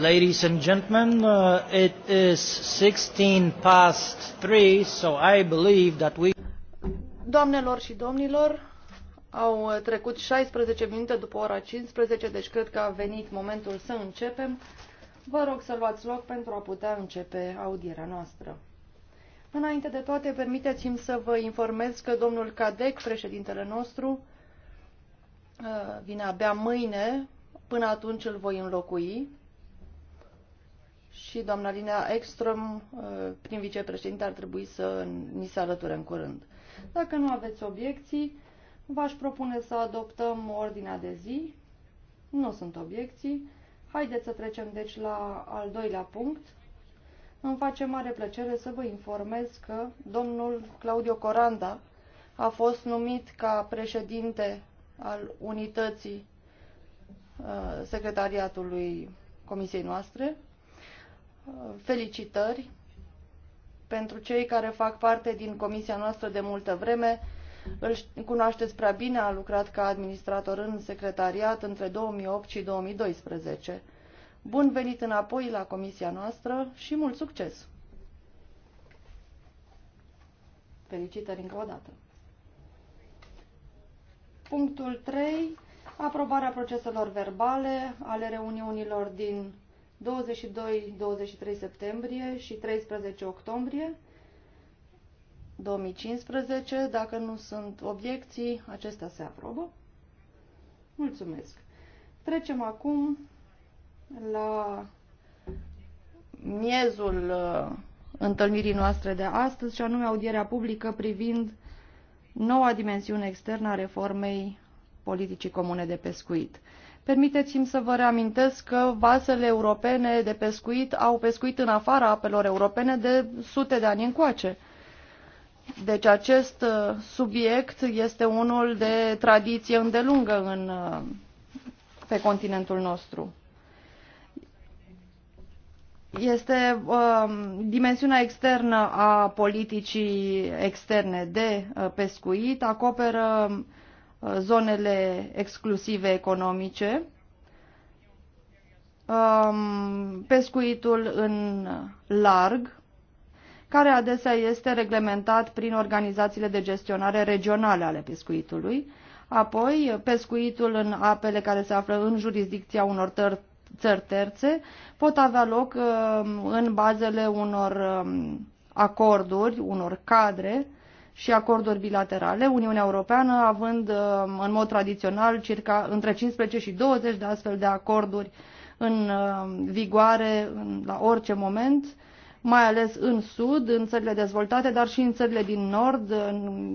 Ladies and gentlemen, uh, it is 16 past 3, so I believe that we... Doamnelor și domnilor, au uh, trecut 16 minute după ora 15, deci cred că a venit momentul să începem. Vă rog să luați loc pentru a putea începe audierea noastră. Înainte de toate, permiteți-mi să vă informez că domnul Cadec, președintele nostru, uh, vine abia mâine, până atunci îl voi înlocui și doamna Linea Ekström, uh, prin vicepreședinte, ar trebui să ni se alăture în curând. Dacă nu aveți obiecții, v-aș propune să adoptăm ordinea de zi. Nu sunt obiecții. Haideți să trecem deci la al doilea punct. Îmi face mare plăcere să vă informez că domnul Claudio Coranda a fost numit ca președinte al unității uh, secretariatului comisiei noastre felicitări pentru cei care fac parte din comisia noastră de multă vreme. Îl cunoașteți prea bine, a lucrat ca administrator în secretariat între 2008 și 2012. Bun venit înapoi la comisia noastră și mult succes! Felicitări încă o dată! Punctul 3. Aprobarea proceselor verbale ale reuniunilor din 22-23 septembrie și 13 octombrie 2015. Dacă nu sunt obiecții, acestea se aprobă. Mulțumesc! Trecem acum la miezul uh, întâlnirii noastre de astăzi, și anume audierea publică privind noua dimensiune externă a reformei politicii comune de pescuit. Permiteți-mi să vă reamintesc că vasele europene de pescuit au pescuit în afara apelor europene de sute de ani încoace. Deci acest uh, subiect este unul de tradiție îndelungă în, uh, pe continentul nostru. Este uh, dimensiunea externă a politicii externe de uh, pescuit, acoperă uh, zonele exclusive economice, um, pescuitul în larg, care adesea este reglementat prin organizațiile de gestionare regionale ale pescuitului, apoi pescuitul în apele care se află în jurisdicția unor tăr- țări terțe pot avea loc um, în bazele unor um, acorduri, unor cadre și acorduri bilaterale, Uniunea Europeană având uh, în mod tradițional circa între 15 și 20 de astfel de acorduri în uh, vigoare la orice moment, mai ales în sud, în țările dezvoltate, dar și în țările din nord,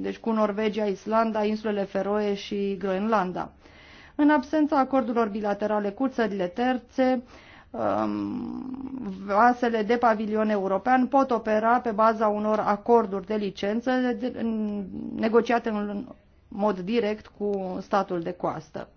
deci cu Norvegia, Islanda, insulele Feroe și Groenlanda. În absența acordurilor bilaterale cu țările terțe, Um, vasele de pavilion european pot opera pe baza unor acorduri de licență negociate în mod direct cu statul de coastă.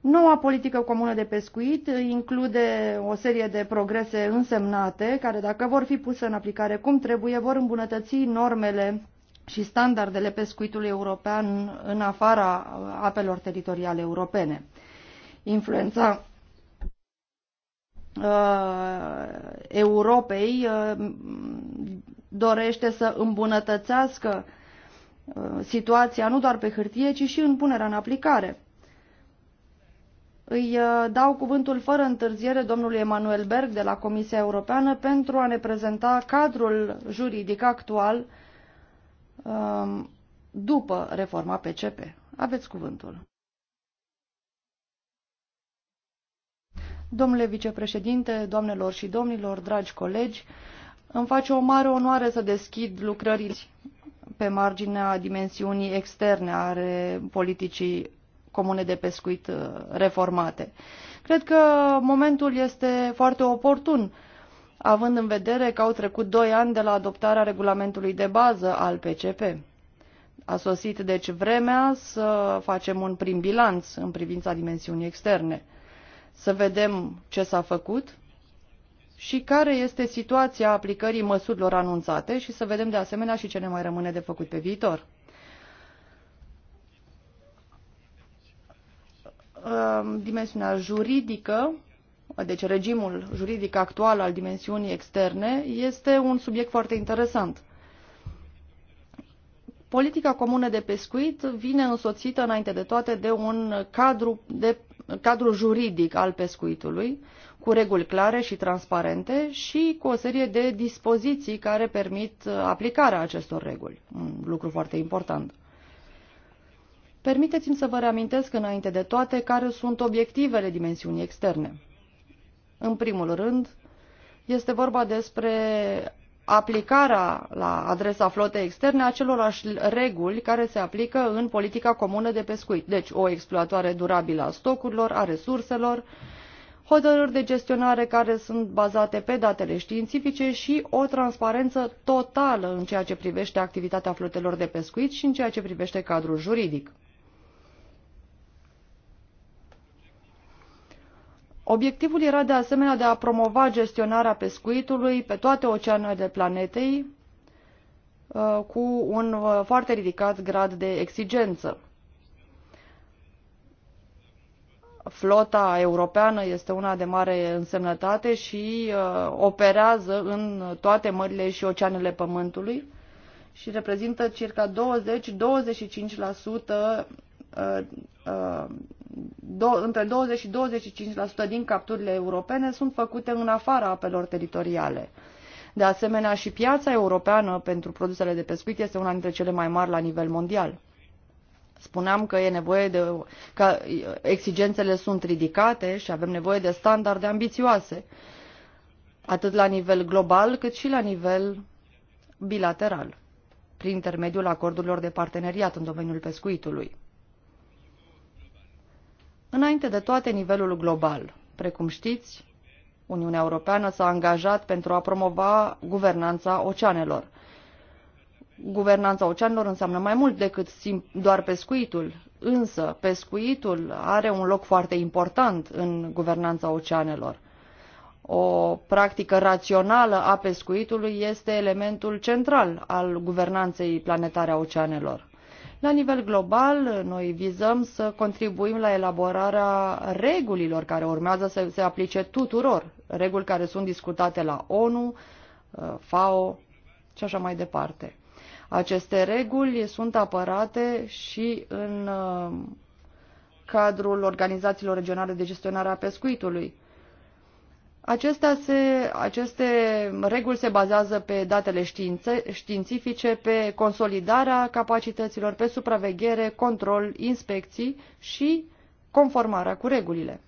Noua politică comună de pescuit include o serie de progrese însemnate care, dacă vor fi puse în aplicare cum trebuie, vor îmbunătăți normele și standardele pescuitului european în afara apelor teritoriale europene. Influența Uh, Europei uh, dorește să îmbunătățească uh, situația nu doar pe hârtie, ci și în punerea în aplicare. Îi dau cuvântul fără întârziere domnului Emanuel Berg de la Comisia Europeană pentru a ne prezenta cadrul juridic actual um, după reforma PCP. Aveți cuvântul. Domnule vicepreședinte, doamnelor și domnilor, dragi colegi, îmi face o mare onoare să deschid lucrările pe marginea dimensiunii externe ale politicii comune de pescuit uh, reformate. Cred că momentul este foarte oportun, având în vedere că au trecut doi ani de la adoptarea regulamentului de bază al PCP. A sosit deci vremea să facem un prim bilanț în privința dimensiunii externe să vedem ce s-a făcut și care este situația aplicării măsurilor anunțate și să vedem de asemenea și ce ne mai rămâne de făcut pe viitor. Dimensiunea juridică, deci regimul juridic actual al dimensiunii externe, este un subiect foarte interesant. Politica comună de pescuit vine însoțită înainte de toate de un cadru de cadrul juridic al pescuitului, cu reguli clare și transparente și cu o serie de dispoziții care permit uh, aplicarea acestor reguli. Un lucru foarte important. Permiteți-mi să vă reamintesc înainte de toate care sunt obiectivele dimensiunii externe. În primul rând, este vorba despre aplicarea la adresa flotei externe a acelorași reguli care se aplică în politica comună de pescuit, deci o exploatare durabilă a stocurilor, a resurselor, hotărâri de gestionare care sunt bazate pe datele științifice și o transparență totală în ceea ce privește activitatea flotelor de pescuit și în ceea ce privește cadrul juridic. Obiectivul era de asemenea de a promova gestionarea pescuitului pe toate oceanele planetei uh, cu un uh, foarte ridicat grad de exigență. Flota europeană este una de mare însemnătate și uh, operează în toate mările și oceanele Pământului și reprezintă circa 20-25% do, între 20 și 25% din capturile europene sunt făcute în afara apelor teritoriale. De asemenea, și piața europeană pentru produsele de pescuit este una dintre cele mai mari la nivel mondial. Spuneam că e nevoie de că exigențele sunt ridicate și avem nevoie de standarde ambițioase, atât la nivel global, cât și la nivel bilateral, prin intermediul acordurilor de parteneriat în domeniul pescuitului. Înainte de toate, nivelul global. Precum știți, Uniunea Europeană s-a angajat pentru a promova guvernanța oceanelor. Guvernanța oceanelor înseamnă mai mult decât doar pescuitul, însă pescuitul are un loc foarte important în guvernanța oceanelor. O practică rațională a pescuitului este elementul central al guvernanței planetare a oceanelor. La nivel global, noi vizăm să contribuim la elaborarea regulilor care urmează să se aplice tuturor, reguli care sunt discutate la ONU, uh, FAO și așa mai departe. Aceste reguli sunt apărate și în uh, cadrul organizațiilor regionale de gestionare a pescuitului. Acestea se, aceste reguli se bazează pe datele științe, științifice, pe consolidarea capacităților, pe supraveghere, control, inspecții și conformarea cu regulile.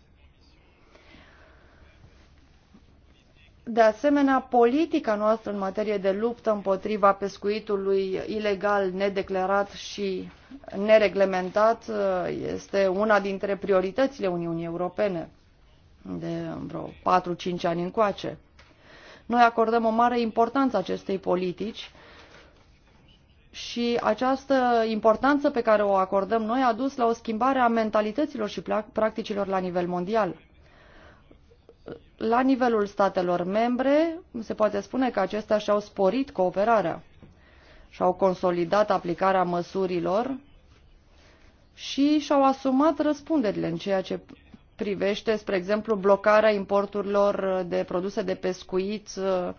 De asemenea, politica noastră în materie de luptă împotriva pescuitului ilegal, nedeclarat și nereglementat uh, este una dintre prioritățile Uniunii Europene de vreo 4-5 ani încoace. Noi acordăm o mare importanță acestei politici și această importanță pe care o acordăm noi a dus la o schimbare a mentalităților și practicilor la nivel mondial. La nivelul statelor membre, se poate spune că acestea și-au sporit cooperarea și-au consolidat aplicarea măsurilor și și-au asumat răspunderile în ceea ce privește, spre exemplu, blocarea importurilor de produse de pescuit uh,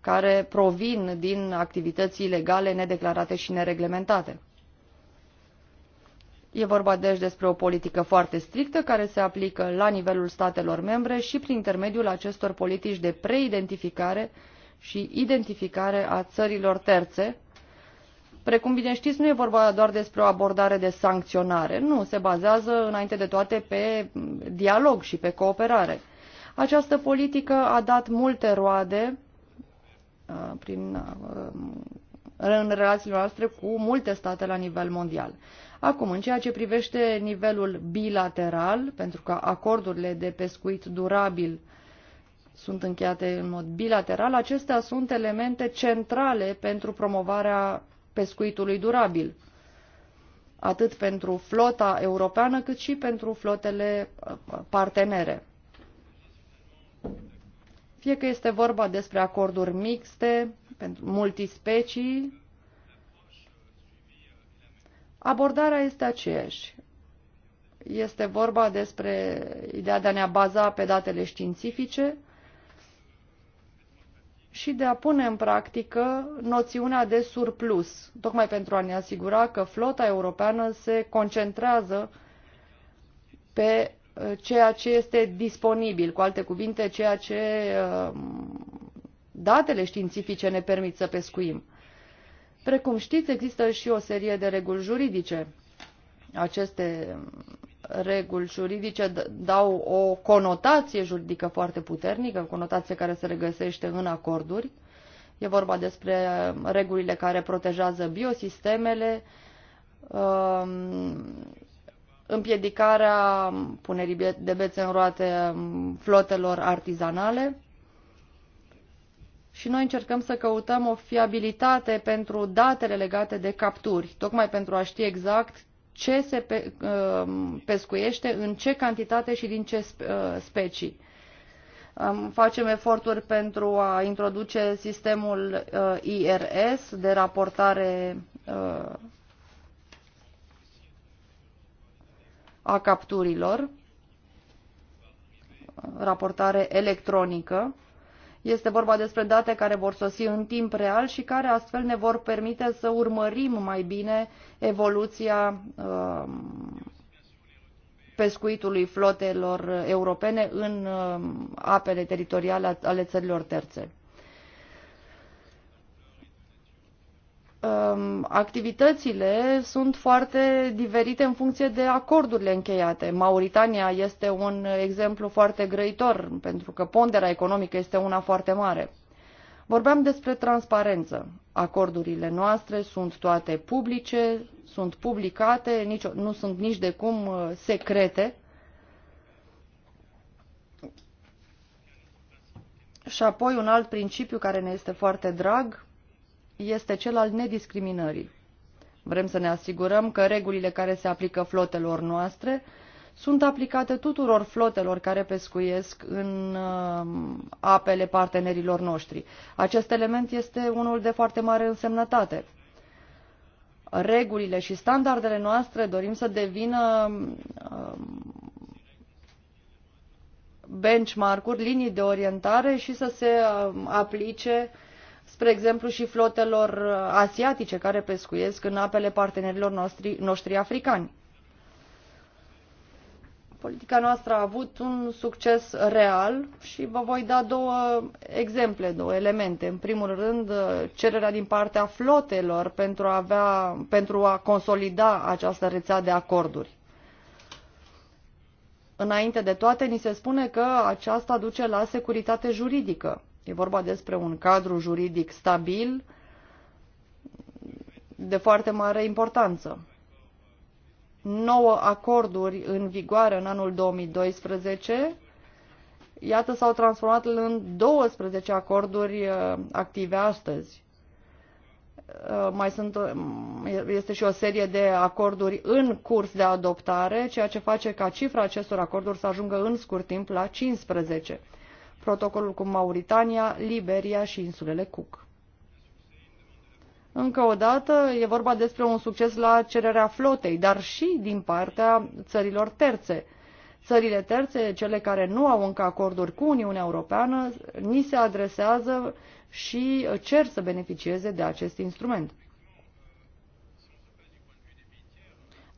care provin din activități ilegale, nedeclarate și nereglementate. E vorba deci despre o politică foarte strictă care se aplică la nivelul statelor membre și prin intermediul acestor politici de preidentificare și identificare a țărilor terțe, Precum bine știți, nu e vorba doar despre o abordare de sancționare. Nu, se bazează înainte de toate pe dialog și pe cooperare. Această politică a dat multe roade uh, prin, uh, în relațiile noastre cu multe state la nivel mondial. Acum, în ceea ce privește nivelul bilateral, pentru că acordurile de pescuit durabil sunt încheiate în mod bilateral, acestea sunt elemente centrale pentru promovarea pescuitului durabil, atât pentru flota europeană cât și pentru flotele uh, partenere. Fie că este vorba despre acorduri mixte, pentru multispecii, abordarea este aceeași. Este vorba despre ideea de a ne baza pe datele științifice, și de a pune în practică noțiunea de surplus, tocmai pentru a ne asigura că flota europeană se concentrează pe uh, ceea ce este disponibil, cu alte cuvinte, ceea ce uh, datele științifice ne permit să pescuim. Precum știți, există și o serie de reguli juridice. Aceste reguli juridice dau o conotație juridică foarte puternică, o conotație care se regăsește în acorduri. E vorba despre regulile care protejează biosistemele, um, împiedicarea punerii de bețe în roate um, flotelor artizanale și noi încercăm să căutăm o fiabilitate pentru datele legate de capturi, tocmai pentru a ști exact ce se pe, uh, pescuiește, în ce cantitate și din ce uh, specii. Facem eforturi pentru a introduce sistemul uh, IRS de raportare a capturilor, raportare electronică. Este vorba despre date care vor sosi în timp real și care astfel ne vor permite să urmărim mai bine evoluția um, pescuitului flotelor europene în um, apele teritoriale ale țărilor terțe. Um, activitățile sunt foarte diferite în funcție de acordurile încheiate. Mauritania este un exemplu foarte grăitor, pentru că ponderea economică este una foarte mare. Vorbeam despre transparență. Acordurile noastre sunt toate publice, sunt publicate, nici, nu sunt nici de cum uh, secrete. Și apoi un alt principiu care ne este foarte drag, este cel al nediscriminării. Vrem să ne asigurăm că regulile care se aplică flotelor noastre sunt aplicate tuturor flotelor care pescuiesc în um, apele partenerilor noștri. Acest element este unul de foarte mare însemnătate. Regulile și standardele noastre dorim să devină um, benchmark-uri, linii de orientare și să se um, aplice uh, spre exemplu și flotelor uh, asiatice care pescuiesc în apele partenerilor noștri, noștri africani. Politica noastră a avut un succes real și vă voi da două exemple, două elemente. În primul rând, uh, cererea din partea flotelor pentru a, avea, pentru a consolida această rețea de acorduri. Înainte de toate, ni se spune că aceasta duce la securitate juridică E vorba despre un cadru juridic stabil de foarte mare importanță. Nouă acorduri în vigoare în anul 2012 iată, s-au transformat în 12 acorduri uh, active astăzi. Uh, mai sunt, uh, este și o serie de acorduri în curs de adoptare, ceea ce face ca cifra acestor acorduri să ajungă în scurt timp la 15 protocolul cu Mauritania, Liberia și insulele Cook. Încă o dată, e vorba despre un succes la cererea flotei, dar și din partea țărilor terțe. Țările terțe, cele care nu au încă acorduri cu Uniunea Europeană, ni se adresează și cer să beneficieze de acest instrument.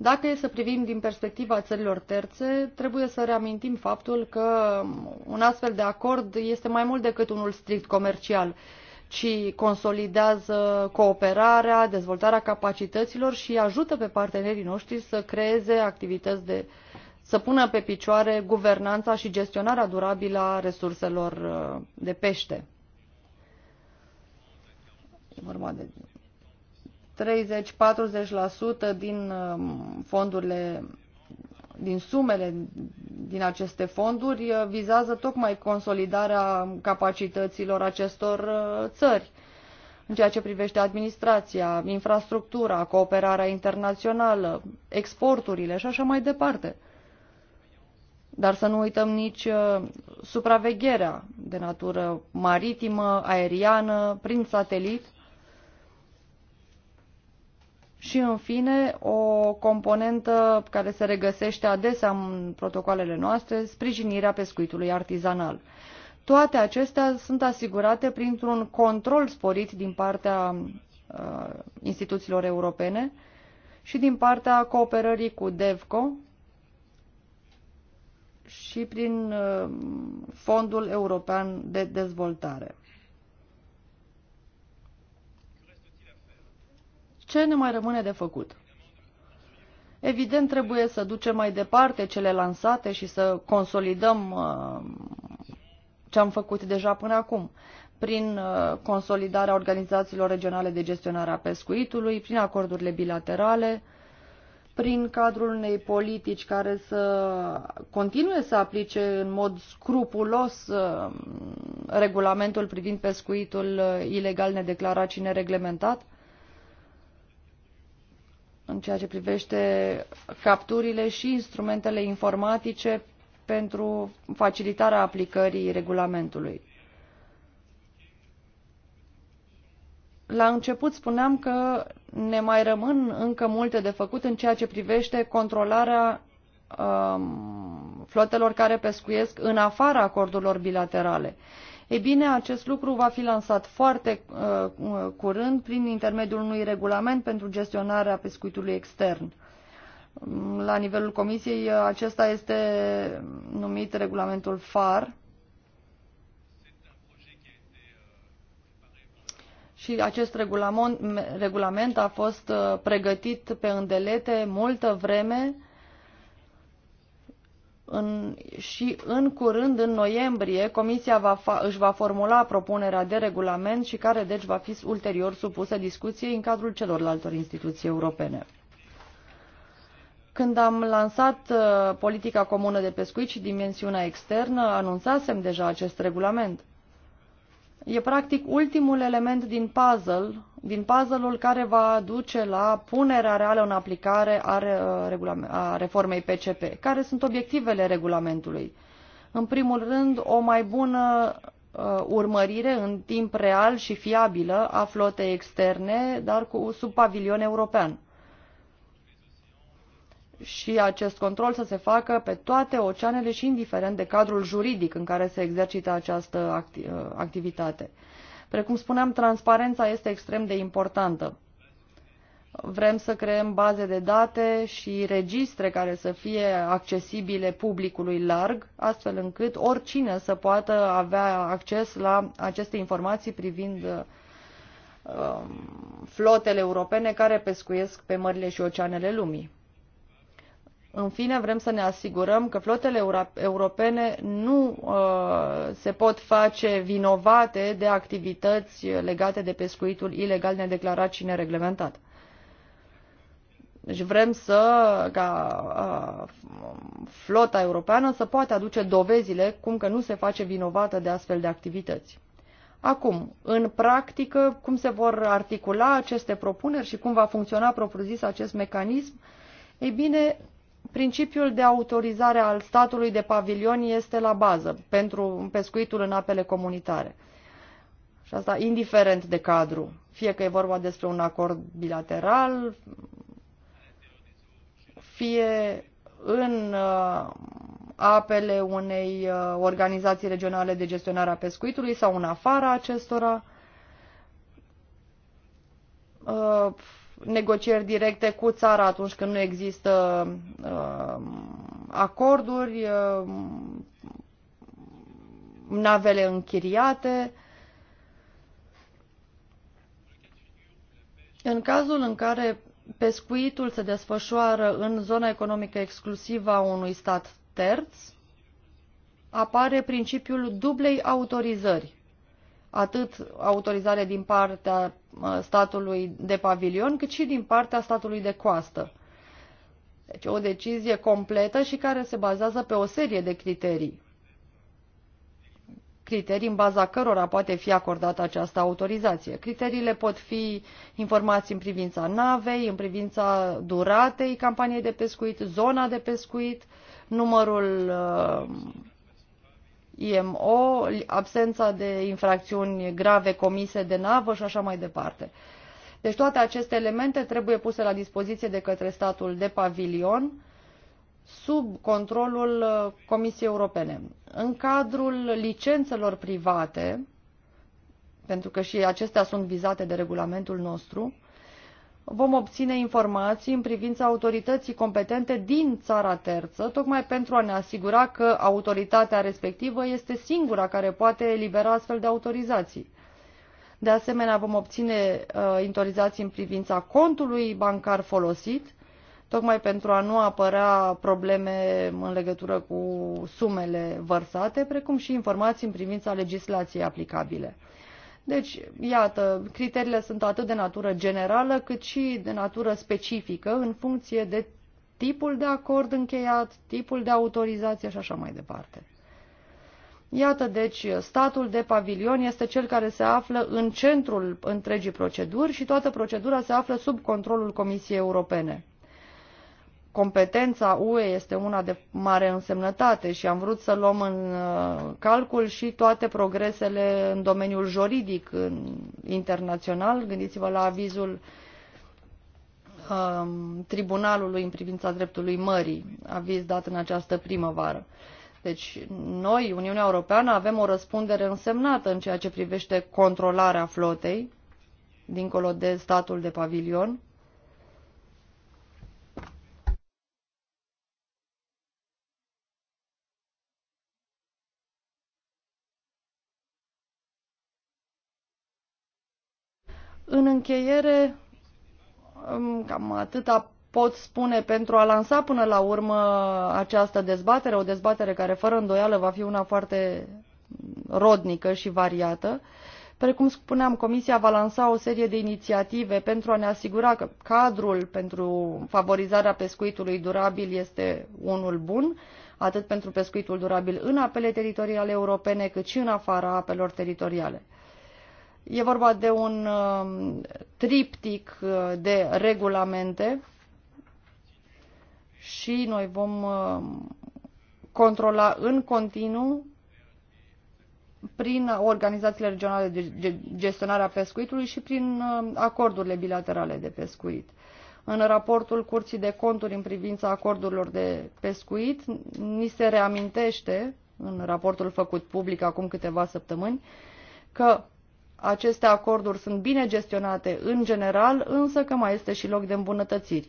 Dacă e să privim din perspectiva țărilor terțe, trebuie să reamintim faptul că un astfel de acord este mai mult decât unul strict comercial, ci consolidează cooperarea, dezvoltarea capacităților și ajută pe partenerii noștri să creeze activități de să pună pe picioare guvernanța și gestionarea durabilă a resurselor uh, de pește. E vorba de 30-40% din um, fondurile, din sumele din aceste fonduri uh, vizează tocmai consolidarea capacităților acestor uh, țări în ceea ce privește administrația, infrastructura, cooperarea internațională, exporturile și așa mai departe. Dar să nu uităm nici uh, supravegherea de natură maritimă, aeriană, prin satelit, și, în fine, o componentă care se regăsește adesea în protocoalele noastre, sprijinirea pescuitului artizanal. Toate acestea sunt asigurate printr-un control sporit din partea uh, instituțiilor europene și din partea cooperării cu DEVCO și prin uh, Fondul European de Dezvoltare. ce ne mai rămâne de făcut? Evident, trebuie să ducem mai departe cele lansate și să consolidăm uh, ce am făcut deja până acum prin uh, consolidarea organizațiilor regionale de gestionare a pescuitului, prin acordurile bilaterale, prin cadrul unei politici care să continue să aplice în mod scrupulos uh, regulamentul privind pescuitul ilegal nedeclarat și nereglementat, în ceea ce privește capturile și instrumentele informatice pentru facilitarea aplicării regulamentului. La început spuneam că ne mai rămân încă multe de făcut în ceea ce privește controlarea um, flotelor care pescuiesc în afara acordurilor bilaterale. Uh, E bine, acest lucru va fi lansat foarte uh, curând prin intermediul unui regulament pentru gestionarea pescuitului extern. La nivelul comisiei uh, acesta este numit regulamentul FAR și acest regulament a fost uh, pregătit pe îndelete multă vreme în, și în curând, în noiembrie, Comisia va fa, își va formula propunerea de regulament și care deci va fi ulterior supusă discuției în cadrul celorlalte instituții europene. Când am lansat uh, politica comună de pescuit și dimensiunea externă, anunțasem deja acest regulament e practic ultimul element din puzzle, din puzzle-ul care va duce la punerea reală în aplicare a, uh, a reformei PCP. Care sunt obiectivele regulamentului? În primul rând, o mai bună uh, urmărire în timp real și fiabilă a flotei externe, dar cu sub pavilion european și acest control să se facă pe toate oceanele și indiferent de cadrul juridic în care se exercită această uh, activitate. Precum spuneam, transparența este extrem de importantă. Vrem să creăm baze de date și registre care să fie accesibile publicului larg, astfel încât oricine să poată avea acces la aceste informații privind uh, um, flotele europene care pescuiesc pe mările și oceanele lumii. În fine, vrem să ne asigurăm că flotele europene nu uh, se pot face vinovate de activități legate de pescuitul ilegal nedeclarat și nereglementat. Deci vrem să, ca uh, flota europeană să poată aduce dovezile cum că nu se face vinovată de astfel de activități. Acum, în practică, cum se vor articula aceste propuneri și cum va funcționa propriu-zis acest mecanism? Ei bine, Principiul de autorizare al statului de pavilion este la bază pentru pescuitul în apele comunitare. Și asta indiferent de cadru, fie că e vorba despre un acord bilateral, fie în uh, apele unei uh, organizații regionale de gestionare a pescuitului sau în afara acestora. Uh, negocieri directe cu țara atunci când nu există uh, acorduri, uh, navele închiriate. În cazul în care pescuitul se desfășoară în zona economică exclusivă a unui stat terț, apare principiul dublei autorizări atât autorizare din partea statului de pavilion, cât și din partea statului de coastă. Deci o decizie completă și care se bazează pe o serie de criterii. Criterii în baza cărora poate fi acordată această autorizație. Criteriile pot fi informații în privința navei, în privința duratei campaniei de pescuit, zona de pescuit, numărul uh, IMO, absența de infracțiuni grave comise de navă și așa mai departe. Deci toate aceste elemente trebuie puse la dispoziție de către statul de pavilion sub controlul uh, Comisiei Europene. În cadrul licențelor private, pentru că și acestea sunt vizate de regulamentul nostru, vom obține informații în privința autorității competente din țara terță, tocmai pentru a ne asigura că autoritatea respectivă este singura care poate elibera astfel de autorizații. De asemenea, vom obține uh, autorizații în privința contului bancar folosit, tocmai pentru a nu apărea probleme în legătură cu sumele vărsate, precum și informații în privința legislației aplicabile. Deci, iată, criteriile sunt atât de natură generală cât și de natură specifică în funcție de tipul de acord încheiat, tipul de autorizație și așa mai departe. Iată, deci, statul de pavilion este cel care se află în centrul întregii proceduri și toată procedura se află sub controlul Comisiei Europene competența UE este una de mare însemnătate și am vrut să luăm în uh, calcul și toate progresele în domeniul juridic internațional. Gândiți-vă la avizul um, tribunalului în privința dreptului mării, aviz dat în această primăvară. Deci noi, Uniunea Europeană, avem o răspundere însemnată în ceea ce privește controlarea flotei, dincolo de statul de pavilion, În încheiere, um, cam atâta pot spune pentru a lansa până la urmă această dezbatere, o dezbatere care fără îndoială va fi una foarte rodnică și variată. Precum spuneam, Comisia va lansa o serie de inițiative pentru a ne asigura că cadrul pentru favorizarea pescuitului durabil este unul bun, atât pentru pescuitul durabil în apele teritoriale europene, cât și în afara apelor teritoriale. E vorba de un um, triptic uh, de regulamente și noi vom um, controla în continuu prin organizațiile regionale de gestionare a pescuitului și prin um, acordurile bilaterale de pescuit. În raportul Curții de Conturi în privința acordurilor de pescuit, ni se reamintește, în raportul făcut public acum câteva săptămâni, că aceste acorduri sunt bine gestionate în general, însă că mai este și loc de îmbunătățiri.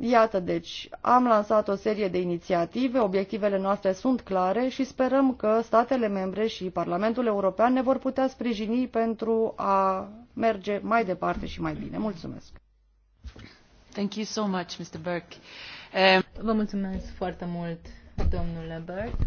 Iată deci, am lansat o serie de inițiative, obiectivele noastre sunt clare și sperăm că statele membre și Parlamentul European ne vor putea sprijini pentru a merge mai departe și mai bine. Mulțumesc! Thank you so much, Mr. Burke. Um... Vă mulțumesc foarte mult, domnule Burke.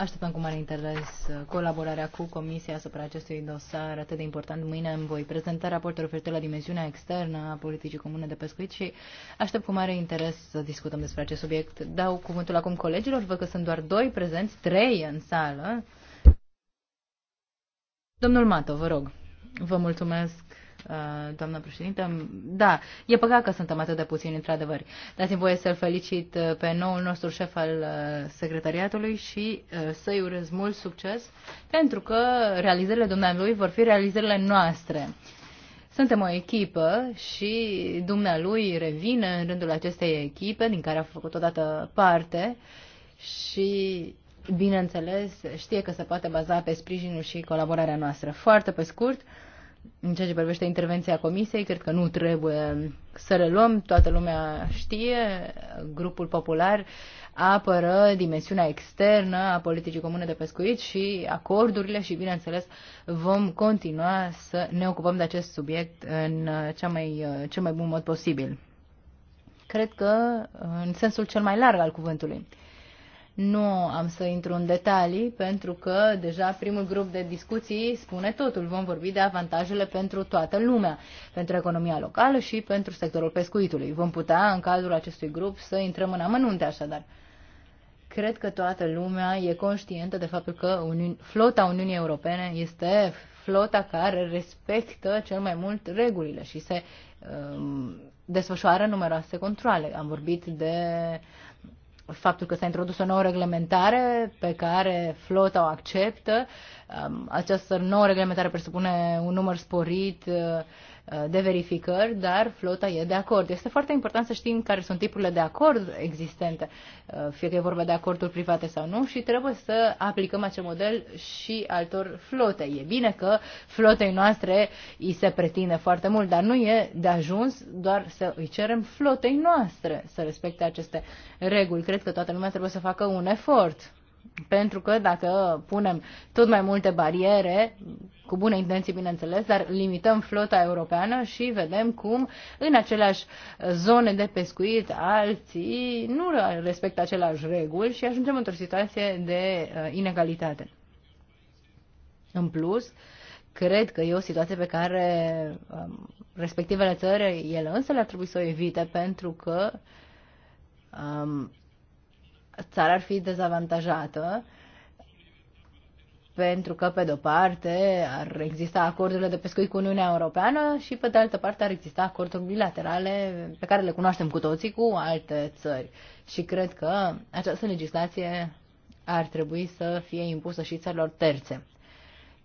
Așteptăm cu mare interes uh, colaborarea cu Comisia asupra acestui dosar atât de important. Mâine îmi voi prezenta raportul referitor la dimensiunea externă a politicii comune de pescuit și aștept cu mare interes să discutăm despre acest subiect. Dau cuvântul acum colegilor, văd că sunt doar doi prezenți, trei în sală. Domnul Mato, vă rog. Vă mulțumesc, Uh, doamnă președintă. Da, e păcat că suntem atât de puțini, într-adevăr. Dați-mi voie să-l felicit uh, pe noul nostru șef al uh, secretariatului și să-i urez mult succes, pentru că realizările dumnealui vor fi realizările noastre. Suntem o echipă și dumnealui revine în rândul acestei echipe, din care a făcut odată parte, și bineînțeles știe că se poate baza pe sprijinul și colaborarea noastră. Foarte pe scurt, uh, în ceea ce privește intervenția Comisiei, cred că nu trebuie să reluăm. Toată lumea știe, grupul popular apără dimensiunea externă a politicii comune de pescuit și acordurile și, bineînțeles, vom continua să ne ocupăm de acest subiect în cea mai, cel mai bun mod posibil. Cred că în sensul cel mai larg al cuvântului. Nu am să intru în detalii, pentru că deja primul grup de discuții spune totul. Vom vorbi de avantajele pentru toată lumea, pentru economia locală și pentru sectorul pescuitului. Vom putea, în cadrul acestui grup, să intrăm în amănunte, așadar. Cred că toată lumea e conștientă de faptul că Uniun... flota Uniunii Europene este flota care respectă cel mai mult regulile și se um, desfășoară numeroase controle. Am vorbit de faptul că s-a introdus o nouă reglementare pe care flota o acceptă. Această nouă reglementare presupune un număr sporit uh, Uh, de verificări, dar flota e de acord. Este foarte important să știm care sunt tipurile de acord existente, uh, fie că e vorba de acorduri private sau nu, și trebuie să aplicăm acel model și altor flote. E bine că flotei noastre îi se pretine foarte mult, dar nu e de ajuns doar să îi cerem flotei noastre să respecte aceste reguli. Cred că toată lumea trebuie să facă un efort. Pentru că dacă punem tot mai multe bariere, cu bune intenții, bineînțeles, dar limităm flota europeană și vedem cum în aceleași zone de pescuit alții nu respectă aceleași reguli și ajungem într-o situație de uh, inegalitate. În plus, cred că e o situație pe care um, respectivele țări, ele însă le-ar trebui să o evite pentru că um, țara ar fi dezavantajată pentru că, pe de-o parte, ar exista acordurile de pescuit cu Uniunea Europeană și, pe de altă parte, ar exista acorduri bilaterale pe care le cunoaștem cu toții cu alte țări. Și cred că această legislație ar trebui să fie impusă și țărilor terțe.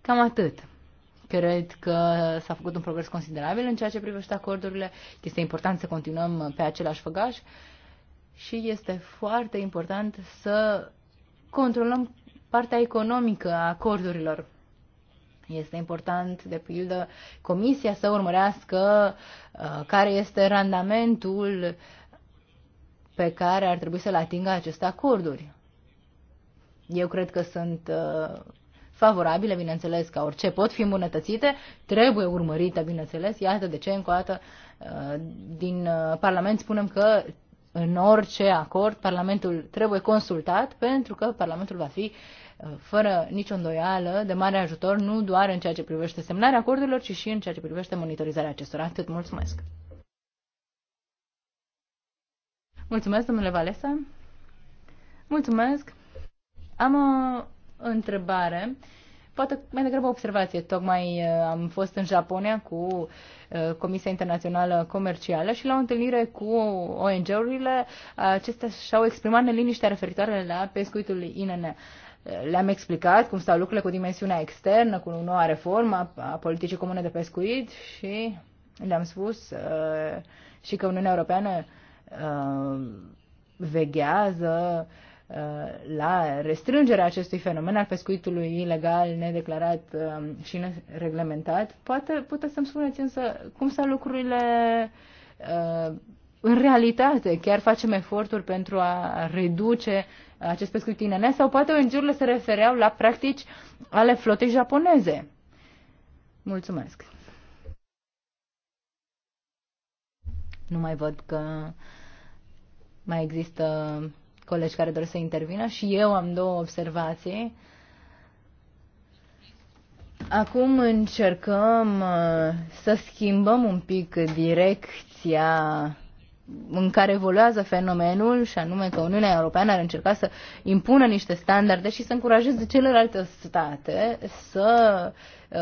Cam atât. Cred că s-a făcut un progres considerabil în ceea ce privește acordurile. Este important să continuăm pe același făgaș și este foarte important să controlăm partea economică a acordurilor. Este important, de pildă, comisia să urmărească uh, care este randamentul pe care ar trebui să-l atingă aceste acorduri. Eu cred că sunt uh, favorabile, bineînțeles, ca orice pot fi îmbunătățite, trebuie urmărite, bineînțeles. Iată de ce, încă o dată, uh, din uh, Parlament spunem că în orice acord, Parlamentul trebuie consultat pentru că Parlamentul va fi, uh, fără nicio îndoială, de mare ajutor nu doar în ceea ce privește semnarea acordurilor, ci și în ceea ce privește monitorizarea acestora. Atât, mulțumesc! Mulțumesc, domnule Valesa! Mulțumesc! Am o întrebare poate mai degrabă observație. Tocmai uh, am fost în Japonia cu uh, Comisia Internațională Comercială și la o întâlnire cu ONG-urile, acestea și-au exprimat neliniștea referitoare la pescuitul INN. Le-am explicat cum stau lucrurile cu dimensiunea externă, cu noua reformă a politicii comune de pescuit și le-am spus uh, și că Uniunea Europeană uh, veghează uh, Uh, la restrângerea acestui fenomen al pescuitului ilegal, nedeclarat um, și nereglementat. Poate puteți să-mi spuneți însă cum sunt lucrurile uh, în realitate. Chiar facem eforturi pentru a reduce acest pescuit inenes sau poate ONG-urile se refereau la practici ale flotei japoneze. Mulțumesc! Nu mai văd că mai există colegi care doresc să intervină și eu am două observații. Acum încercăm uh, să schimbăm un pic direcția în care evoluează fenomenul și anume că Uniunea Europeană ar încerca să impună niște standarde și să încurajeze celelalte state să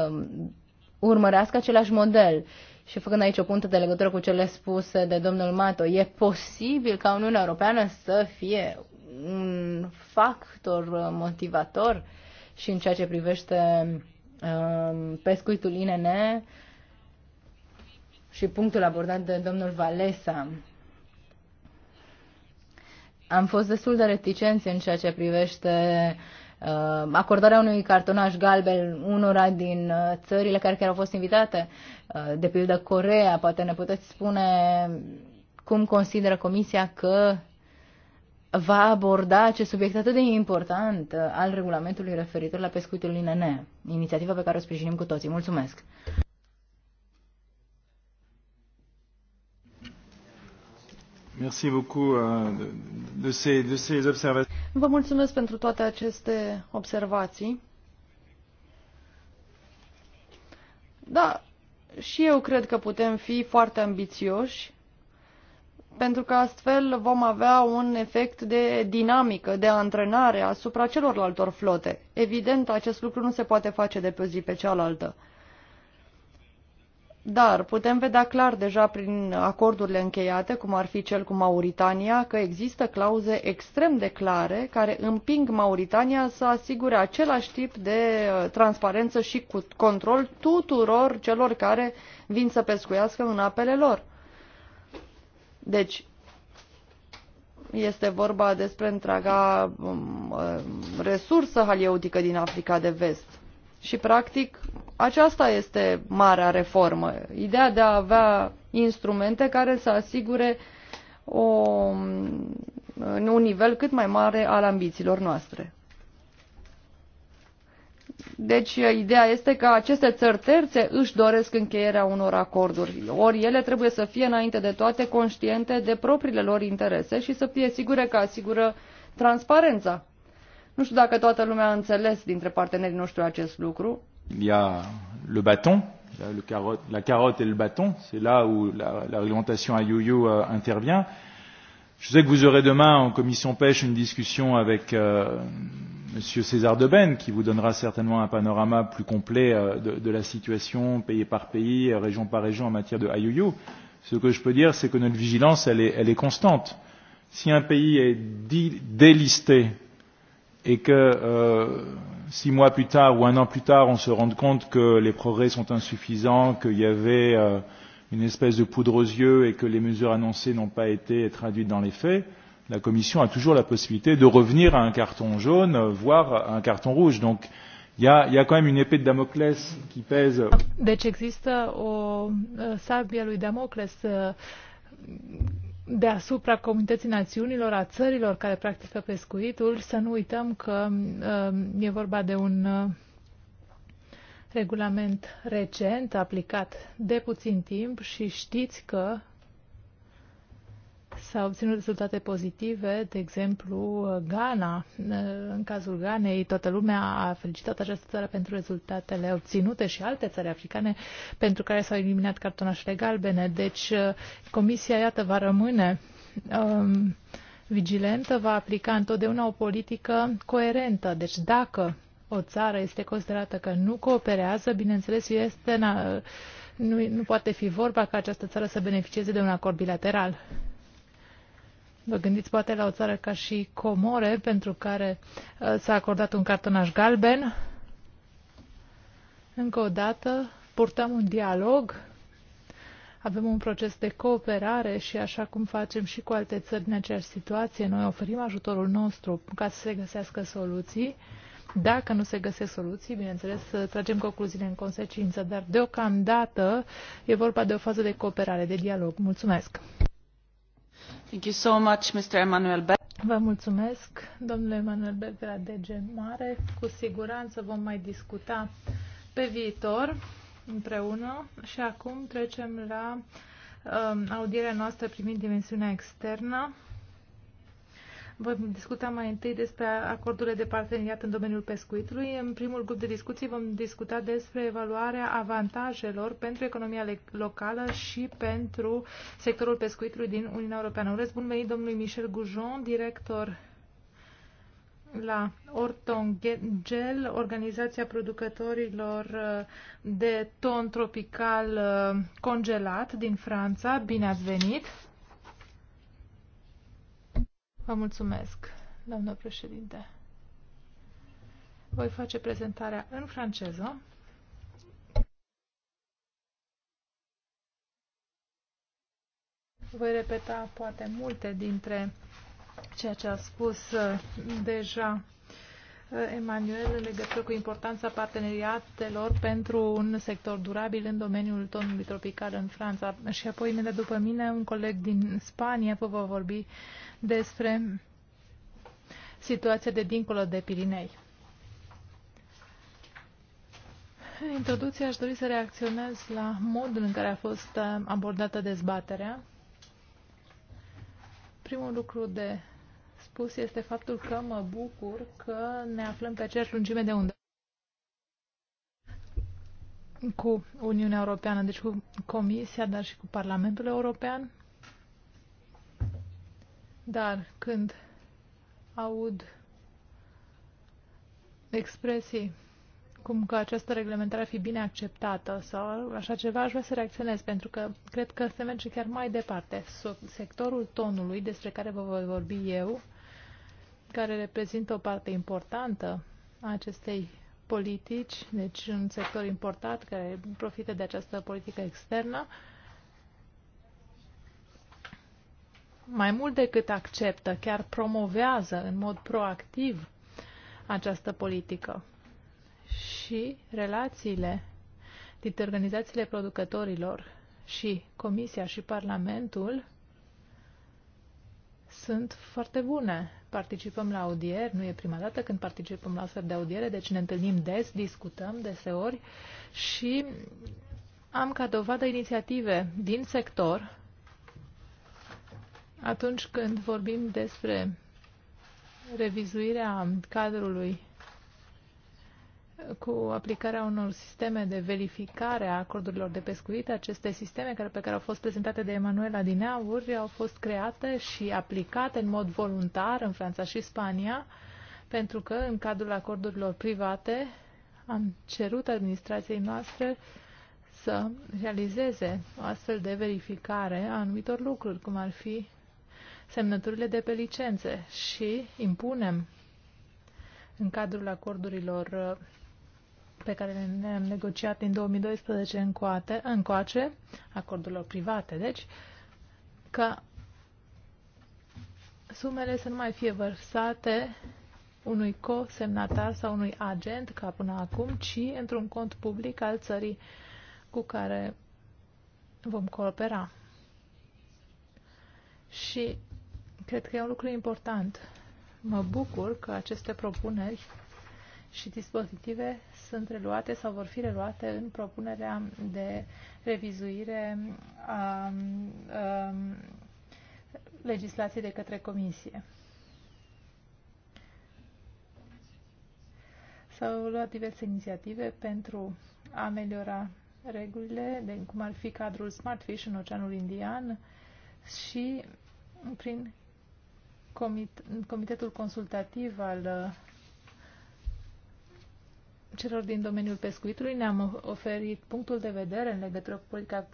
um, urmărească același model. Uh, și făcând aici o puntă de legătură cu cele spuse de domnul Mato, e posibil ca Uniunea Europeană să fie un factor uh, motivator și în ceea ce privește um, pescuitul INN și punctul abordat de domnul Valesa. Am fost destul de reticenți în ceea ce privește uh, Uh, acordarea unui cartonaș galben unora din uh, țările care chiar au fost invitate, uh, de pildă Corea, poate ne puteți spune cum consideră Comisia că va aborda acest subiect atât de important al regulamentului referitor la pescuitul INN, inițiativa pe care o sprijinim cu toții. Mulțumesc! Merci beaucoup euh, de ces, de ces observations. Vă mulțumesc pentru toate aceste observații. Da, și eu cred că putem fi foarte ambițioși, pentru că astfel vom avea un efect de dinamică, de antrenare asupra celorlaltor flote. Evident, acest lucru nu se poate face de pe o zi pe cealaltă. Dar putem vedea clar deja prin acordurile încheiate, cum ar fi cel cu Mauritania, că există clauze extrem de clare care împing Mauritania să asigure același tip de uh, transparență și cu control tuturor celor care vin să pescuiască în apele lor. Deci, este vorba despre întreaga um, uh, resursă halieutică din Africa de Vest. Și, practic, aceasta este marea reformă, ideea de a avea instrumente care să asigure o, mm, un nivel cât mai mare al ambițiilor noastre. Deci, ideea este că aceste țări terțe își doresc încheierea unor acorduri, ori ele trebuie să fie, înainte de toate, conștiente de propriile lor interese și să fie sigure că asigură transparența. Nu știu dacă toată lumea a înțeles dintre partenerii noștri acest lucru, Il y a le bâton, le carotte, la carotte et le bâton, c'est là où la, la réglementation à yo-yo euh, intervient. Je sais que vous aurez demain en commission pêche une discussion avec euh, M. César de Deben, qui vous donnera certainement un panorama plus complet euh, de, de la situation pays par pays, région par région en matière de IOU. Ce que je peux dire, c'est que notre vigilance, elle est, elle est constante. Si un pays est délisté et que euh, six mois plus tard ou un an plus tard, on se rende compte que les progrès sont insuffisants, qu'il y avait euh, une espèce de poudre aux yeux et que les mesures annoncées n'ont pas été traduites dans les faits, la Commission a toujours la possibilité de revenir à un carton jaune, voire à un carton rouge. Donc, il y a, il y a quand même une épée de Damoclès qui pèse. Deci există o uh, sabie lui Damocles uh, deasupra comunității națiunilor, a țărilor care practică pescuitul, să nu uităm că um, e vorba de un uh, regulament recent aplicat de puțin timp și știți că s a obținut rezultate pozitive, de exemplu, Ghana. În cazul Ghanei, toată lumea a felicitat această țară pentru rezultatele obținute și alte țări africane pentru care s-au eliminat cartonașele galbene. Deci, Comisia, iată, va rămâne um, vigilentă, va aplica întotdeauna o politică coerentă. Deci, dacă o țară este considerată că nu cooperează, bineînțeles, este, nu, nu poate fi vorba ca această țară să beneficieze de un acord bilateral. Vă gândiți poate la o țară ca și Comore, pentru care uh, s-a acordat un cartonaș galben. Încă o dată, purtăm un dialog, avem un proces de cooperare și așa cum facem și cu alte țări în aceeași situație, noi oferim ajutorul nostru ca să se găsească soluții. Dacă nu se găsesc soluții, bineînțeles, să tragem concluziile în consecință, dar deocamdată e vorba de o fază de cooperare, de dialog. Mulțumesc! Thank Emmanuel Beck. Vă mulțumesc, domnule Emanuel Beck de la DG Mare. Cu siguranță vom mai discuta pe viitor împreună și acum trecem la um, audierea noastră privind dimensiunea externă. Vom discuta mai întâi despre acordurile de parteneriat în domeniul pescuitului. În primul grup de discuții vom discuta despre evaluarea avantajelor pentru economia locală și pentru sectorul pescuitului din Uniunea Europeană. Urez bun venit domnului Michel Gujon, director la Ortongel, organizația producătorilor eh, de ton tropical eh, congelat din Franța. Bine ați venit! Vă mulțumesc, doamnă președinte. Voi face prezentarea în franceză. Voi repeta poate multe dintre ceea ce a spus uh, deja uh, Emanuel în legătură cu importanța parteneriatelor pentru un sector durabil în domeniul tonului tropical în Franța. Și apoi, imediat după mine, un coleg din Spania vă va vorbi despre situația de dincolo de Pirinei. În introducție aș dori să reacționez la modul în care a fost uh, abordată dezbaterea. Primul lucru de spus este faptul că mă bucur că ne aflăm pe aceeași lungime de undă cu Uniunea Europeană, deci cu Comisia, dar și cu Parlamentul European. Dar când aud expresii cum că această reglementare ar fi bine acceptată sau așa ceva, aș vrea să reacționez, pentru că cred că se merge chiar mai departe. Sectorul tonului, despre care vă voi vorbi eu, care reprezintă o parte importantă a acestei politici, deci un sector important care profită de această politică externă, uh, mai mult decât acceptă, chiar promovează în mod proactiv această politică. Și relațiile dintre organizațiile producătorilor și Comisia și Parlamentul sunt foarte bune. Participăm la audieri, nu e prima dată când participăm la astfel de audiere, deci ne întâlnim des, discutăm deseori și am ca dovadă inițiative din sector atunci când vorbim despre revizuirea cadrului cu aplicarea unor sisteme de verificare a acordurilor de pescuit, aceste sisteme care, pe care au fost prezentate de Emanuela Dineauri au fost create și aplicate în mod voluntar în Franța și Spania, pentru că în cadrul acordurilor private am cerut administrației noastre să realizeze o astfel de verificare a anumitor lucruri, cum ar fi semnăturile de pe licențe și impunem în cadrul acordurilor uh, pe care le-am negociat din 2012 încoate, încoace, acordurilor private, deci, ca sumele să nu mai fie vărsate unui co-semnatar sau unui agent, ca până acum, ci într-un cont public al țării cu care vom coopera. Și Cred că e un lucru important. Mă bucur că aceste propuneri și dispozitive sunt reluate sau vor fi reluate în propunerea de revizuire a, a um, um, legislației de către Comisie. S-au luat diverse inițiative pentru a ameliora regulile, de, cum ar fi cadrul Smartfish în Oceanul Indian și prin comit Comitetul Consultativ al uh, celor din domeniul pescuitului ne-am oferit punctul de vedere în legătură cu politica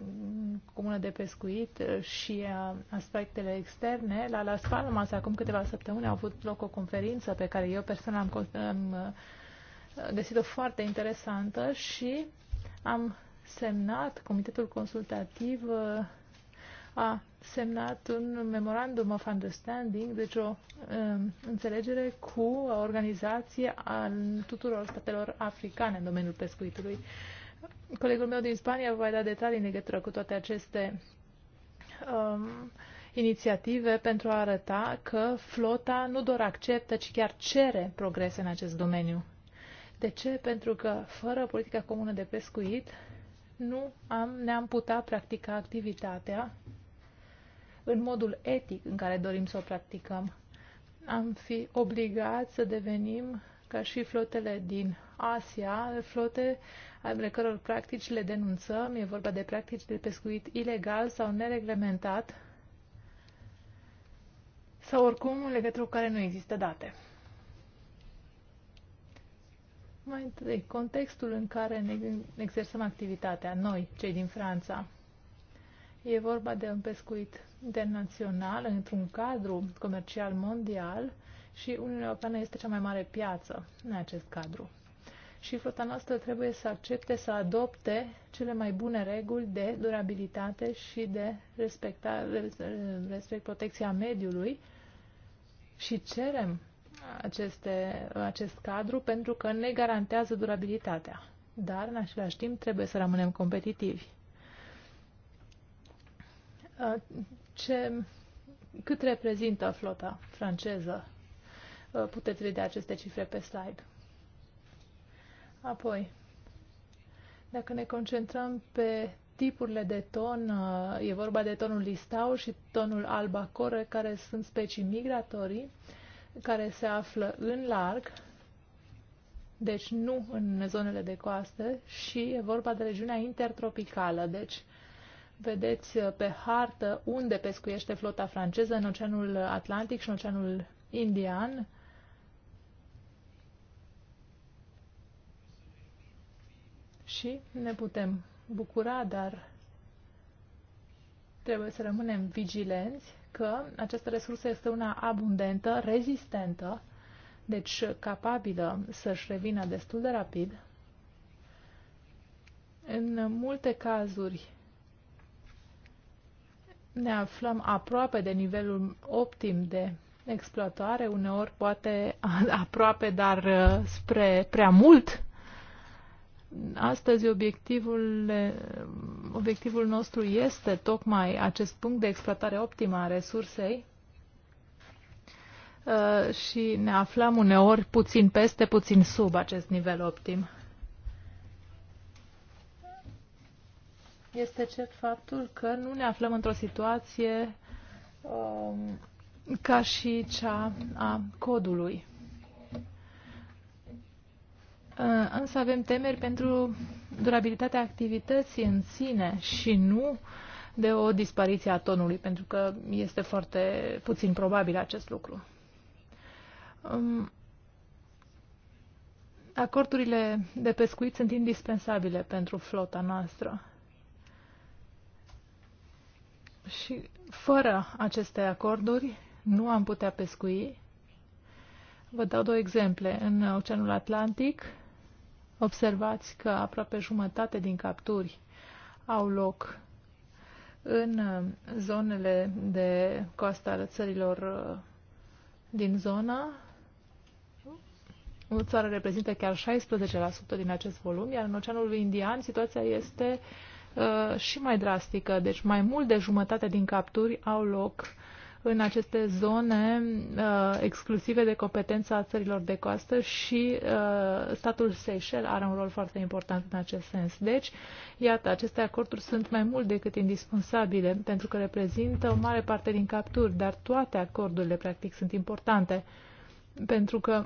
comună de pescuit uh, și uh, aspectele externe. La Las Palmas, acum câteva săptămâni, a avut loc o conferință pe care eu personal am, am găsit-o foarte interesantă și am semnat Comitetul Consultativ a semnat un memorandum of understanding, deci o um, înțelegere cu o organizație tuturor statelor africane în domeniul pescuitului. Colegul meu din Spania vă va da detalii în legătură cu toate aceste um, inițiative pentru a arăta că flota nu doar acceptă, ci chiar cere progrese în acest domeniu. De ce? Pentru că fără politica comună de pescuit nu am, ne-am putea practica activitatea în modul etic în care dorim să o practicăm. Am fi obligați să devenim ca și flotele din Asia, flote ale căror practici le denunțăm, e vorba de practici de pescuit ilegal sau nereglementat, sau oricum în legătură cu care nu există date. Mai întâi, contextul în care ne exersăm activitatea, noi, cei din Franța, E vorba de un pescuit internațional într-un cadru comercial mondial și Uniunea Europeană este cea mai mare piață în acest cadru. Și flota noastră trebuie să accepte, să adopte cele mai bune reguli de durabilitate și de respect protecția mediului și cerem aceste, acest cadru pentru că ne garantează durabilitatea. Dar, în același timp, trebuie să rămânem competitivi. Uh, ce, cât reprezintă flota franceză. Uh, puteți vedea aceste cifre pe slide. Apoi, dacă ne concentrăm pe tipurile de ton, uh, e vorba de tonul listau și tonul albacore, care sunt specii migratorii, care se află în larg, deci nu în zonele de coastă, și e vorba de regiunea intertropicală, deci vedeți uh, pe hartă unde pescuiește flota franceză în Oceanul Atlantic și în Oceanul Indian. Și ne putem bucura, dar trebuie să rămânem vigilenți că această resursă este una abundentă, rezistentă, deci capabilă să-și revină destul de rapid. În multe cazuri, ne aflăm aproape de nivelul optim de exploatare, uneori poate aproape, dar uh, spre prea mult. Astăzi obiectivul, uh, obiectivul nostru este tocmai acest punct de exploatare optimă a resursei uh, și ne aflăm uneori puțin peste, puțin sub acest nivel optim. este cert faptul că nu ne aflăm într-o situație um, ca și cea a codului. Uh, însă avem temeri pentru durabilitatea activității în sine și nu de o dispariție a tonului, pentru că este foarte puțin probabil acest lucru. Um, acordurile de pescuit sunt indispensabile pentru flota noastră. Și fără aceste acorduri nu am putea pescui. Vă dau două exemple. În Oceanul Atlantic observați că aproape jumătate din capturi au loc în uh, zonele de coastă ale țărilor uh, din zona. O țară reprezintă chiar 16% din acest volum, iar în Oceanul Indian situația este uh, Uh, și mai drastică. Deci mai mult de jumătate din capturi au loc în aceste zone uh, exclusive de competența a țărilor de coastă și uh, statul Seychelles are un rol foarte important în acest sens. Deci, iată, aceste acorduri sunt mai mult decât indispensabile pentru că reprezintă o mare parte din capturi, dar toate acordurile practic sunt importante pentru că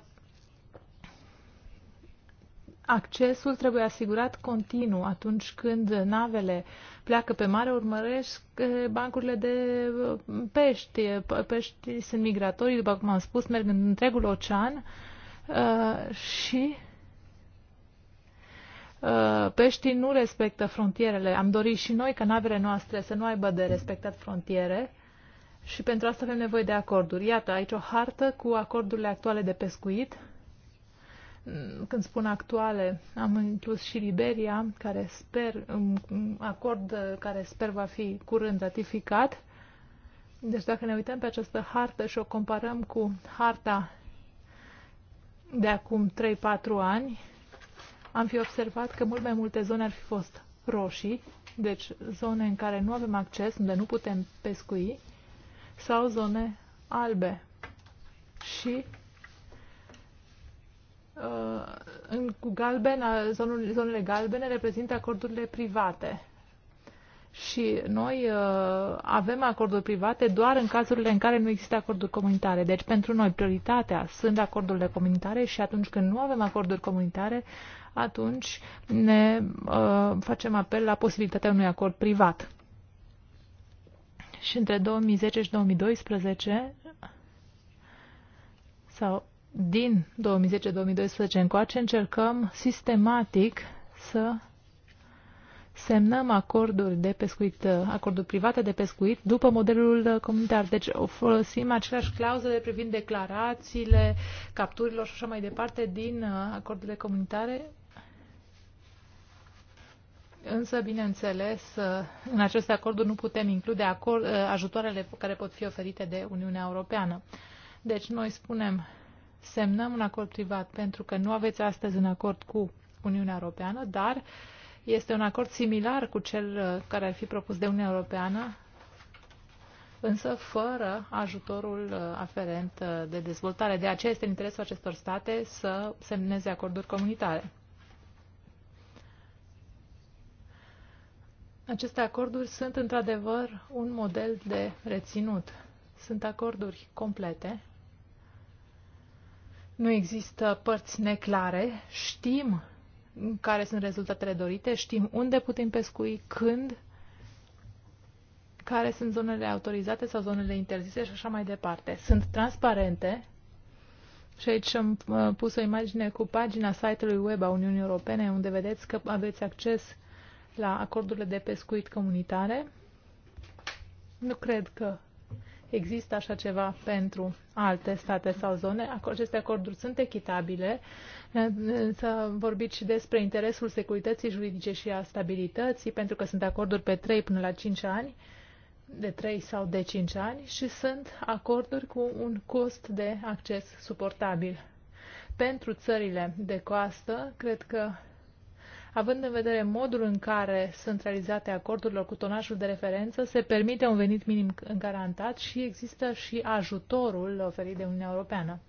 accesul trebuie asigurat continuu atunci când navele pleacă pe mare, urmăresc eh, bancurile de eh, pești. Pești sunt migratorii, după cum am spus, merg în întregul ocean eh, și peștii nu respectă frontierele. Am dorit și noi ca navele noastre să nu aibă de respectat frontiere și pentru asta avem nevoie de acorduri. Iată aici o hartă cu acordurile actuale de pescuit când spun actuale, am inclus și Liberia, care sper, un acord uh, care sper va fi curând ratificat. Deci dacă ne uităm pe această hartă și o comparăm cu harta de acum 3-4 ani, am fi observat că mult mai multe zone ar fi fost roșii, deci zone în care nu avem acces, unde nu putem pescui, sau zone albe. Și Uh, în, cu galben, uh, zonul, zonele galbene reprezintă acordurile private. Și noi uh, avem acorduri private doar în cazurile în care nu există acorduri comunitare. Deci pentru noi prioritatea sunt acordurile comunitare și atunci când nu avem acorduri comunitare, atunci ne uh, facem apel la posibilitatea unui acord privat. Și între 2010 și 2012 sau din 2010-2012 încoace încercăm sistematic să semnăm acorduri de pescuit, acorduri private de pescuit după modelul comunitar. Deci folosim aceleași clauzele privind declarațiile, capturilor și așa mai departe din uh, acordurile comunitare. Însă, bineînțeles, uh, în aceste acorduri nu putem include acord, uh, ajutoarele care pot fi oferite de Uniunea Europeană. Deci noi spunem semnăm un acord privat, pentru că nu aveți astăzi un acord cu Uniunea Europeană, dar este un acord similar cu cel uh, care ar fi propus de Uniunea Europeană, însă fără ajutorul uh, aferent uh, de dezvoltare. De aceea este în interesul acestor state să semneze acorduri comunitare. Aceste acorduri sunt într-adevăr un model de reținut. Sunt acorduri complete nu există părți neclare. Știm care sunt rezultatele dorite, știm unde putem pescui, când, care sunt zonele autorizate sau zonele interzise și așa mai departe. Sunt transparente și aici am uh, pus o imagine cu pagina site-ului web a Uniunii Europene, unde vedeți că aveți acces la acordurile de pescuit comunitare. Nu cred că există așa ceva pentru alte state sau zone. Aceste acorduri sunt echitabile. S-a vorbit și despre interesul securității juridice și a stabilității, pentru că sunt acorduri pe 3 până la 5 ani, de 3 sau de 5 ani, și sunt acorduri cu un cost de acces suportabil. Pentru țările de coastă, cred că având în vedere modul în care sunt realizate acordurile cu tonajul de referență, se permite un venit minim garantat și există și ajutorul oferit de Uniunea Europeană.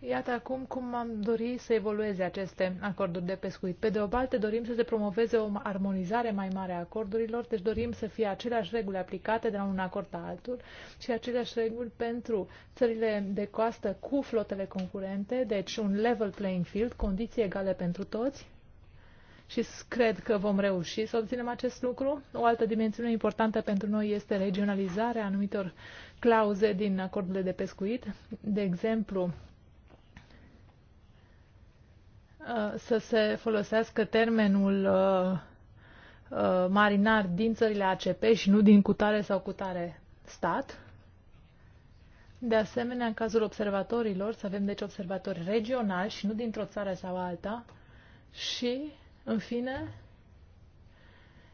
Iată acum cum am dori să evolueze aceste acorduri de pescuit. Pe de o parte, dorim să se promoveze o armonizare mai mare a acordurilor, deci dorim să fie aceleași reguli aplicate de la un acord la altul și aceleași reguli pentru țările de coastă cu flotele concurente, deci un level playing field, condiții egale pentru toți, și cred că vom reuși să obținem acest lucru. O altă dimensiune importantă pentru noi este regionalizarea anumitor clauze din acordurile de pescuit. De exemplu, uh, să se folosească termenul uh, uh, marinar din țările ACP și nu din cutare sau cutare stat. De asemenea, în cazul observatorilor, să avem deci observatori regionali și nu dintr-o țară sau alta și în fine,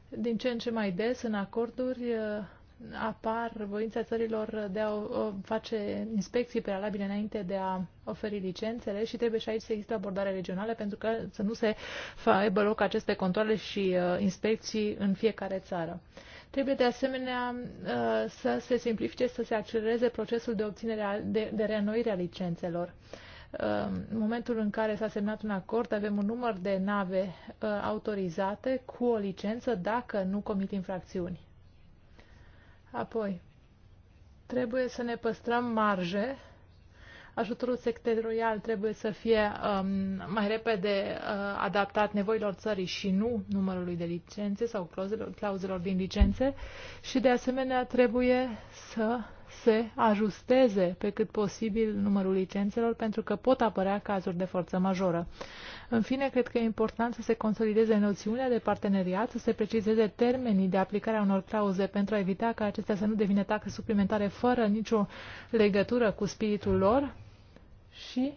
din ce în ce mai des în acorduri uh, apar voința țărilor de a face inspecții prealabile înainte de a oferi licențele și trebuie și aici să există abordare regională pentru că să nu se aibă loc aceste controle și uh, inspecții în fiecare țară. Trebuie de asemenea uh, să se simplifice, să se accelereze procesul de obținere de, de reînnoire a licențelor în momentul în care s-a semnat un acord, avem un număr de nave ă, autorizate cu o licență dacă nu comit infracțiuni. Apoi, trebuie să ne păstrăm marje. Ajutorul sectorial trebuie să fie um, mai repede uh, adaptat nevoilor țării și nu numărului de licențe sau clauzelor, clauzelor din licențe și de asemenea trebuie să se ajusteze pe cât posibil numărul licențelor, pentru că pot apărea cazuri de forță majoră. În fine, cred că e important să se consolideze noțiunea de parteneriat, să se precizeze termenii de aplicare a unor clauze pentru a evita ca acestea să nu devină taxe suplimentare fără nicio legătură cu spiritul lor și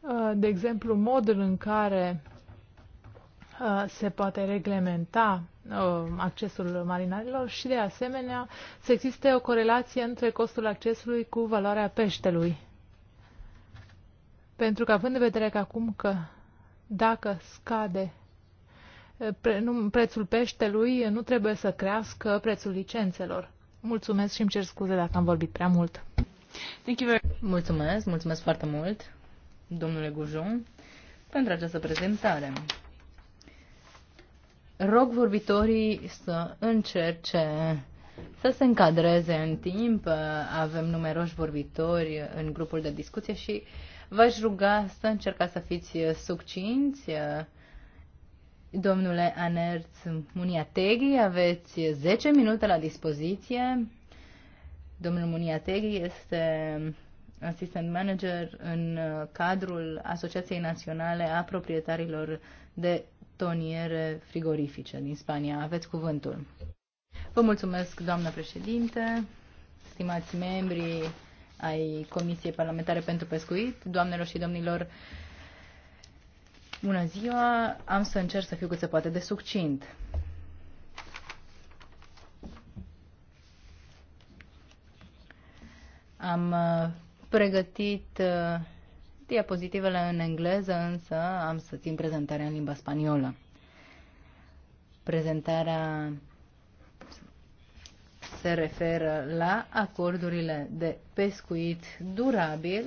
uh, de exemplu, modul în care uh, se poate reglementa Uh, accesul marinarilor și, de asemenea, să existe o corelație între costul accesului cu valoarea peștelui. Pentru că, având în vedere că acum că dacă scade uh, pre, nu, prețul peștelui, uh, nu trebuie să crească prețul licențelor. Mulțumesc și îmi cer scuze dacă am vorbit prea mult. Thank you very mulțumesc, mulțumesc foarte mult, domnule Gujon, pentru această prezentare rog vorbitorii să încerce să se încadreze în timp. Avem numeroși vorbitori în grupul de discuție și v-aș ruga să încercați să fiți succinți. Domnule Anerț Muniateghi, aveți 10 minute la dispoziție. Domnul Muniateghi este asistent manager în cadrul Asociației Naționale a Proprietarilor de toniere frigorifice din Spania. Aveți cuvântul. Vă mulțumesc, doamnă președinte, stimați membri ai Comisiei Parlamentare pentru Pescuit, doamnelor și domnilor, bună ziua, am să încerc să fiu cât se poate de succint. Am uh, pregătit uh, diapozitivele în engleză, însă am să țin prezentarea în limba spaniolă. Prezentarea se referă la acordurile de pescuit durabil.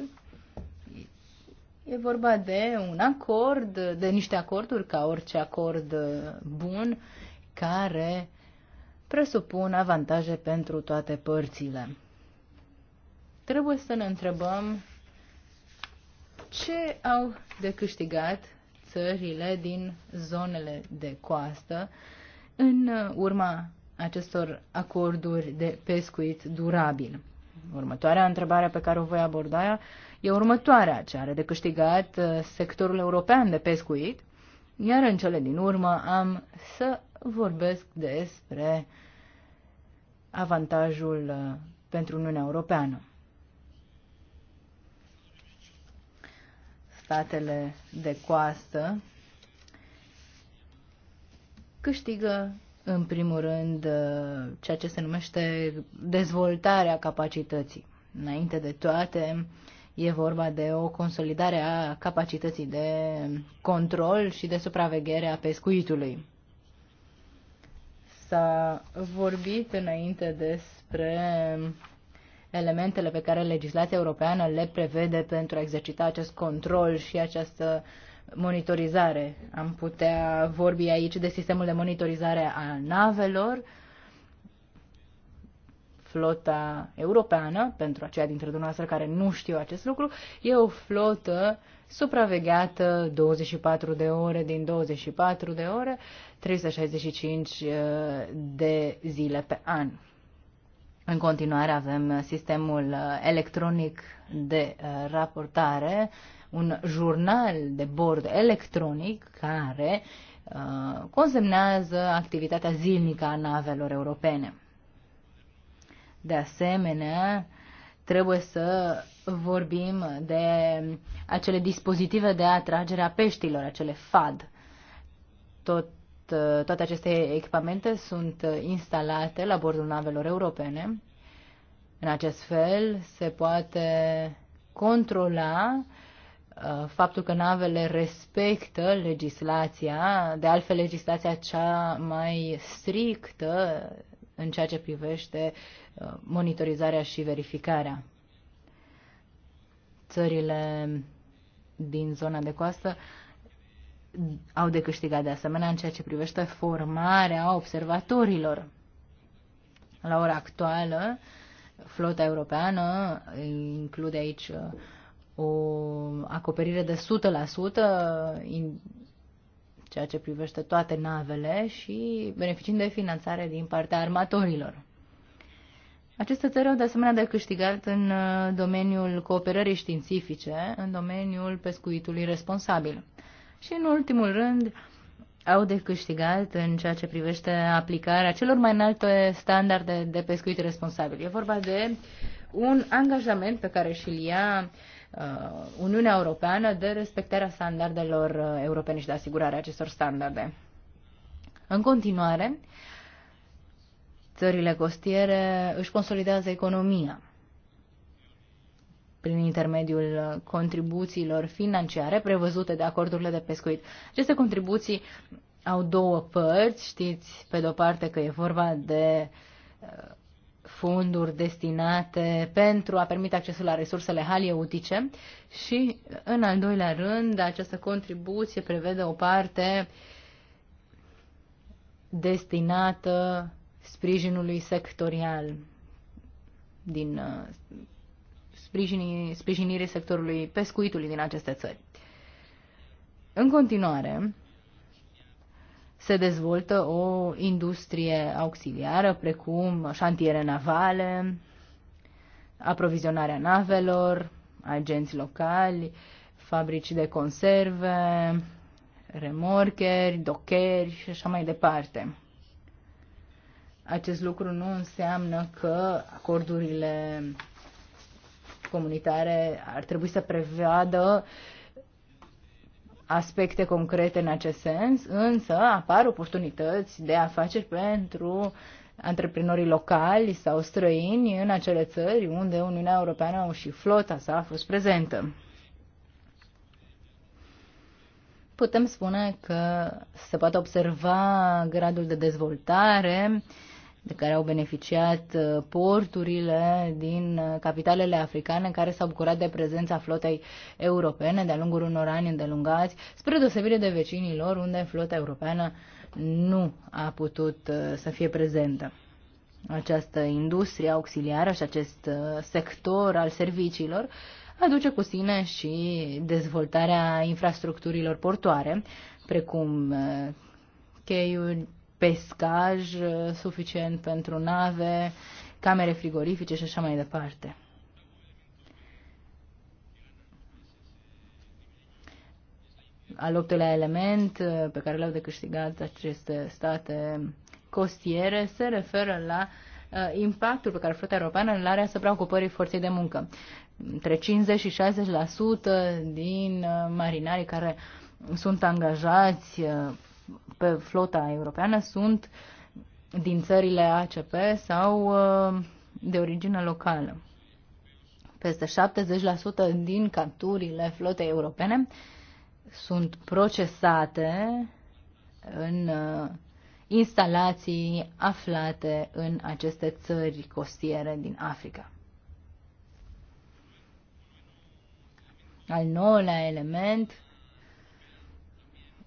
E vorba de un acord, de niște acorduri ca orice acord bun, care presupun avantaje pentru toate părțile. Trebuie să ne întrebăm ce au de câștigat țările din zonele de coastă în urma acestor acorduri de pescuit durabil. Următoarea întrebare pe care o voi aborda e următoarea, ce are de câștigat uh, sectorul european de pescuit, iar în cele din urmă am să vorbesc despre avantajul uh, pentru Uniunea Europeană. statele de coastă câștigă în primul rând uh, ceea ce se numește dezvoltarea capacității. Înainte de toate, e vorba de o consolidare a capacității de control și de supraveghere a pescuitului. S-a vorbit înainte despre elementele pe care legislația europeană le prevede pentru a exercita acest control și această monitorizare. Am putea vorbi aici de sistemul de monitorizare a navelor, flota europeană, pentru aceia dintre dumneavoastră care nu știu acest lucru, e o flotă supravegheată 24 de ore din 24 de ore, 365 eh, de zile pe an. În continuare avem uh, sistemul uh, electronic de uh, raportare, un jurnal de bord electronic care consemnează activitatea zilnică a navelor europene. De asemenea, trebuie să vorbim de acele dispozitive de atragere a peștilor, acele FAD. Tot Uh, toate aceste echipamente sunt uh, instalate la bordul navelor europene. În acest fel se poate controla uh, faptul că navele respectă legislația, de altfel legislația cea mai strictă în ceea ce privește monitorizarea și verificarea. Țările din zona de coastă au de câștigat de asemenea în ceea ce privește formarea observatorilor. La ora actuală, flota europeană include aici uh, o acoperire de 100% în ceea ce privește toate navele și beneficiind de finanțare din partea armatorilor. Aceste țări au de asemenea de câștigat în uh, domeniul cooperării științifice, în domeniul pescuitului responsabil și, în ultimul rând, au de câștigat în ceea ce privește aplicarea celor mai înalte standarde de pescuit responsabil. E vorba de un angajament pe care și-l ia uh, Uniunea Europeană de respectarea standardelor uh, europene și de asigurarea acestor standarde. În continuare, țările costiere își consolidează economia prin intermediul contribuțiilor financiare prevăzute de acordurile de pescuit. Aceste contribuții au două părți, știți pe de-o parte că e vorba de uh, fonduri destinate pentru a permite accesul la resursele halieutice și, în al doilea rând, această contribuție prevede o parte destinată sprijinului sectorial din uh, sprijinii, sprijinirii sectorului pescuitului din aceste țări. În continuare, se dezvoltă o industrie auxiliară, precum șantiere navale, aprovizionarea navelor, agenți locali, fabrici de conserve, remorcheri, docheri și așa mai departe. Acest lucru nu înseamnă că acordurile comunitare ar trebui să prevadă aspecte concrete în acest sens, însă apar oportunități de afaceri pentru antreprenorii locali sau străini în acele țări unde Uniunea Europeană și flota sa a fost prezentă. Putem spune că se poate observa gradul de dezvoltare uh, de care au beneficiat uh, porturile din uh, capitalele africane care s-au bucurat de prezența flotei europene de-a lungul unor ani îndelungați, spre deosebire de vecinii lor, unde flota europeană nu a putut uh, să fie prezentă. Această industrie auxiliară și acest sector al serviciilor aduce cu sine și dezvoltarea infrastructurilor portoare, precum cheiuri, pescaj uh, suficient pentru nave, camere frigorifice și așa mai departe. Al optulea element uh, pe care l-au de câștigat aceste state costiere se referă la uh, impactul pe care flota europeană îl are asupra ocupării forței de muncă. Între 50 și 60% din marinarii care sunt angajați pe flota europeană sunt din țările ACP sau uh, de origine locală. Peste 70% din capturile flotei europene sunt procesate în uh, instalații aflate în aceste țări costiere din Africa. Al nouălea element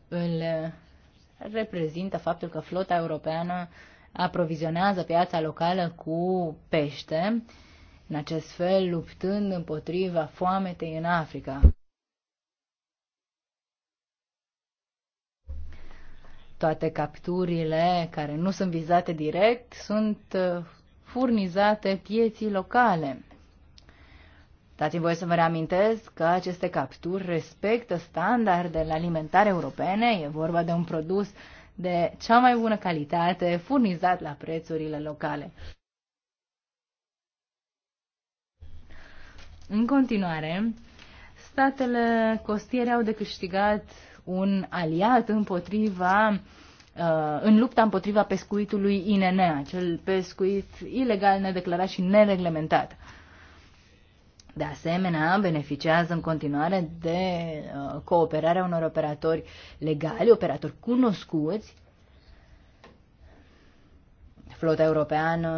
îl reprezintă faptul că flota europeană aprovizionează piața locală cu pește, în acest fel luptând împotriva foametei în Africa. Toate capturile care nu sunt vizate direct sunt furnizate pieții locale. Dați-mi voie să vă reamintesc că aceste capturi respectă standardele alimentare europene, e vorba de un produs de cea mai bună calitate, furnizat la prețurile locale. În continuare, statele costiere au de câștigat un aliat împotriva uh, în lupta împotriva pescuitului INN, acel pescuit ilegal, nedeclarat și nereglementat. De asemenea, beneficiază în continuare de uh, cooperarea unor operatori legali, operatori cunoscuți. Flota europeană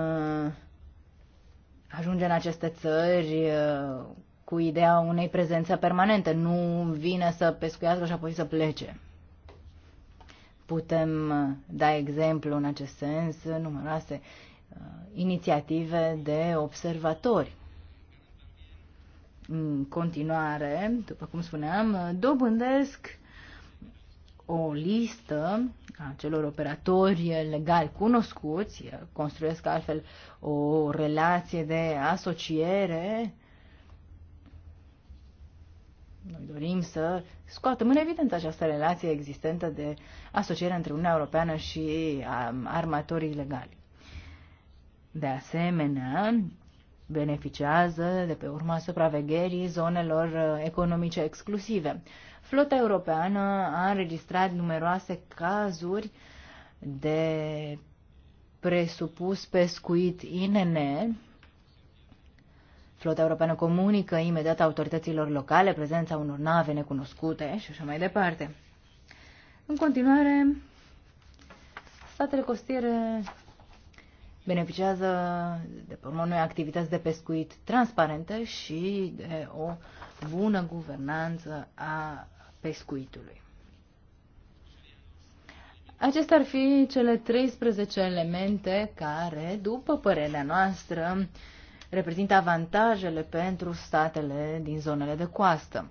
ajunge în aceste țări uh, cu ideea unei prezențe permanente. Nu vine să pescuiască și apoi să plece. Putem uh, da exemplu în acest sens numeroase inițiative de observatori în continuare, după cum spuneam, dobândesc o listă a celor operatori legali cunoscuți, construiesc altfel o relație de asociere. Noi dorim să scoatem în evidență această relație existentă de asociere între Uniunea Europeană și um, armatorii legali. De asemenea, beneficiază de pe urma supravegherii zonelor uh, economice exclusive. Flota europeană a înregistrat numeroase cazuri de presupus pescuit INN. Flota europeană comunică imediat autorităților locale prezența unor nave necunoscute și așa mai departe. În continuare, statele costiere beneficiază de pe urmă noi activități de pescuit transparente și de o bună guvernanță a pescuitului. Acestea ar fi cele 13 elemente care, după părerea noastră, reprezintă avantajele pentru statele din zonele de coastă.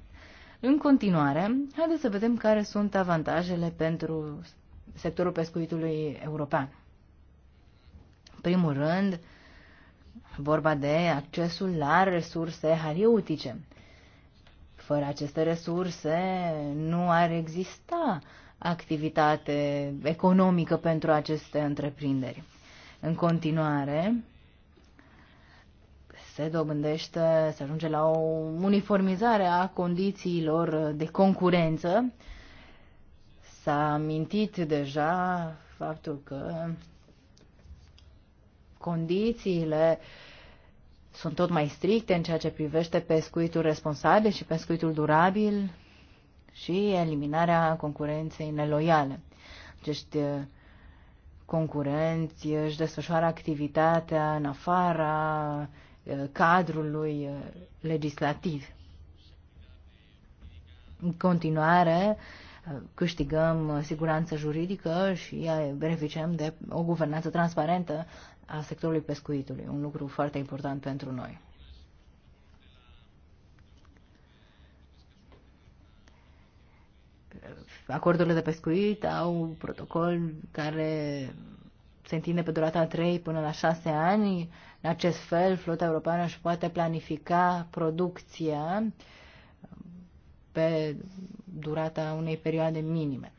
În continuare, haideți să vedem care sunt avantajele pentru sectorul pescuitului european primul rând, vorba de accesul la resurse haliutice. Fără aceste resurse nu ar exista activitate economică pentru aceste întreprinderi. În continuare, se dobândește, se ajunge la o uniformizare a condițiilor de concurență. S-a amintit deja faptul că condițiile sunt tot mai stricte în ceea ce privește pescuitul responsabil și pescuitul durabil și eliminarea concurenței neloiale. Acești uh, concurenți își desfășoară activitatea în afara uh, cadrului uh, legislativ. În continuare, câștigăm siguranță juridică și beneficiem de o guvernanță transparentă a sectorului pescuitului, un lucru foarte important pentru noi. Acordurile de pescuit au un protocol care se întinde pe durata 3 până la 6 ani. În acest fel, flota europeană își poate planifica producția pe durata unei perioade minime.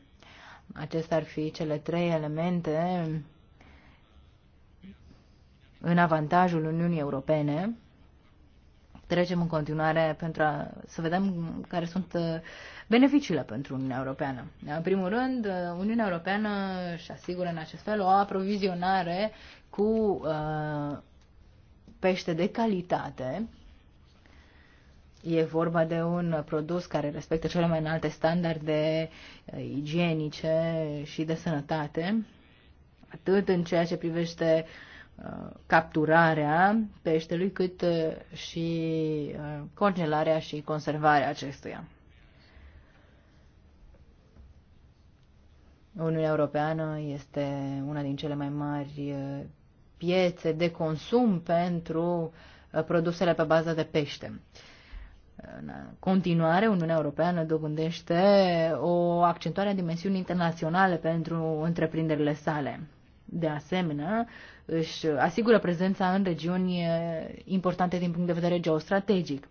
Acestea ar fi cele trei elemente în avantajul Uniunii Europene. Trecem în continuare pentru a, să vedem care sunt uh, beneficiile pentru Uniunea Europeană. În primul rând, uh, Uniunea Europeană își asigură în acest fel o aprovizionare cu uh, pește de calitate. E vorba de un produs care respectă cele mai înalte standarde uh, igienice și de sănătate, atât în ceea ce privește uh, Uh, capturarea peștelui, cât uh, și uh, congelarea și conservarea acestuia. Uniunea Europeană este una din cele mai mari piețe de consum pentru produsele pe bază de pește. În continuare, Uniunea Europeană dobândește o accentuare a dimensiunii internaționale pentru întreprinderile sale. De asemenea, își asigură prezența în regiuni importante din punct de vedere geostrategic.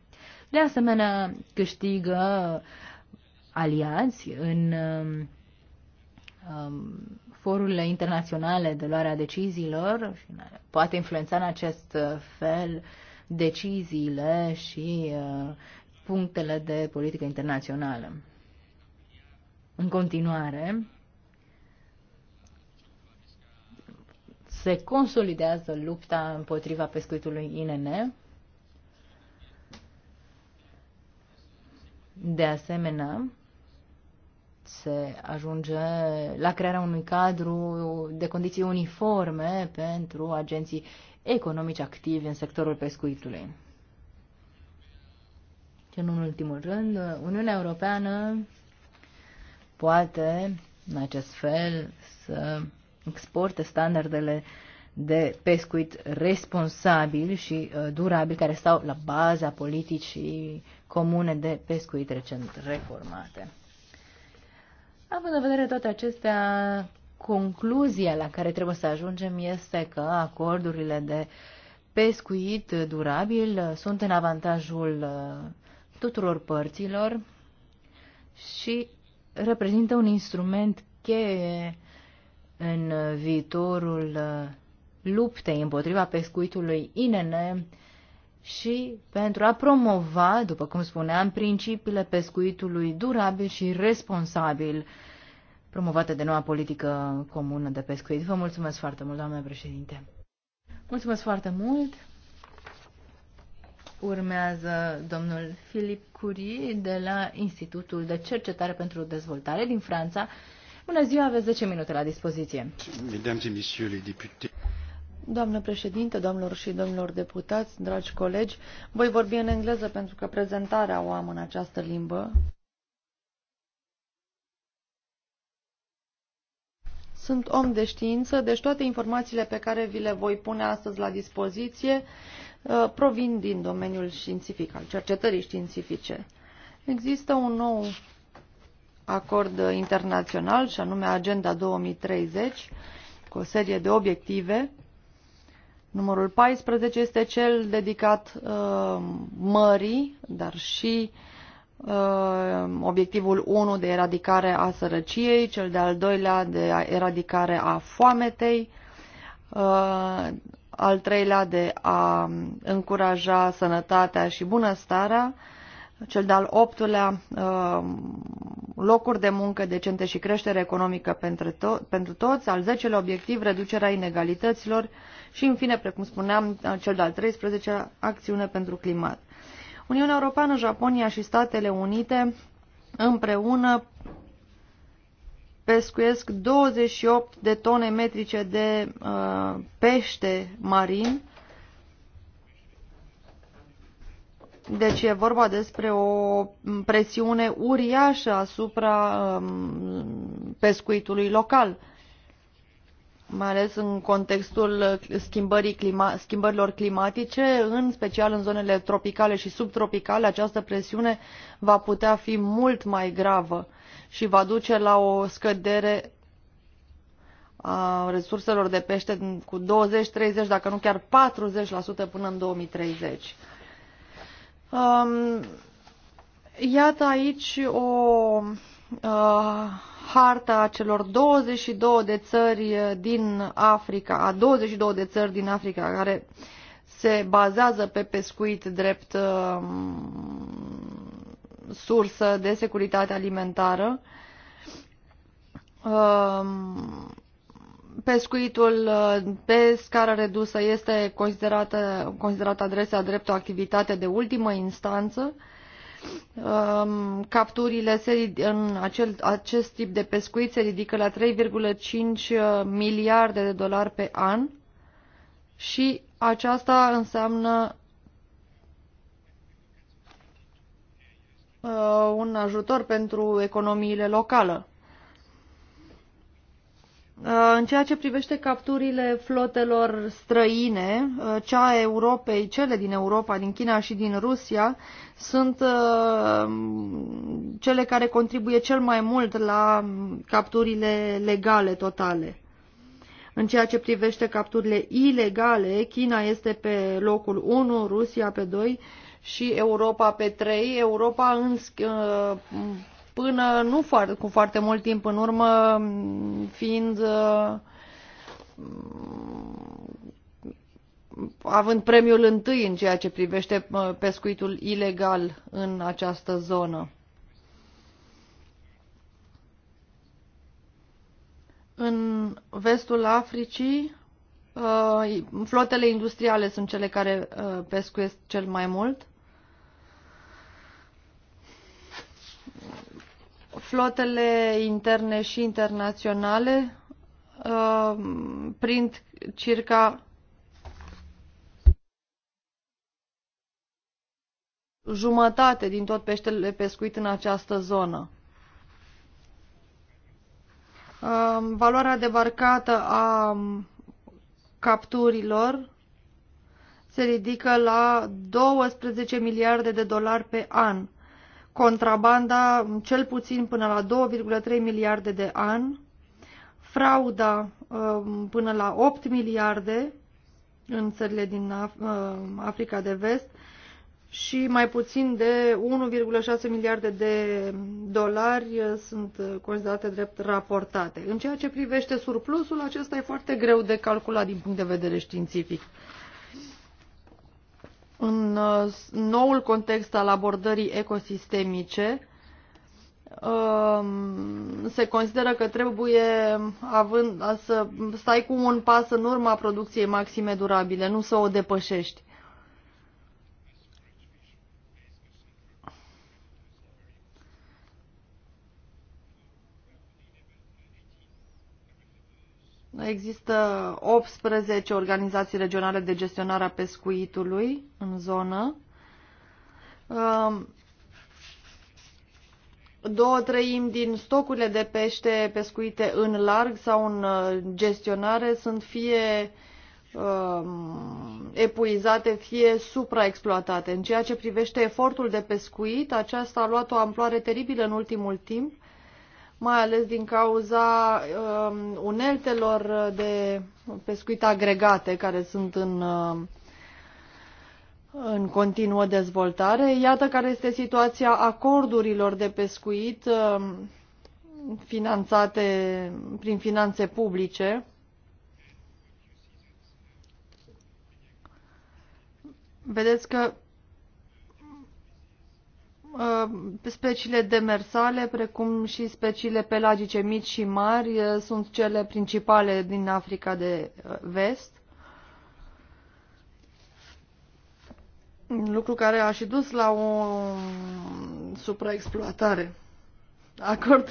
De asemenea, câștigă aliați în um, um, forurile internaționale de luarea deciziilor și poate influența în acest fel deciziile și uh, punctele de politică internațională. În continuare, se consolidează lupta împotriva pescuitului INN. De asemenea, se ajunge la crearea unui cadru de condiții uniforme pentru agenții economici activi în sectorul pescuitului. în ultimul rând, Uniunea Europeană poate, în acest fel, să exporte standardele de pescuit responsabil și uh, durabil care stau la baza politicii comune de pescuit recent reformate. Având în vedere toate acestea, concluzia la care trebuie să ajungem este că acordurile de pescuit durabil uh, sunt în avantajul uh, tuturor părților și reprezintă un instrument cheie în viitorul uh, luptei împotriva pescuitului INN și pentru a promova, după cum spuneam, principiile pescuitului durabil și responsabil promovate de noua politică comună de pescuit. Vă mulțumesc foarte mult, doamne președinte. Mulțumesc foarte mult. Urmează domnul Filip Curie de la Institutul de Cercetare pentru Dezvoltare din Franța, Bună ziua, aveți 10 minute la dispoziție. Doamnă președinte, domnilor și domnilor deputați, dragi colegi, voi vorbi în engleză pentru că prezentarea o am în această limbă. Sunt om de știință, deci toate informațiile pe care vi le voi pune astăzi la dispoziție uh, provin din domeniul științific, al cercetării științifice. Există un nou acord internațional, și anume Agenda 2030, cu o serie de obiective. Numărul 14 este cel dedicat uh, mării, dar și uh, obiectivul 1 de eradicare a sărăciei, cel de-al doilea de eradicare a foametei, uh, al treilea de a um, încuraja sănătatea și bunăstarea, uh, cel de-al optulea uh, locuri de muncă decente și creștere economică pentru, to- pentru toți, al zecelea obiectiv reducerea inegalităților și, în fine, precum spuneam, uh, cel de-al 13 acțiune pentru climat. Uniunea Europeană, Japonia și Statele Unite împreună pescuiesc 28 de tone metrice de uh, pește marin Deci e vorba despre o presiune uriașă asupra um, pescuitului local, mai ales în contextul schimbării clima schimbărilor climatice, în special în zonele tropicale și subtropicale, această presiune va putea fi mult mai gravă și va duce la o scădere a resurselor de pește cu 20, 30, dacă nu chiar 40% până în 2030. Um, iată aici o uh, harta a celor 22 de țări din Africa, a 22 de țări din Africa care se bazează pe pescuit drept uh, sursă de securitate alimentară. Um, pescuitul uh, pe scară redusă este considerată, considerat adresa drept o activitate de ultimă instanță. Um, capturile se, în acel, acest tip de pescuit se ridică la 3,5 uh, miliarde de dolari pe an și aceasta înseamnă uh, un ajutor pentru economiile locale. Uh, în ceea ce privește capturile flotelor străine, uh, cea a Europei, cele din Europa, din China și din Rusia, sunt uh, cele care contribuie cel mai mult la capturile legale totale. În ceea ce privește capturile ilegale, China este pe locul 1, Rusia pe 2 și Europa pe 3. Europa în, până nu foarte, cu foarte mult timp în urmă, fiind uh, având premiul întâi în ceea ce privește uh, pescuitul ilegal în această zonă. În vestul Africii, uh, flotele industriale sunt cele care uh, pescuiesc cel mai mult. flotele interne și internaționale uh, prind circa jumătate din tot peștele pescuit în această zonă. Uh, valoarea debarcată a capturilor se ridică la 12 miliarde de dolari pe an contrabanda cel puțin până la 2,3 miliarde de ani, frauda um, până la 8 miliarde în țările din um, Africa de Vest și mai puțin de 1,6 miliarde de dolari uh, sunt uh, considerate drept raportate. În ceea ce privește surplusul, acesta e foarte greu de calculat din punct de vedere științific în uh, noul context al abordării ecosistemice, um, se consideră că trebuie având, să stai cu un pas în urma producției maxime durabile, nu să o depășești. Există 18 organizații regionale de gestionare a pescuitului în zonă. Um, două treimi din stocurile de pește pescuite în larg sau în uh, gestionare sunt fie um, epuizate, fie supraexploatate. În ceea ce privește efortul de pescuit, aceasta a luat o amploare teribilă în ultimul timp mai ales din cauza uh, uneltelor de pescuit agregate care sunt în, uh, în continuă dezvoltare. Iată care este situația acordurilor de pescuit uh, finanțate prin finanțe publice. Vedeți că Uh, speciile demersale, precum și speciile pelagice mici și mari, uh, sunt cele principale din Africa de uh, vest. Lucru care a și dus la o supraexploatare. Acord.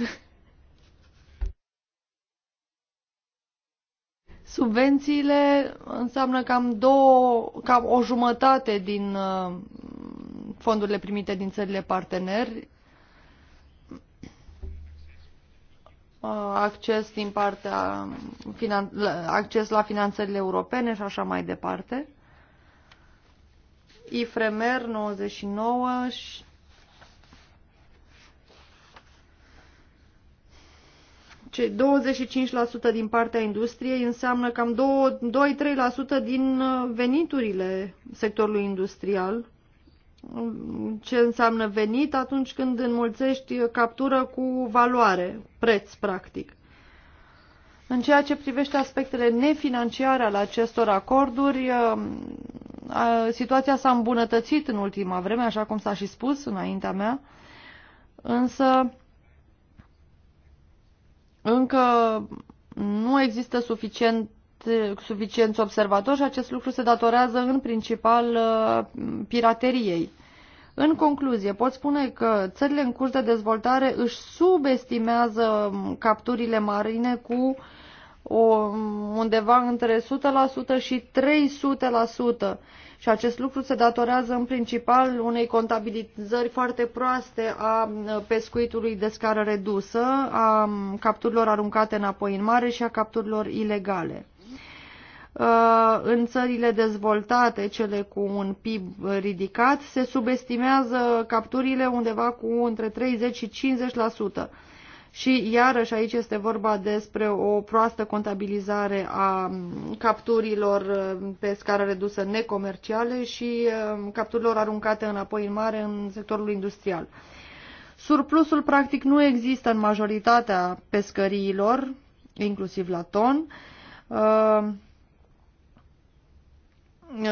Subvențiile înseamnă cam, două, cam o jumătate din fondurile primite din țările parteneri, acces din partea acces la finanțările europene și așa mai departe. IFREMER 99 și ce 25% din partea industriei înseamnă cam 2-3% din uh, veniturile sectorului industrial ce înseamnă venit atunci când înmulțești captură cu valoare, preț practic. În ceea ce privește aspectele nefinanciare ale acestor acorduri, situația s-a îmbunătățit în ultima vreme, așa cum s-a și spus înaintea mea, însă încă nu există suficient Eh, suficienți observatori și acest lucru se datorează în principal eh, pirateriei. În concluzie, pot spune că țările în curs de dezvoltare își subestimează mm, capturile marine cu o, mm, undeva între 100% și 300% și acest lucru se datorează în principal unei contabilizări foarte proaste a mm, pescuitului de scară redusă, a capturilor aruncate înapoi în mare și a capturilor ilegale. Uh, în țările dezvoltate, cele cu un PIB ridicat, se subestimează capturile undeva cu între 30 și 50%. Și iarăși aici este vorba despre o proastă contabilizare a um, capturilor uh, pe scară redusă necomerciale și um, capturilor aruncate înapoi în mare în sectorul industrial. Surplusul practic nu există în majoritatea pescăriilor, inclusiv la ton. Uh,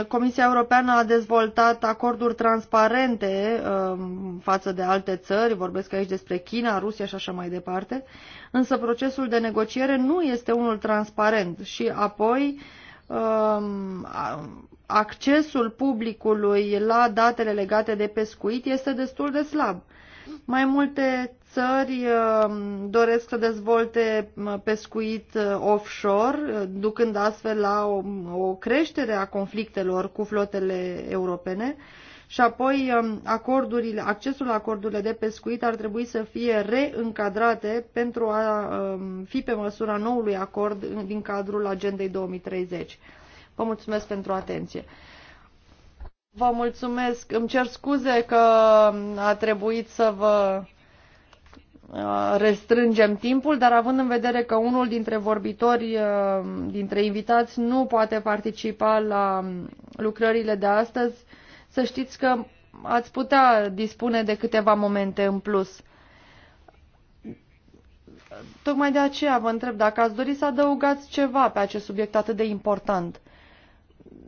Comisia Europeană a dezvoltat acorduri transparente um, față de alte țări, vorbesc aici despre China, Rusia și așa mai departe, însă procesul de negociere nu este unul transparent și apoi um, accesul publicului la datele legate de pescuit este destul de slab. Mai multe țări um, doresc să dezvolte um, pescuit uh, offshore, uh, ducând astfel la o, o creștere a conflictelor cu flotele europene. Și apoi um, acordurile, accesul la acordurile de pescuit ar trebui să fie reîncadrate pentru a fi pe măsura noului acord din cadrul Agendei 2030. Vă mulțumesc pentru atenție. Vă mulțumesc. Îmi cer scuze că a trebuit să vă restrângem timpul, dar având în vedere că unul dintre vorbitori, dintre invitați, nu poate participa la lucrările de astăzi, să știți că ați putea dispune de câteva momente în plus. Tocmai de aceea vă întreb dacă ați dori să adăugați ceva pe acest subiect atât de important.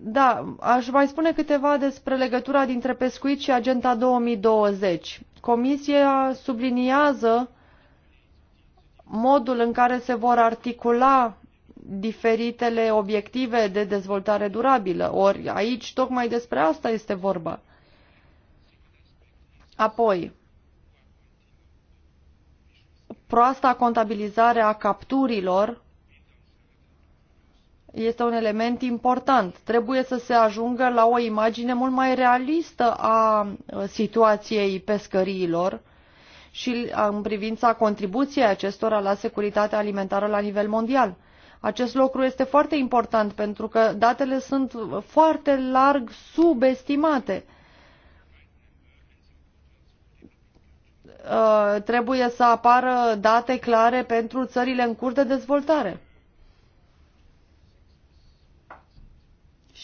Da, aș mai spune câteva despre legătura dintre pescuit și Agenda 2020. Comisia subliniază modul în care se vor articula diferitele obiective de dezvoltare durabilă. Ori aici tocmai despre asta este vorba. Apoi, proasta contabilizare a capturilor este un element important. Trebuie să se ajungă la o imagine mult mai realistă a uh, situației pescăriilor și uh, în privința contribuției acestora la securitatea alimentară la nivel mondial. Acest lucru este foarte important pentru că datele sunt foarte larg subestimate. Uh, trebuie să apară date clare pentru țările în curs de dezvoltare.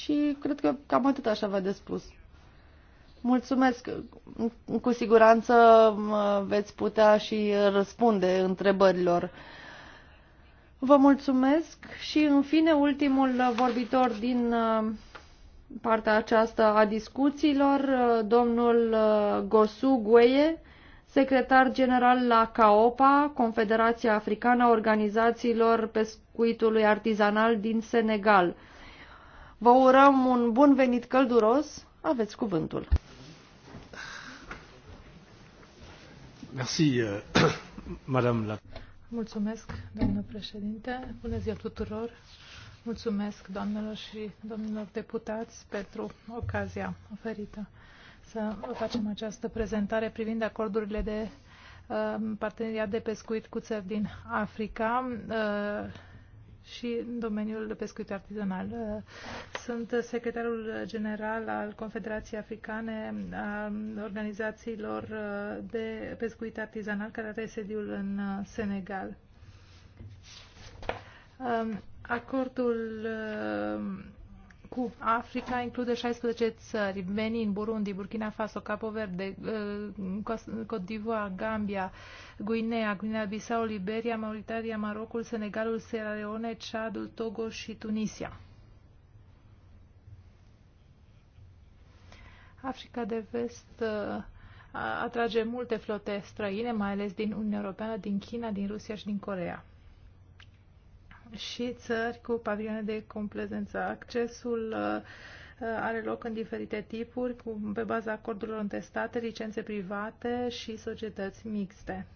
și cred că cam atât așa v-a de spus. Mulțumesc. Cu siguranță veți putea și răspunde întrebărilor. Vă mulțumesc și, în fine, ultimul vorbitor din uh, partea aceasta a discuțiilor, uh, domnul uh, Gosu Gueye, secretar general la CAOPA, Confederația Africană a Organizațiilor Pescuitului Artizanal din Senegal. Vă urăm un bun venit călduros. Aveți cuvântul. Merci, euh, Madame la... Mulțumesc, doamnă președinte. Bună ziua tuturor. Mulțumesc doamnelor și domnilor deputați pentru ocazia oferită să facem această prezentare privind acordurile de uh, parteneriat de pescuit cu țări din Africa. Uh, și în domeniul pescuit artizanal. Uh, sunt secretarul general al Confederației Africane a organizațiilor uh, de pescuit artizanal care are sediul în uh, Senegal. Um, acordul cu Africa include 16 țări, Benin, Burundi, Burkina Faso, Capo Verde, uh, Côte d'Ivoire, Gambia, Guinea, Guinea-Bissau, Liberia, Mauritania, Marocul, Senegalul, Sierra Leone, Chadul, Togo și Tunisia. Africa de Vest uh, atrage multe flote străine, mai ales din Uniunea Europeană, din China, din Rusia și din Corea și țări cu pavilioane de complezență. Accesul uh, uh, are loc în diferite tipuri, cu, pe baza acordurilor între state, licențe private și societăți mixte.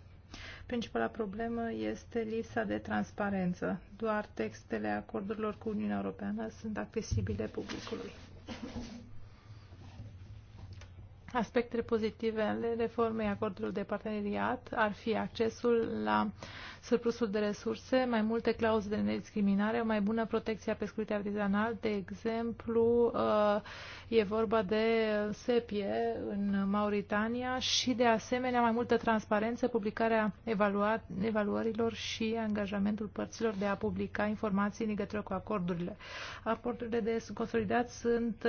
Principala problemă este lipsa de transparență. Doar textele acordurilor cu Uniunea Europeană sunt accesibile publicului. Aspectele pozitive ale reformei acordului de parteneriat ar fi accesul la uh, surplusul de resurse, mai multe clauze de nediscriminare, o mai bună protecție a pescuitului artizanal. De exemplu, uh, e vorba de sepie în Mauritania și, de asemenea, mai multă transparență, publicarea evaluărilor și angajamentul părților de a publica informații în legătură cu acordurile. Acordurile de consolidat sunt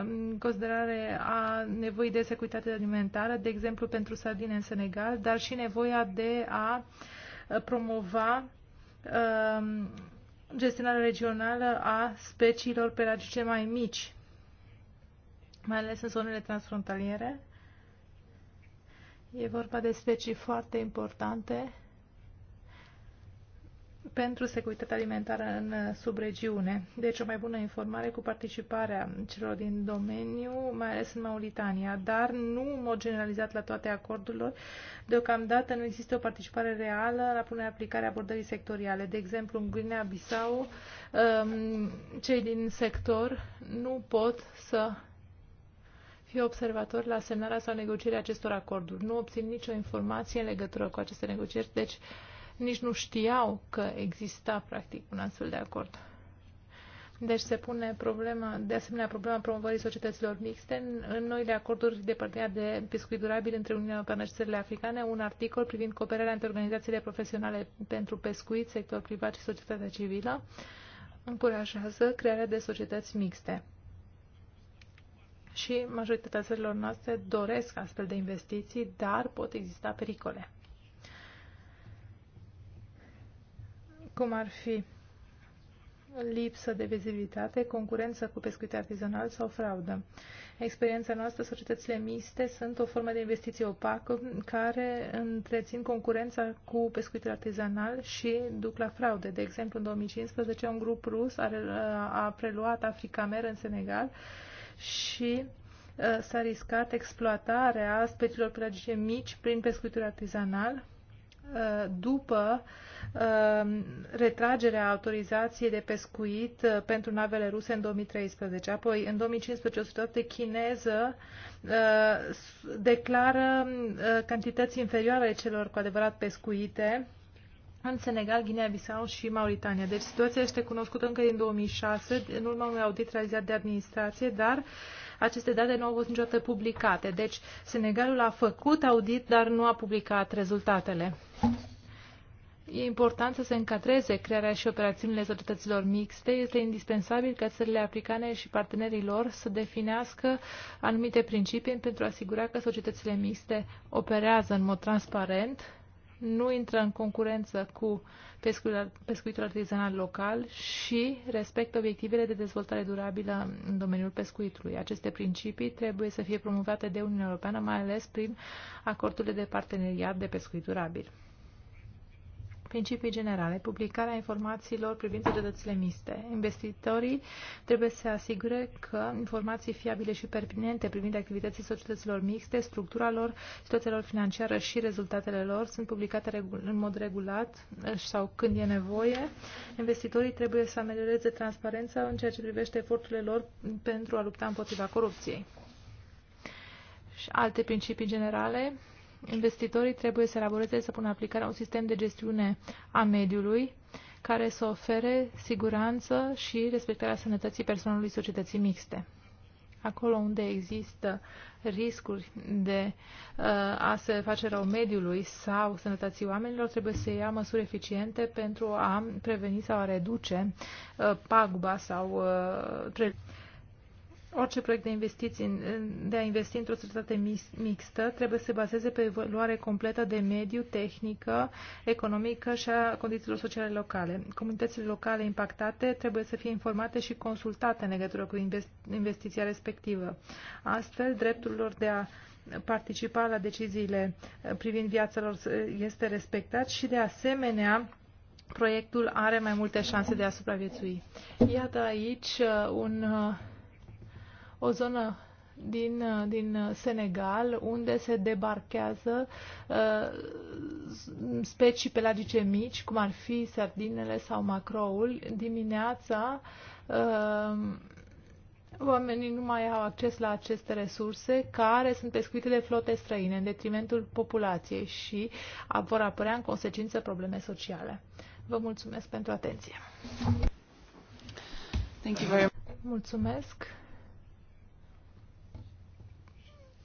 în considerare a nevoii de securitate alimentară, de exemplu pentru sardine în Senegal, dar și nevoia de a uh, Uh, promova um, gestionarea regională a speciilor pelagice mai mici, mai ales în zonele transfrontaliere. E vorba de specii foarte importante pentru securitatea alimentară în uh, subregiune. Deci o mai bună informare cu participarea celor din domeniu, mai ales în Mauritania, dar nu în mod generalizat la toate acordurilor. Deocamdată nu există o participare reală la punerea aplicare abordării sectoriale. De exemplu, în Guinea-Bissau, um, cei din sector nu pot să fie observator la semnarea sau negocierea acestor acorduri. Nu obțin nicio informație în legătură cu aceste negocieri, deci nici nu știau că exista practic un astfel de acord. Deci se pune problema, de asemenea problema promovării societăților mixte în, în noile acorduri de parteneriat de pescuit durabil între Uniunea Europeană și țările africane, un articol privind cooperarea între organizațiile profesionale pentru pescuit, sector privat și societatea civilă, încurajează crearea de societăți mixte. Și majoritatea țărilor noastre doresc astfel de investiții, dar pot exista pericole. cum ar fi lipsă de vizibilitate, concurență cu pescuit artizanal sau fraudă. Experiența noastră, societățile miste, sunt o formă de investiție opacă care întrețin concurența cu pescuitul artizanal și duc la fraude. De exemplu, în 2015, un grup rus a, a preluat Mer în Senegal și uh, s-a riscat exploatarea speciilor pelagice mici prin pescuitul artizanal Uh, după uh, retragerea autorizației de pescuit uh, pentru navele ruse în 2013. Apoi, în 2015, o societate chineză declară cantități inferioare celor cu adevărat pescuite în Senegal, Guinea-Bissau și Mauritania. Deci situația este cunoscută încă din 2006, în urma unui audit realizat de administrație, dar uh, aceste date nu au fost niciodată publicate. Deci, Senegalul a făcut audit, dar nu a publicat rezultatele. E important să se încadreze crearea și operațiunile societăților mixte. Este indispensabil ca țările africane și partenerii lor să definească anumite principii pentru a asigura că societățile mixte operează în mod transparent, nu intră în concurență cu pescuitul artizanal local și respectă obiectivele de dezvoltare durabilă în domeniul pescuitului. Aceste principii trebuie să fie promovate de Uniunea Europeană, mai ales prin acordurile de parteneriat de pescuit durabil principii generale, publicarea informațiilor privind societățile mixte. Investitorii trebuie să asigure că informații fiabile și pertinente privind activității societăților mixte, structura lor, situația lor financiară și rezultatele lor sunt publicate în mod regulat eh, sau când e nevoie. Investitorii trebuie să amelioreze transparența în ceea ce privește eforturile lor pentru a lupta împotriva corupției. Și alte principii generale investitorii trebuie să elaboreze, să pună aplicarea un sistem de gestiune a mediului care să ofere siguranță și respectarea sănătății personalului societății mixte. Acolo unde există riscuri de uh, a se face rău mediului sau sănătății oamenilor, trebuie să ia măsuri eficiente pentru a preveni sau a reduce uh, paguba sau uh, Orice proiect de, investiții, de a investi într-o societate mixtă trebuie să se bazeze pe evaluare completă de mediu, tehnică, economică și a condițiilor sociale locale. Comunitățile locale impactate trebuie să fie informate și consultate în legătură cu investiția respectivă. Astfel, dreptul lor de a participa la deciziile privind viața lor este respectat și, de asemenea, proiectul are mai multe șanse de a supraviețui. Iată aici un uh, o zonă din, din Senegal, unde se debarchează uh, specii pelagice mici, cum ar fi sardinele sau macroul. Dimineața uh, oamenii nu mai au acces la aceste resurse care sunt pescuite de flote străine în detrimentul populației și vor apărea în consecință probleme sociale. Vă mulțumesc pentru atenție. Thank you very much. Mulțumesc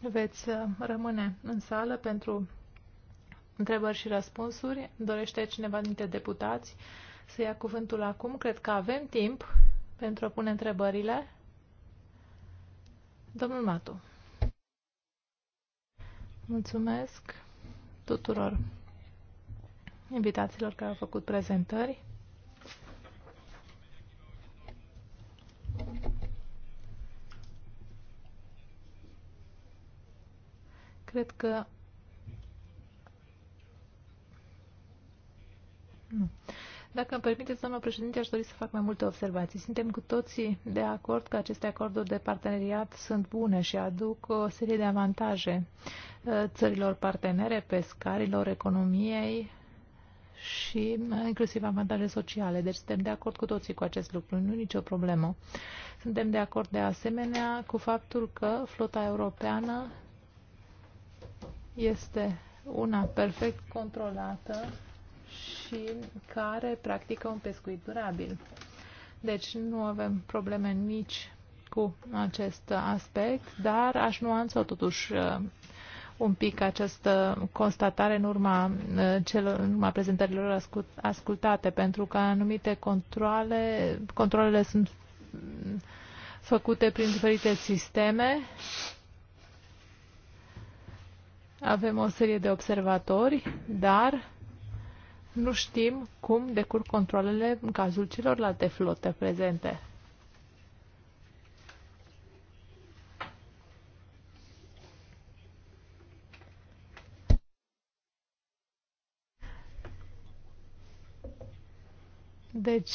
veți uh, rămâne în sală pentru întrebări și răspunsuri. Dorește cineva dintre deputați să ia cuvântul acum? Cred că avem timp pentru a pune întrebările. Domnul Matu. Mulțumesc tuturor invitațiilor care au făcut prezentări. Cred că... Nu. Dacă îmi permiteți, doamna președinte, aș dori să fac mai multe observații. Suntem cu toții de acord că aceste acorduri de parteneriat sunt bune și aduc o serie de avantaje uh, țărilor partenere, pescarilor, economiei și uh, inclusiv avantaje sociale. Deci suntem de acord cu toții cu acest lucru, nu nicio problemă. Suntem de acord de asemenea cu faptul că flota europeană este una perfect controlată și care practică un pescuit durabil. Deci nu avem probleme nici cu acest aspect, dar aș nuanța totuși uh, un pic această constatare în urma, uh, celor, în urma prezentărilor ascultate, pentru că anumite controle, controlele sunt mm, făcute prin diferite sisteme avem o serie de observatori, dar nu știm cum decurg controlele în cazul celorlalte flote prezente. Deci,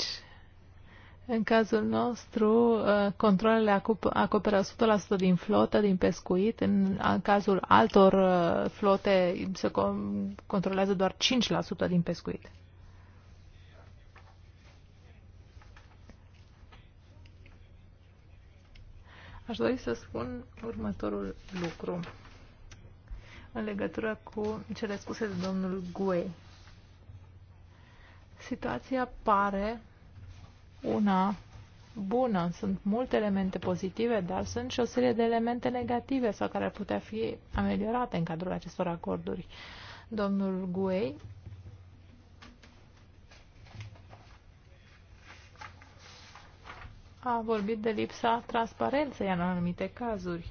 în cazul nostru, uh, controlele acoperă 100% din flotă, din pescuit. În cazul altor uh, flote se controlează doar 5% din pescuit. Aș dori să spun următorul lucru în legătură cu cele spuse de domnul Guei. Situația pare una bună. Sunt multe elemente pozitive, dar sunt și o serie de elemente negative sau care ar putea fi ameliorate în cadrul acestor acorduri. Domnul Guei a vorbit de lipsa transparenței în anumite cazuri.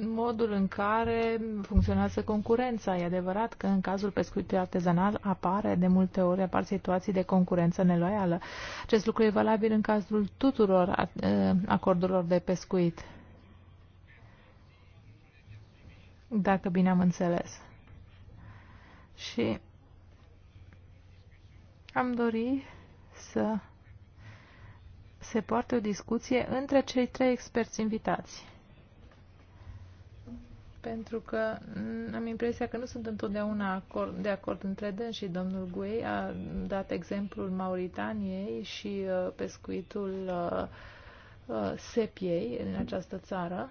modul în care funcționează concurența. E adevărat că în cazul pescuitului artezanal apare de multe ori apar situații de concurență neloială. Acest lucru e valabil în cazul tuturor uh, acordurilor de pescuit. Dacă bine am înțeles. Și am dorit să se poartă o discuție între cei trei experți invitați pentru că am impresia că nu sunt întotdeauna acord, de acord între dâns și domnul Guei a dat exemplul Mauritaniei și uh, pescuitul uh, uh, sepiei în această țară.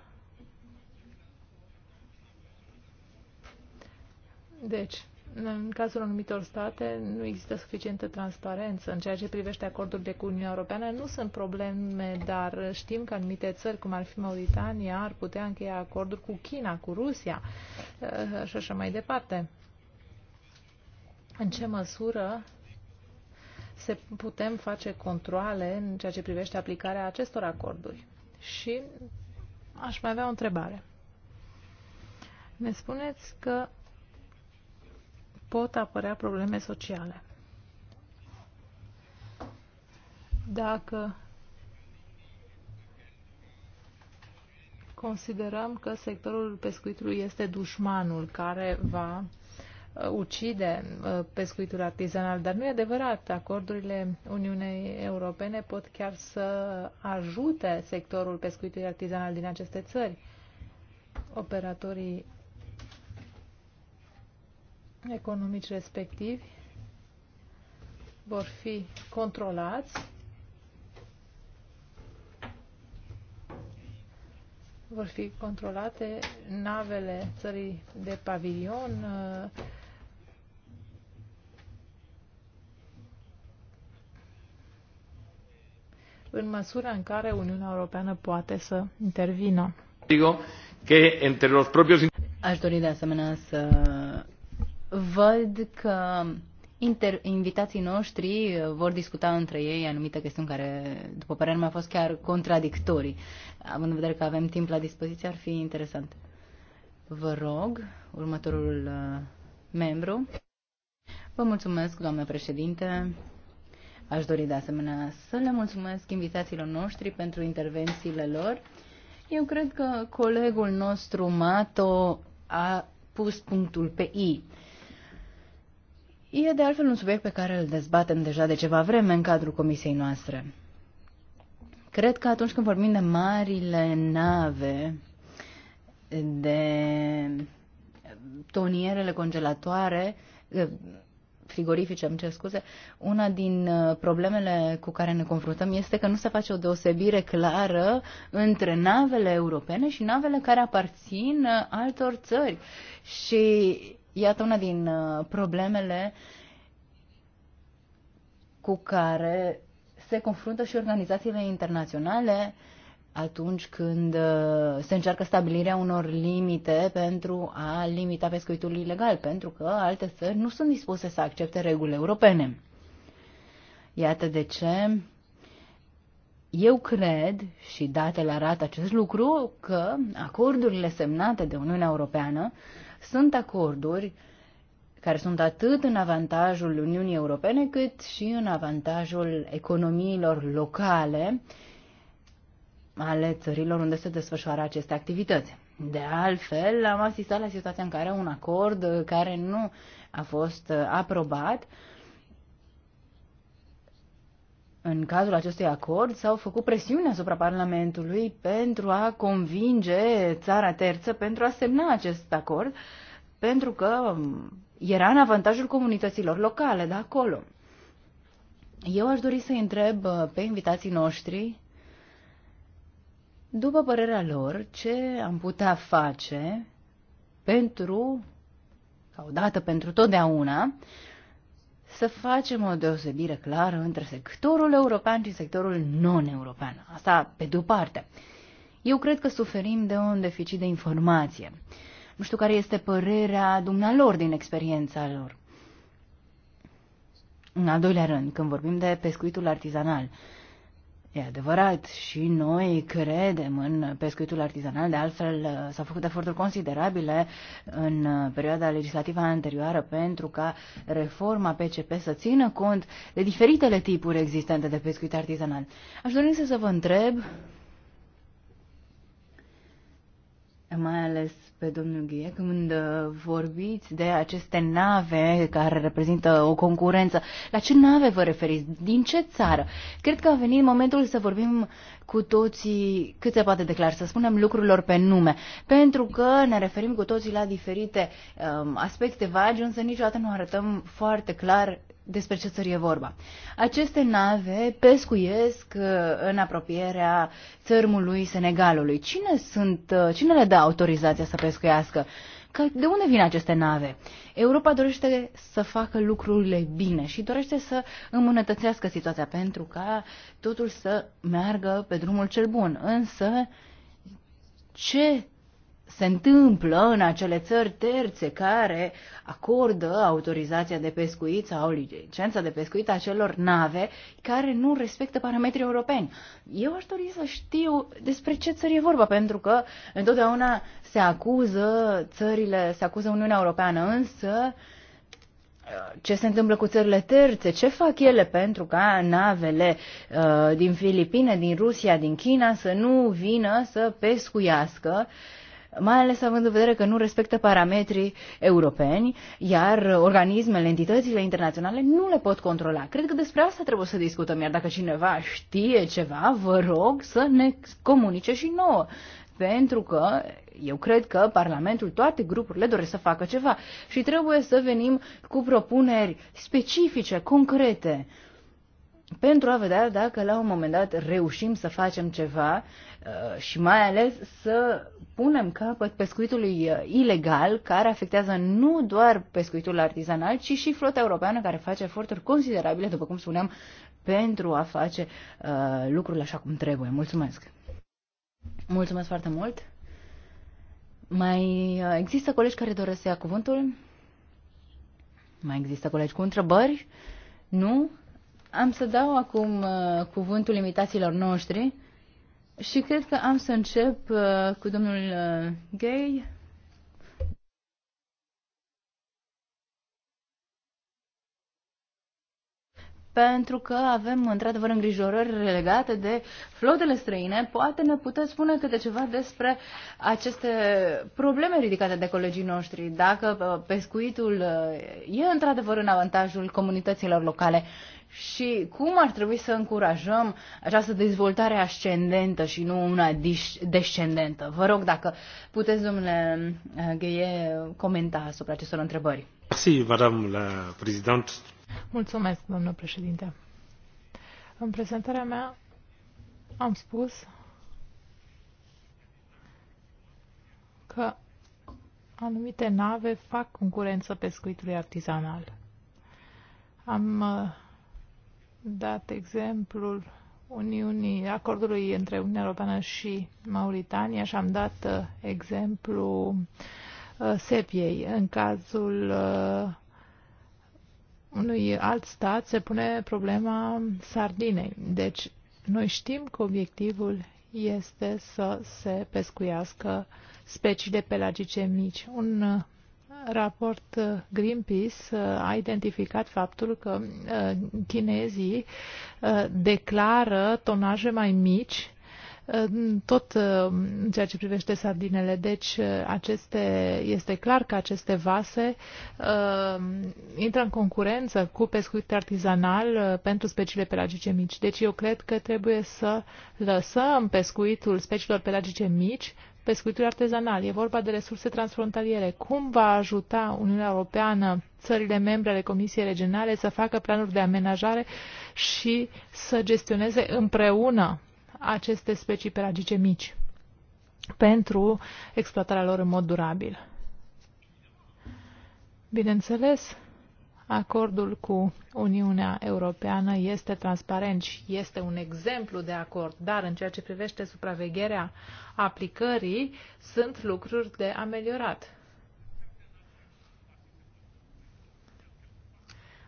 Deci, în cazul anumitor state nu există suficientă transparență. În ceea ce privește acordurile cu Uniunea Europeană nu sunt probleme, dar știm că anumite țări, cum ar fi Mauritania, ar putea încheia acorduri cu China, cu Rusia eh, și așa mai departe. În ce măsură se putem face controle în ceea ce privește aplicarea acestor acorduri? Și aș mai avea o întrebare. Ne spuneți că pot apărea probleme sociale. Dacă considerăm că sectorul pescuitului este dușmanul care va uh, ucide uh, pescuitul artizanal, dar nu e adevărat. Acordurile Uniunii Europene pot chiar să ajute sectorul pescuitului artizanal din aceste țări. Operatorii economici respectivi vor fi controlați, vor fi controlate navele țării de pavilion, în măsura în care Uniunea Europeană poate să intervină. Digo că Aș dori de asemenea să văd că inter- invitații noștri vor discuta între ei anumite chestiuni care, după părerea mea, au fost chiar contradictorii. Având în vedere că avem timp la dispoziție, ar fi interesant. Vă rog, următorul uh, membru. Vă mulțumesc, doamnă președinte. Aș dori de asemenea să le mulțumesc invitațiilor noștri pentru intervențiile lor. Eu cred că colegul nostru, Mato, a pus punctul pe I E de altfel un subiect pe care îl dezbatem deja de ceva vreme în cadrul comisiei noastre. Cred că atunci când vorbim de marile nave, de tonierele congelatoare, eh, frigorifice, îmi cer scuze, una din eh, problemele cu care ne confruntăm este că nu se face o deosebire clară între navele europene și navele care aparțin eh, altor țări. Și Iată una din uh, problemele cu care se confruntă și organizațiile internaționale atunci când uh, se încearcă stabilirea unor limite pentru a limita pescuitul ilegal, pentru că alte țări nu sunt dispuse să accepte reguli europene. Iată de ce eu cred, și datele arată acest lucru, că acordurile semnate de Uniunea Europeană sunt acorduri care sunt atât în avantajul Uniunii Europene cât și în avantajul economiilor locale ale țărilor unde se desfășoară aceste activități. De altfel, am asistat la situația în care un acord care nu a fost aprobat în cazul acestui acord s-au făcut presiuni asupra Parlamentului pentru a convinge țara terță pentru a semna acest acord, pentru că era în avantajul comunităților locale de acolo. Eu aș dori să întreb uh, pe invitații noștri, după părerea lor, ce am putea face pentru, sau dată pentru totdeauna, să facem o deosebire clară între sectorul european și sectorul non-european. Asta pe de-o parte. Eu cred că suferim de un deficit de informație. Nu știu care este părerea dumnealor din experiența lor. În al doilea rând, când vorbim de pescuitul artizanal, E adevărat, și noi credem în pescuitul artizanal, de altfel s-au făcut eforturi considerabile în perioada legislativă anterioară pentru ca reforma PCP să țină cont de diferitele tipuri existente de pescuit artizanal. Aș dori să vă întreb, mai ales pe domnul Ghie când uh, vorbiți de aceste nave care reprezintă o concurență. La ce nave vă referiți? Din ce țară? Cred că a venit momentul să vorbim cu toții cât se poate declar, să spunem lucrurilor pe nume, pentru că ne referim cu toții la diferite um, aspecte vagi, însă niciodată nu arătăm foarte clar despre ce țări e vorba. Aceste nave pescuiesc uh, în apropierea țărmului Senegalului. Cine, sunt, uh, cine le dă autorizația să pescuiască? că de unde vin aceste nave. Europa dorește să facă lucrurile bine și dorește să îmbunătățească situația pentru ca totul să meargă pe drumul cel bun. Însă, ce se întâmplă în acele țări terțe care acordă autorizația de pescuit sau licența de pescuit a celor nave care nu respectă parametrii europeni. Eu aș dori să știu despre ce țări e vorba, pentru că întotdeauna se acuză țările, se acuză Uniunea Europeană, însă ce se întâmplă cu țările terțe, ce fac ele pentru ca navele uh, din Filipine, din Rusia, din China să nu vină să pescuiască uh, mai ales având în vedere că nu respectă parametrii europeni, iar organismele, entitățile internaționale nu le pot controla. Cred că despre asta trebuie să discutăm, iar dacă cineva știe ceva, vă rog să ne comunice și nouă pentru că eu cred că Parlamentul, toate grupurile doresc să facă ceva și trebuie să venim cu propuneri specifice, concrete pentru a vedea dacă la un moment dat reușim să facem ceva uh, și mai ales să punem capăt pescuitului uh, ilegal care afectează nu doar pescuitul artizanal, ci și flota europeană care face eforturi considerabile, după cum spuneam, pentru a face uh, lucrurile așa cum trebuie. Mulțumesc! Mulțumesc foarte mult! Mai există colegi care doresc să ia cuvântul? Mai există colegi cu întrebări? Nu? Am să dau acum uh, cuvântul invitațiilor noștri și cred că am să încep uh, cu domnul uh, Gay. Pentru că avem într-adevăr îngrijorări legate de flotele străine, poate ne puteți spune câte ceva despre aceste probleme ridicate de colegii noștri, dacă uh, pescuitul uh, e într-adevăr în avantajul comunităților locale și cum ar trebui să încurajăm această dezvoltare ascendentă și nu una descendentă. Vă rog dacă puteți, domnule uh, Gheie, comenta asupra acestor întrebări. Merci, madame la Mulțumesc, domnule președinte. În prezentarea mea am spus că anumite nave fac concurență pescuitului artizanal. Am uh, dat exemplul Uniunii, acordului între Uniunea Europeană și Mauritania și am dat uh, exemplu uh, Sepiei. În cazul uh, unui alt stat se pune problema sardinei. Deci, noi știm că obiectivul este să se pescuiască speciile pelagice mici. Un uh, raport uh, Greenpeace uh, a identificat faptul că uh, chinezii declară tonaje mai mici tot în ceea ce privește sardinele. Deci aceste, este clar că aceste vase uh, intră în concurență cu pescuit artizanal pentru speciile pelagice mici. Deci eu cred că trebuie să lăsăm pescuitul speciilor pelagice mici pescuitul artezanal, e vorba de resurse transfrontaliere. Cum va ajuta Uniunea Europeană țările membre ale Comisiei Regionale să facă planuri de amenajare și să gestioneze împreună aceste specii pelagice mici pentru exploatarea lor în mod durabil? Bineînțeles, Acordul cu Uniunea Europeană este transparent și este un exemplu de acord, dar în ceea ce privește supravegherea aplicării, sunt lucruri de ameliorat.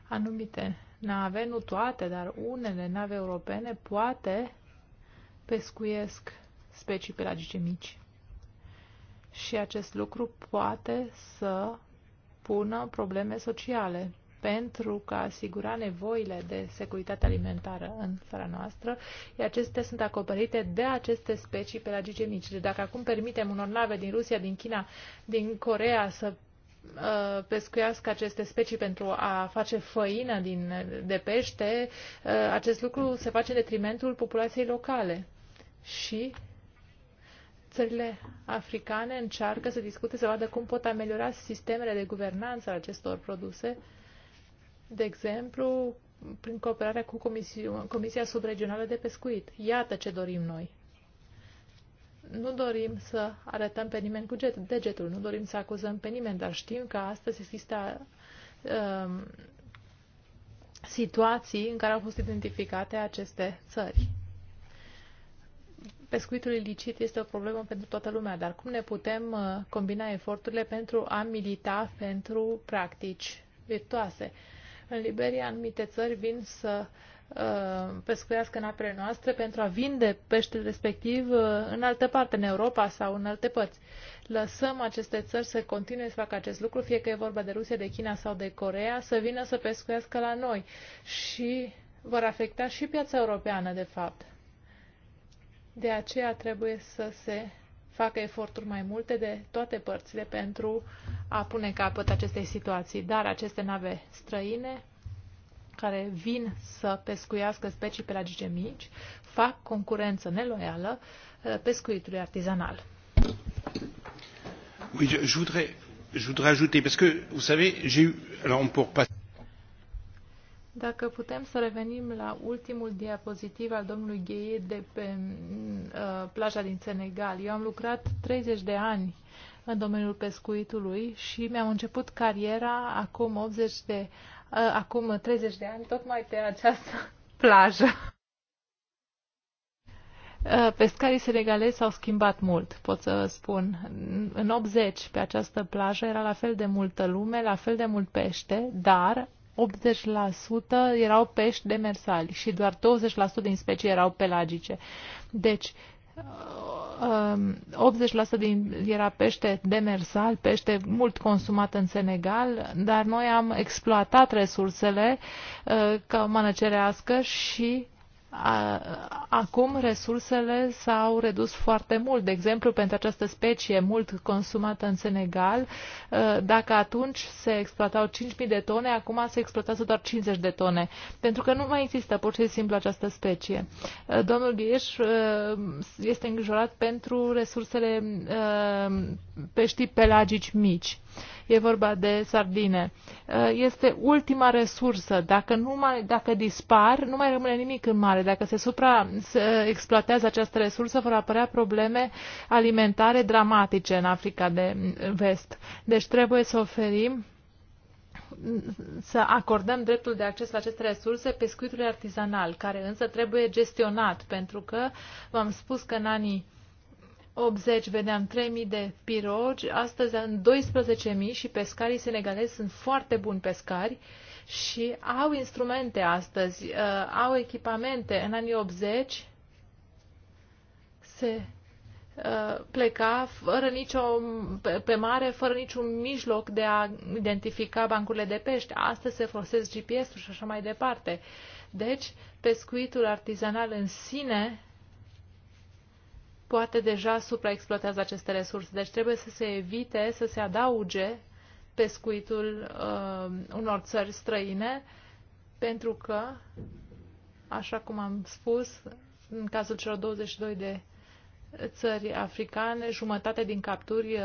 Anumite nave, nu toate, dar unele nave europene, poate pescuiesc specii pelagice mici. Și acest lucru poate să pună probleme sociale pentru a asigura nevoile de securitate alimentară în țara noastră, iar acestea sunt acoperite de aceste specii pelagice mici. Deci dacă acum permitem unor nave din Rusia, din China, din Corea să uh, pescuiască aceste specii pentru a face făină din, de pește, uh, acest lucru se face în detrimentul populației locale. Și țările africane încearcă să discute, să vadă cum pot ameliora sistemele de guvernanță a acestor produse de exemplu, prin cooperarea cu Comisia, Comisia Subregională de Pescuit. Iată ce dorim noi. Nu dorim să arătăm pe nimeni cu degetul, nu dorim să acuzăm pe nimeni, dar știm că astăzi există um, situații în care au fost identificate aceste țări. Pescuitul ilicit este o problemă pentru toată lumea, dar cum ne putem uh, combina eforturile pentru a milita pentru practici virtuoase? În Liberia, anumite țări vin să uh, pescuiască în apele noastre pentru a vinde peștele respectiv uh, în altă parte, în Europa sau în alte părți. Lăsăm aceste țări să continue să facă acest lucru, fie că e vorba de Rusia, de China sau de Corea, să vină să pescuiască la noi și vor afecta și piața europeană, de fapt. De aceea trebuie să se facă eforturi mai multe de toate părțile pentru a pune capăt acestei situații. Dar aceste nave străine care vin să pescuiască specii pelagice mici fac concurență neloială uh, pescuitului artizanal. Oui, je, je voudrais, je voudrais ajouter, parce que, vous savez, j'ai eu, alors peut passer... Dacă putem să revenim la ultimul diapozitiv al domnului Gheie de pe mm, uh, plaja din Senegal. Eu am lucrat 30 de ani în domeniul pescuitului și mi-am început cariera acum 80 de, uh, acum 30 de ani tocmai pe această plajă. Uh, pescarii senegalezi s-au schimbat mult, pot să vă spun. În 80, pe această plajă, era la fel de multă lume, la fel de mult pește, dar 80% erau pești demersali și doar 20% din specii erau pelagice. Deci, 80% uh, um, din, era pește demersal, pește mult consumat în Senegal, dar noi am exploatat resursele uh, ca mană și Acum resursele s-au redus foarte mult. De exemplu, pentru această specie mult consumată în Senegal, dacă atunci se exploatau 5.000 de tone, acum se exploatează doar 50 de tone, pentru că nu mai există pur și simplu această specie. Domnul Gheș, este îngrijorat pentru resursele peștii pelagici mici. E vorba de sardine. Uh, este ultima resursă. Dacă, nu mai, dacă dispar, nu mai rămâne nimic în mare. Dacă se supraexploatează uh, această resursă, vor apărea probleme alimentare dramatice în Africa de vest. Deci trebuie să oferim să acordăm dreptul de acces la aceste resurse pescuitului artizanal, care însă trebuie gestionat, pentru că v-am spus că în anii 80 vedeam 3.000 de pirogi, astăzi am 12.000 și pescarii senegalezi sunt foarte buni pescari și au instrumente astăzi, uh, au echipamente. În anii 80 se uh, pleca fără nicio, pe, pe mare fără niciun mijloc de a identifica bancurile de pești. Astăzi se folosesc GPS-ul și așa mai departe. Deci, pescuitul artizanal în sine poate deja supraexploatează aceste resurse. Deci trebuie să se evite să se adauge pescuitul uh, unor țări străine, pentru că, așa cum am spus, în cazul celor 22 de țări africane, jumătate din capturi uh,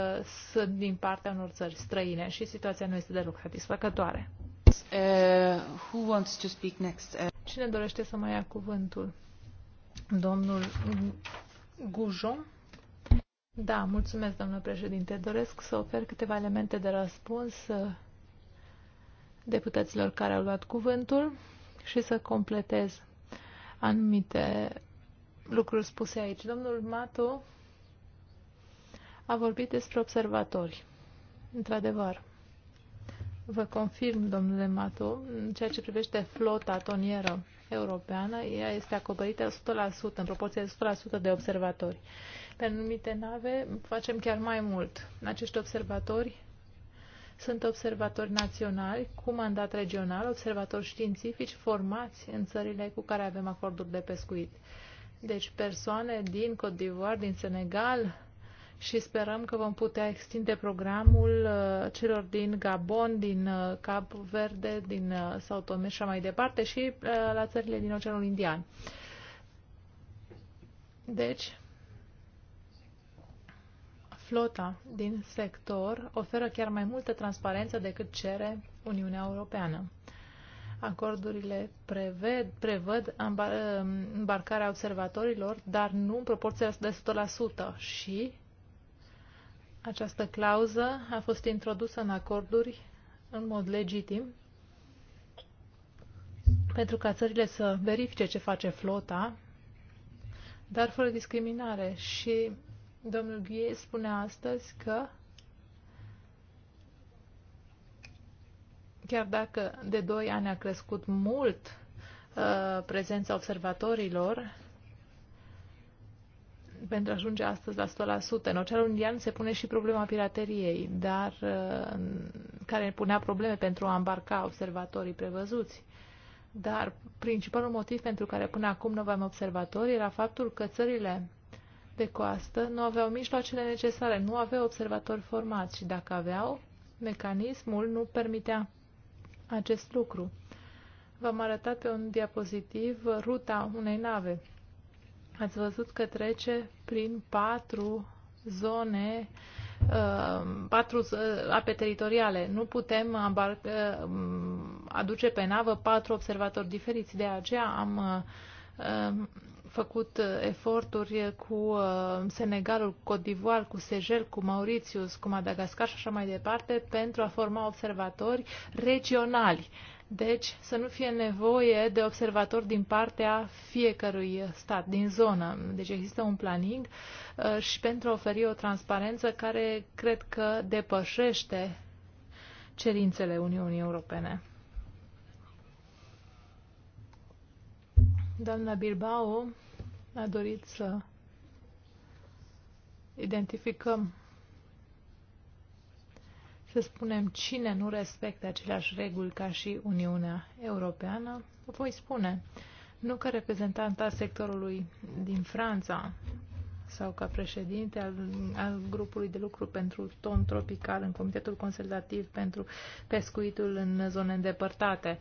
sunt din partea unor țări străine și situația nu este deloc satisfăcătoare. Uh, who wants to speak next? Uh... Cine dorește să mai ia cuvântul? Domnul Gujon. Da, mulțumesc, domnule președinte. Doresc să ofer câteva elemente de răspuns uh, deputaților care au luat cuvântul și să completez anumite lucruri spuse aici. Domnul Matu a vorbit despre observatori. Într-adevăr, vă confirm, domnule Matu în ceea ce privește flota tonieră europeană, ea este acoperită 100%, în proporție de 100% de observatori. Pe anumite nave facem chiar mai mult. Acești observatori sunt observatori naționali cu mandat regional, observatori științifici formați în țările cu care avem acorduri de pescuit. Deci persoane din Côte d'Ivoire, din Senegal, și sperăm că vom putea extinde programul uh, celor din Gabon, din uh, Cap Verde, din uh, Sao Tome și mai departe și la țările din Oceanul Indian. Deci, flota din sector oferă chiar mai multă transparență decât cere Uniunea Europeană. Acordurile preved, prevăd îmbarcarea observatorilor, dar nu în proporția de 100% și această clauză a fost introdusă în acorduri în mod legitim pentru ca țările să verifice ce face flota, dar fără discriminare. Și domnul Ghie spune astăzi că chiar dacă de 2 ani a crescut mult uh, prezența observatorilor, pentru a ajunge astăzi la 100%. În Oceanul Indian se pune și problema pirateriei, dar uh, care punea probleme pentru a îmbarca observatorii prevăzuți. Dar principalul motiv pentru care până acum nu aveam observatori era faptul că țările de coastă nu aveau mijloacele necesare, nu aveau observatori formați și dacă aveau, mecanismul nu permitea acest lucru. V-am arătat pe un diapozitiv ruta unei nave ați văzut că trece prin patru zone, uh, patru ape teritoriale. Nu putem abarca, uh, aduce pe navă patru observatori diferiți. De aceea am uh, făcut eforturi cu Senegalul, cu Codivoar, cu Sejel, cu Mauritius, cu Madagascar și așa mai departe pentru a forma observatori regionali deci să nu fie nevoie de observator din partea fiecărui stat, din zonă. Deci există un planning uh, și pentru a oferi o transparență care cred că depășește cerințele Uniunii Europene. Doamna Bilbao a dorit să identificăm să spunem cine nu respectă aceleași reguli ca și Uniunea Europeană, voi spune, nu că reprezentanta sectorului din Franța sau ca președinte al, al grupului de lucru pentru ton tropical în Comitetul Consultativ pentru Pescuitul în zone îndepărtate.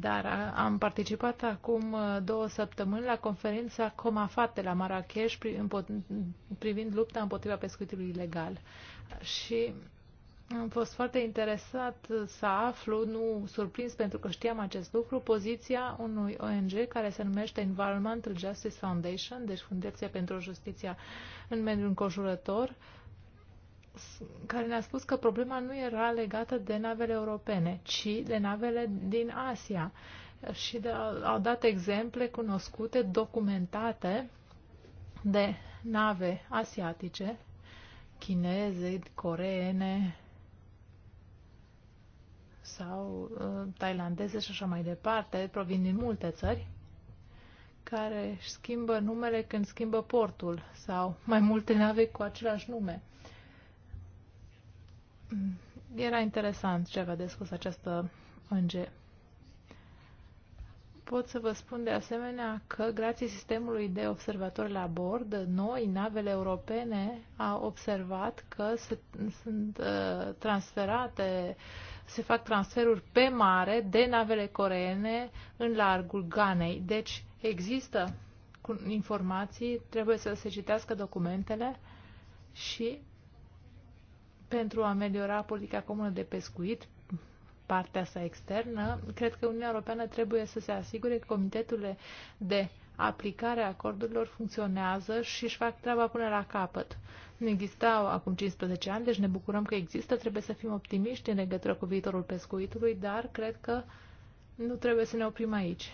Dar am participat acum uh, două săptămâni la conferința comafate la Marrakesh privind lupta împotriva pescuitului ilegal. Și am fost foarte interesat să aflu, nu surprins pentru că știam acest lucru, poziția unui ONG care se numește Environmental Justice Foundation, deci Fundația pentru Justiția în mediul înconjurător, care ne-a spus că problema nu era legată de navele europene, ci de navele din Asia. Și de, au dat exemple cunoscute, documentate de nave asiatice, chineze, coreene, sau uh, tailandeze și așa mai departe, provin din multe țări, care își schimbă numele când schimbă portul sau mai multe nave cu același nume. Mm, era interesant ce avea de spus această ONG. Pot să vă spun de asemenea că, grație sistemului de observatori la bord, noi, navele europene, au observat că se, sunt uh, transferate uh, se fac transferuri pe mare de navele coreene în largul Ganei. Deci există informații, trebuie să se citească documentele și pentru a ameliora politica comună de pescuit, partea sa externă, cred că Uniunea Europeană trebuie să se asigure că comitetul de aplicarea acordurilor funcționează și își fac treaba până la capăt. Nu existau acum 15 ani, deci ne bucurăm că există, trebuie să fim optimiști în legătură cu viitorul pescuitului, dar cred că nu trebuie să ne oprim aici.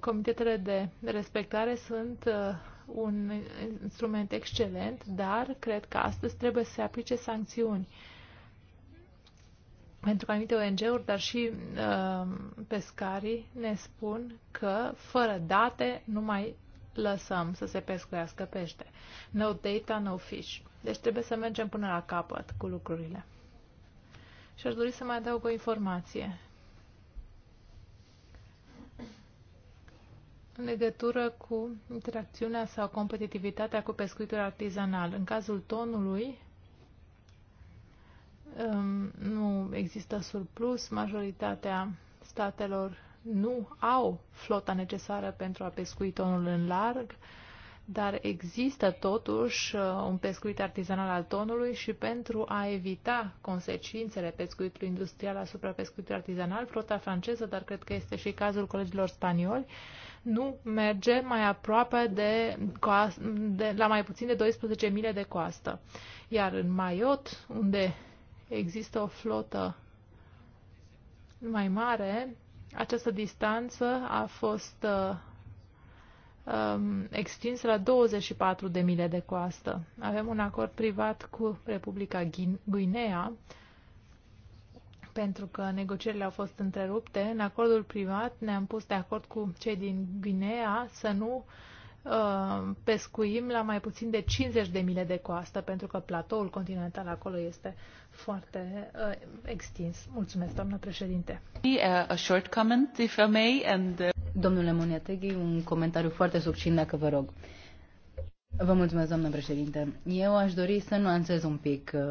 Comitetele de respectare sunt uh, un instrument excelent, dar cred că astăzi trebuie să se aplice sancțiuni pentru că anumite ONG-uri, dar și uh, pescarii ne spun că fără date nu mai lăsăm să se pescuiască pește. No data, no fish. Deci trebuie să mergem până la capăt cu lucrurile. Și aș dori să mai adaug o informație. în legătură cu interacțiunea sau competitivitatea cu pescuitul artizanal. În cazul tonului, Ehm, nu există surplus, majoritatea statelor nu au flota necesară pentru a pescui tonul în larg, dar există totuși uh, un pescuit artizanal al tonului și pentru a evita consecințele pescuitului industrial asupra pescuitului artizanal, flota franceză, dar cred că este și cazul colegilor spanioli, nu merge mai aproape de, de la mai puțin de 12.000 de coastă. Iar în Maiot, unde există o flotă mai mare, această distanță a fost uh, um, extins la 24 de mile de coastă. Avem un acord privat cu Republica Guinea pentru că negocierile au fost întrerupte. În acordul privat ne-am pus de acord cu cei din Guinea să nu uh, Uh, pescuim la mai puțin de 50 de mile de coastă, pentru că platoul continental acolo este foarte uh, extins. Mulțumesc, doamnă președinte. Uh, a short comment, if I may, and, uh... Domnule Moniateghi, un comentariu foarte subțin, dacă vă rog. Vă mulțumesc, doamnă președinte. Eu aș dori să nuanțez un pic uh,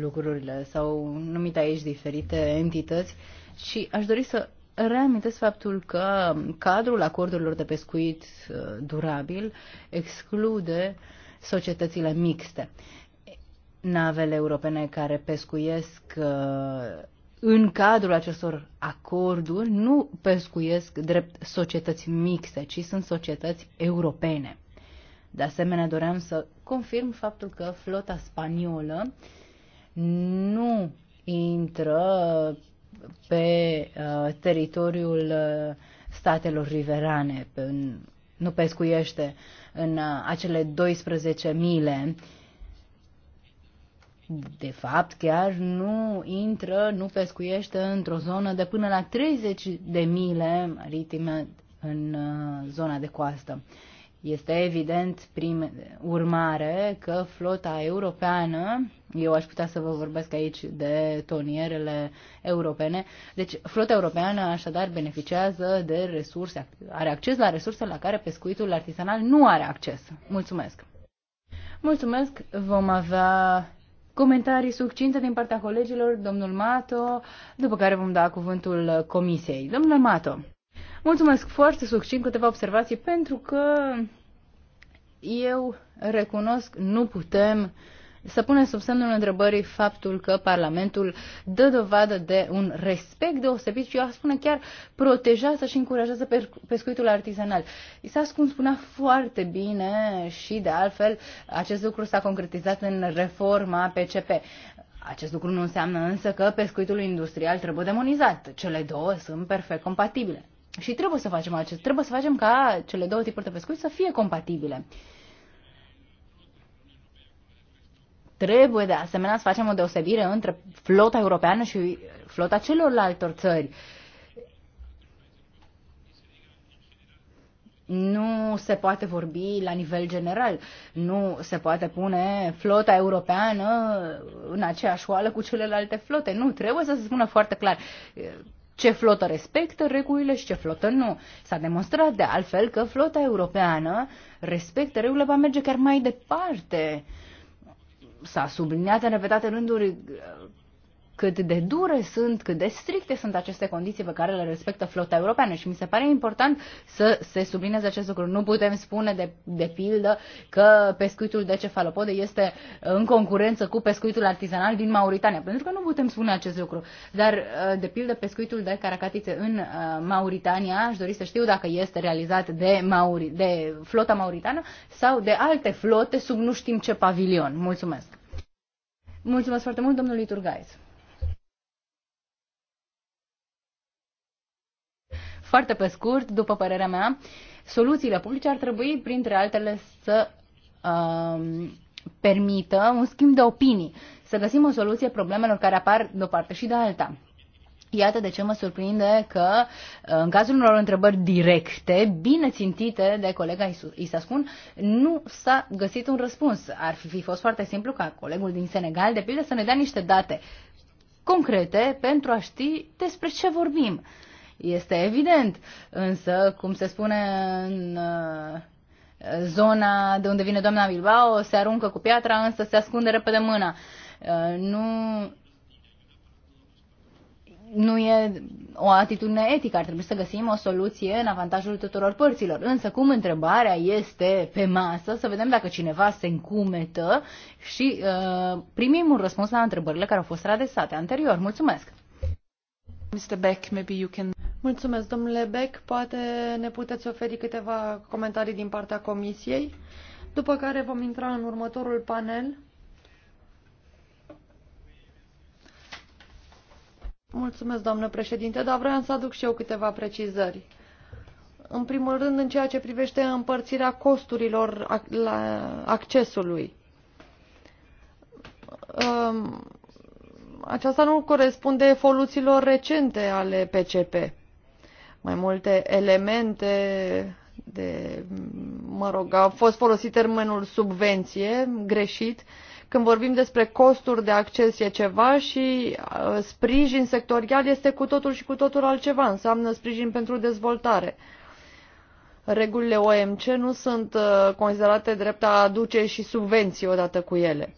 lucrurile, sau numite aici diferite entități, și aș dori să reamintesc faptul că cadrul acordurilor de pescuit uh, durabil exclude societățile mixte. Navele europene care pescuiesc uh, în cadrul acestor acorduri nu pescuiesc drept societăți mixte, ci sunt societăți europene. De asemenea, doream să confirm faptul că flota spaniolă nu intră pe uh, teritoriul uh, statelor riverane, pe, în, nu pescuiește în uh, acele 12 mile. De fapt, chiar nu intră, nu pescuiește într-o zonă de până la 30 de mile maritime în uh, zona de coastă. Uh, este evident, prin urmare, că flota europeană, eu aș putea să vă vorbesc aici de tonierele europene, deci flota europeană așadar beneficiază de resurse, are acces la resurse la care pescuitul artizanal nu are acces. Mulțumesc! Mulțumesc! Vom avea comentarii succinte din partea colegilor, domnul Mato, după care vom da cuvântul comisiei. domnul Mato! Mulțumesc foarte succint câteva observații pentru că eu recunosc, nu putem să punem sub semnul întrebării faptul că Parlamentul dă dovadă de un respect deosebit și eu aș spune chiar protejează și încurajează pescuitul artizanal. Isascu spunea foarte bine și de altfel acest lucru s-a concretizat în reforma PCP. Acest lucru nu înseamnă însă că pescuitul industrial trebuie demonizat. Cele două sunt perfect compatibile. Și trebuie să facem acest, trebuie să facem ca cele două tipuri de pescuit să fie compatibile. Trebuie de asemenea să facem o deosebire între flota europeană și flota celorlaltor țări. Nu se poate vorbi la nivel general. Nu se poate pune flota europeană în aceeași oală cu celelalte flote. Nu, trebuie să se spună foarte clar ce flotă respectă regulile și ce flotă nu. S-a demonstrat de altfel că flota europeană respectă regulile, va merge chiar mai departe. S-a subliniat în repetate rânduri cât de dure sunt, cât de stricte sunt aceste condiții pe care le respectă flota europeană și mi se pare important să se sublinieze acest lucru. Nu putem spune de, de pildă că pescuitul de cefalopode este în concurență cu pescuitul artizanal din Mauritania, pentru că nu putem spune acest lucru. Dar, uh, de pildă, pescuitul de caracatițe în uh, Mauritania, aș dori să știu dacă este realizat de, Mauri, de flota mauritană sau de alte flote sub nu știm ce pavilion. Mulțumesc! Mulțumesc foarte mult, domnului Turgaiz. Foarte pe scurt, după părerea mea, soluțiile publice ar trebui, printre altele, să uh, permită un schimb de opinii, să găsim o soluție problemelor care apar de o parte și de alta. Iată de ce mă surprinde că, uh, în cazul unor întrebări directe, bine țintite de colega Isascun, nu s-a găsit un răspuns. Ar fi fost foarte simplu ca colegul din Senegal, de pildă, să ne dea niște date concrete pentru a ști despre ce vorbim este evident, însă, cum se spune în uh, zona de unde vine doamna Bilbao, se aruncă cu piatra, însă se ascunde repede mâna. Uh, nu, nu e o atitudine etică, ar trebui să găsim o soluție în avantajul tuturor părților. Însă, cum întrebarea este pe masă, să vedem dacă cineva se încumetă și uh, primim un răspuns la întrebările care au fost adresate anterior. Mulțumesc! Mr. Beck, maybe you can... Mulțumesc, domnule Beck. Poate ne puteți oferi câteva comentarii din partea Comisiei, după care vom intra în următorul panel. Mulțumesc, doamnă președinte, dar vreau să aduc și eu câteva precizări. În primul rând, în ceea ce privește împărțirea costurilor la accesului. Aceasta nu corespunde evoluțiilor recente ale PCP mai multe elemente de, mă rog, a fost folosit termenul subvenție greșit. Când vorbim despre costuri de acces e ceva și uh, sprijin sectorial este cu totul și cu totul altceva, înseamnă sprijin pentru dezvoltare. Regulile OMC nu sunt uh, considerate drept a aduce și subvenții odată cu ele.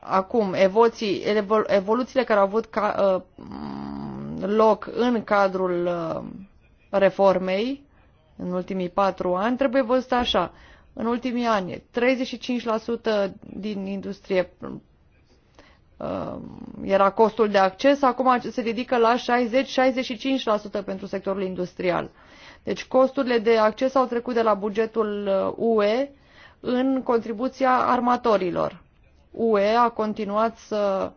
Acum, evoluții, evolu evoluțiile care au avut ca, uh, loc în cadrul uh, reformei în ultimii patru ani, trebuie văzut așa. În ultimii ani, 35% din industrie uh, era costul de acces, acum se ridică la 60-65% pentru sectorul industrial. Deci costurile de acces au trecut de la bugetul UE uh, în contribuția armatorilor. UE a continuat să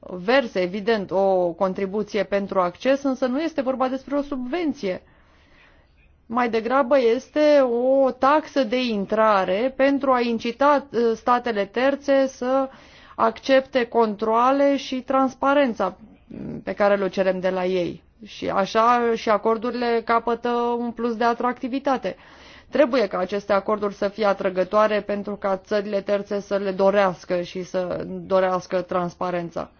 verse, evident, o contribuție pentru acces, însă nu este vorba despre o subvenție. Mai degrabă este o taxă de intrare pentru a incita uh, statele terțe să accepte controle și transparența pe care le cerem de la ei. Și așa și acordurile capătă un plus de atractivitate. Trebuie ca aceste acorduri să fie atrăgătoare pentru ca țările terțe să le dorească și să dorească transparența.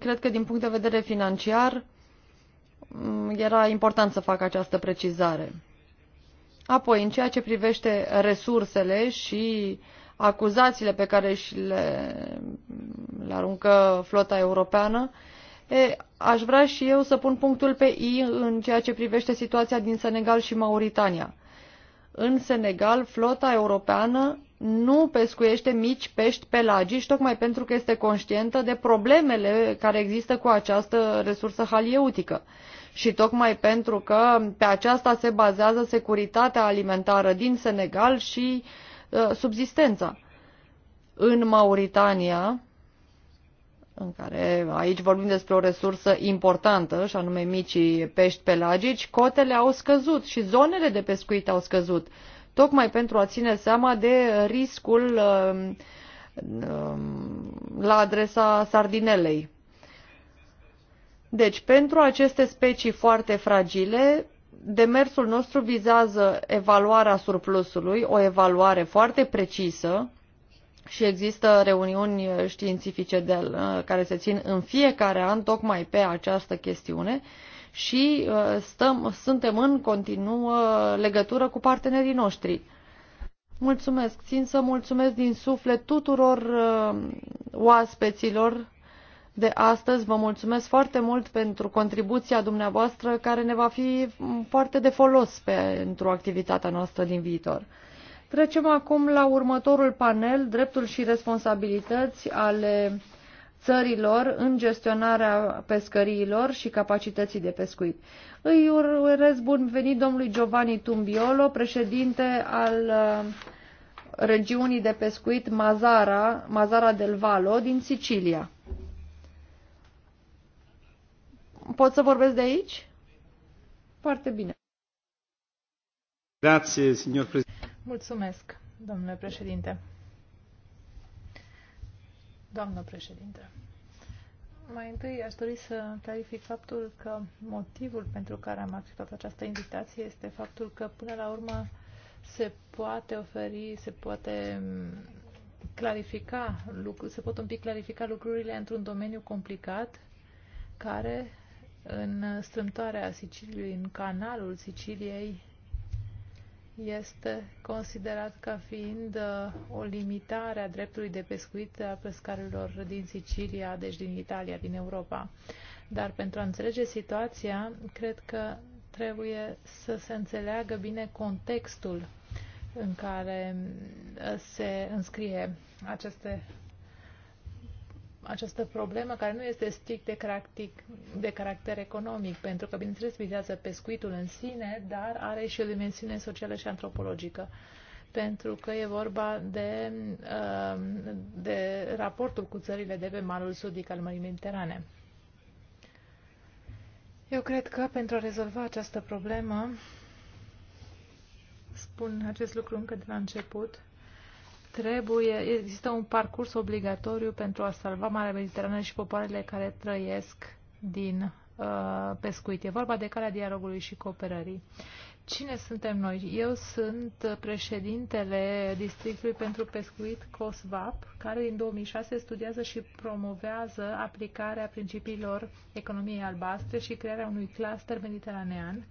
Cred că din punct de vedere financiar mm, era important să fac această precizare. Apoi, în ceea ce privește resursele și acuzațiile pe care și le, le aruncă flota europeană, e, aș vrea și eu să pun punctul pe I în ceea ce privește situația din Senegal și Mauritania. În Senegal, flota europeană nu pescuiește mici pești pelagici, tocmai pentru că este conștientă de problemele care există cu această resursă halieutică. Și tocmai pentru că pe aceasta se bazează securitatea alimentară din Senegal și uh, subsistența. În Mauritania, în care aici vorbim despre o resursă importantă, și anume micii pești pelagici, cotele au scăzut și zonele de pescuit au scăzut tocmai pentru a ține seama de riscul um, um, la adresa sardinelei. Deci, pentru aceste specii foarte fragile, demersul nostru vizează evaluarea surplusului, o evaluare foarte precisă și există reuniuni științifice de, uh, care se țin în fiecare an tocmai pe această chestiune și uh, stăm, suntem în continuă legătură cu partenerii noștri. Mulțumesc, țin să mulțumesc din suflet tuturor uh, oaspeților de astăzi. Vă mulțumesc foarte mult pentru contribuția dumneavoastră care ne va fi mm, foarte de folos pentru activitatea noastră din viitor. Trecem acum la următorul panel, dreptul și responsabilități ale țărilor în gestionarea pescăriilor și capacității de pescuit. Îi urez bun venit domnului Giovanni Tumbiolo, președinte al uh, regiunii de pescuit Mazara, Mazara del Valo, din Sicilia. Pot să vorbesc de aici? Foarte bine. Grazie, signor președinte. Mulțumesc, domnule președinte. Doamnă președinte, mai întâi aș dori să clarific faptul că motivul pentru care am acceptat această invitație este faptul că până la urmă se poate oferi, se poate clarifica, se pot un pic clarifica lucrurile într-un domeniu complicat care în strâmtoarea Siciliei, în canalul Siciliei, este considerat ca fiind uh, o limitare a dreptului de pescuit a pescarilor din Sicilia, deci din Italia, din Europa. Dar pentru a înțelege situația, cred că trebuie să se înțeleagă bine contextul în care uh, se înscrie aceste această problemă care nu este strict de caracter, de caracter economic, pentru că, bineînțeles, vizează pescuitul în sine, dar are și o dimensiune socială și antropologică pentru că e vorba de, um, de raportul cu țările de pe malul sudic al Mării Mediterane. Eu cred că pentru a rezolva această problemă, spun acest lucru încă de la început, trebuie, există un parcurs obligatoriu pentru a salva Marea Mediterană și popoarele care trăiesc din uh, pescuit. E vorba de calea dialogului și cooperării. Cine suntem noi? Eu sunt președintele districtului pentru pescuit COSVAP, care în 2006 studiază și promovează aplicarea principiilor economiei albastre și crearea unui cluster mediteranean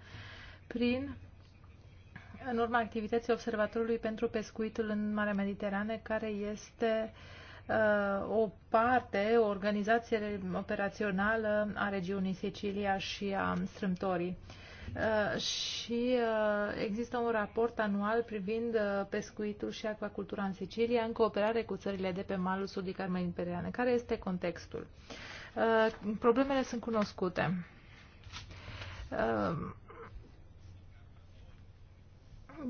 prin în urma activității Observatorului pentru Pescuitul în Marea Mediterană, care este uh, o parte, o organizație operațională a regiunii Sicilia și a Strâmtorii. Uh, și uh, există un raport anual privind uh, pescuitul și acvacultura în Sicilia în cooperare cu țările de pe malul sudic al Mediteranei. Care este contextul? Uh, problemele sunt cunoscute uh,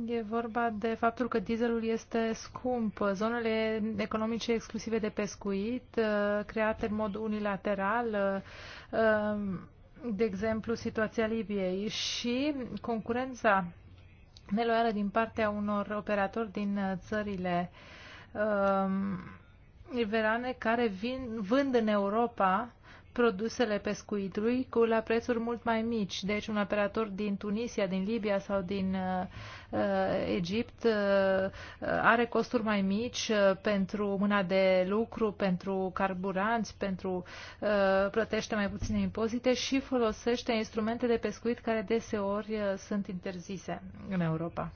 E vorba de faptul că dieselul este scump. Zonele economice exclusive de pescuit, uh, create în mod unilateral, uh, um, de exemplu, situația Libiei și concurența neloială din partea unor operatori din uh, țările riverane um, care vin, vând în Europa produsele pescuitului cu la prețuri mult mai mici. Deci un operator din Tunisia, din Libia sau din uh, uh Egipt uh, uh, are costuri mai mici uh, pentru mâna de lucru, pentru carburanți, pentru uh, plătește mai puține impozite și folosește instrumente de pescuit care deseori uh, sunt interzise în Europa.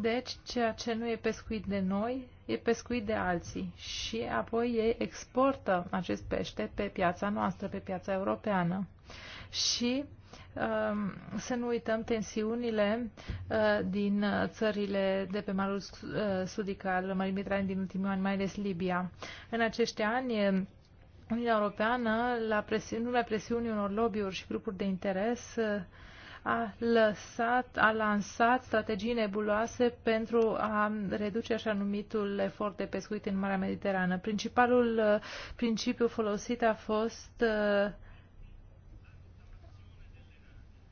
Deci, ceea ce nu e pescuit de noi e pescuit de alții și apoi ei exportă acest pește pe piața noastră, pe piața europeană. Și um, să nu uităm tensiunile uh, din uh, țările de pe malul uh, sudic al Mării Mediterane din ultimii ani, mai ales Libia. În acești ani, Uniunea Europeană, la la presiunii unor lobby-uri și grupuri de interes, a lăsat, a lansat strategii nebuloase pentru a reduce așa numitul efort de pescuit în Marea Mediterană. Principalul uh, principiu folosit a fost uh,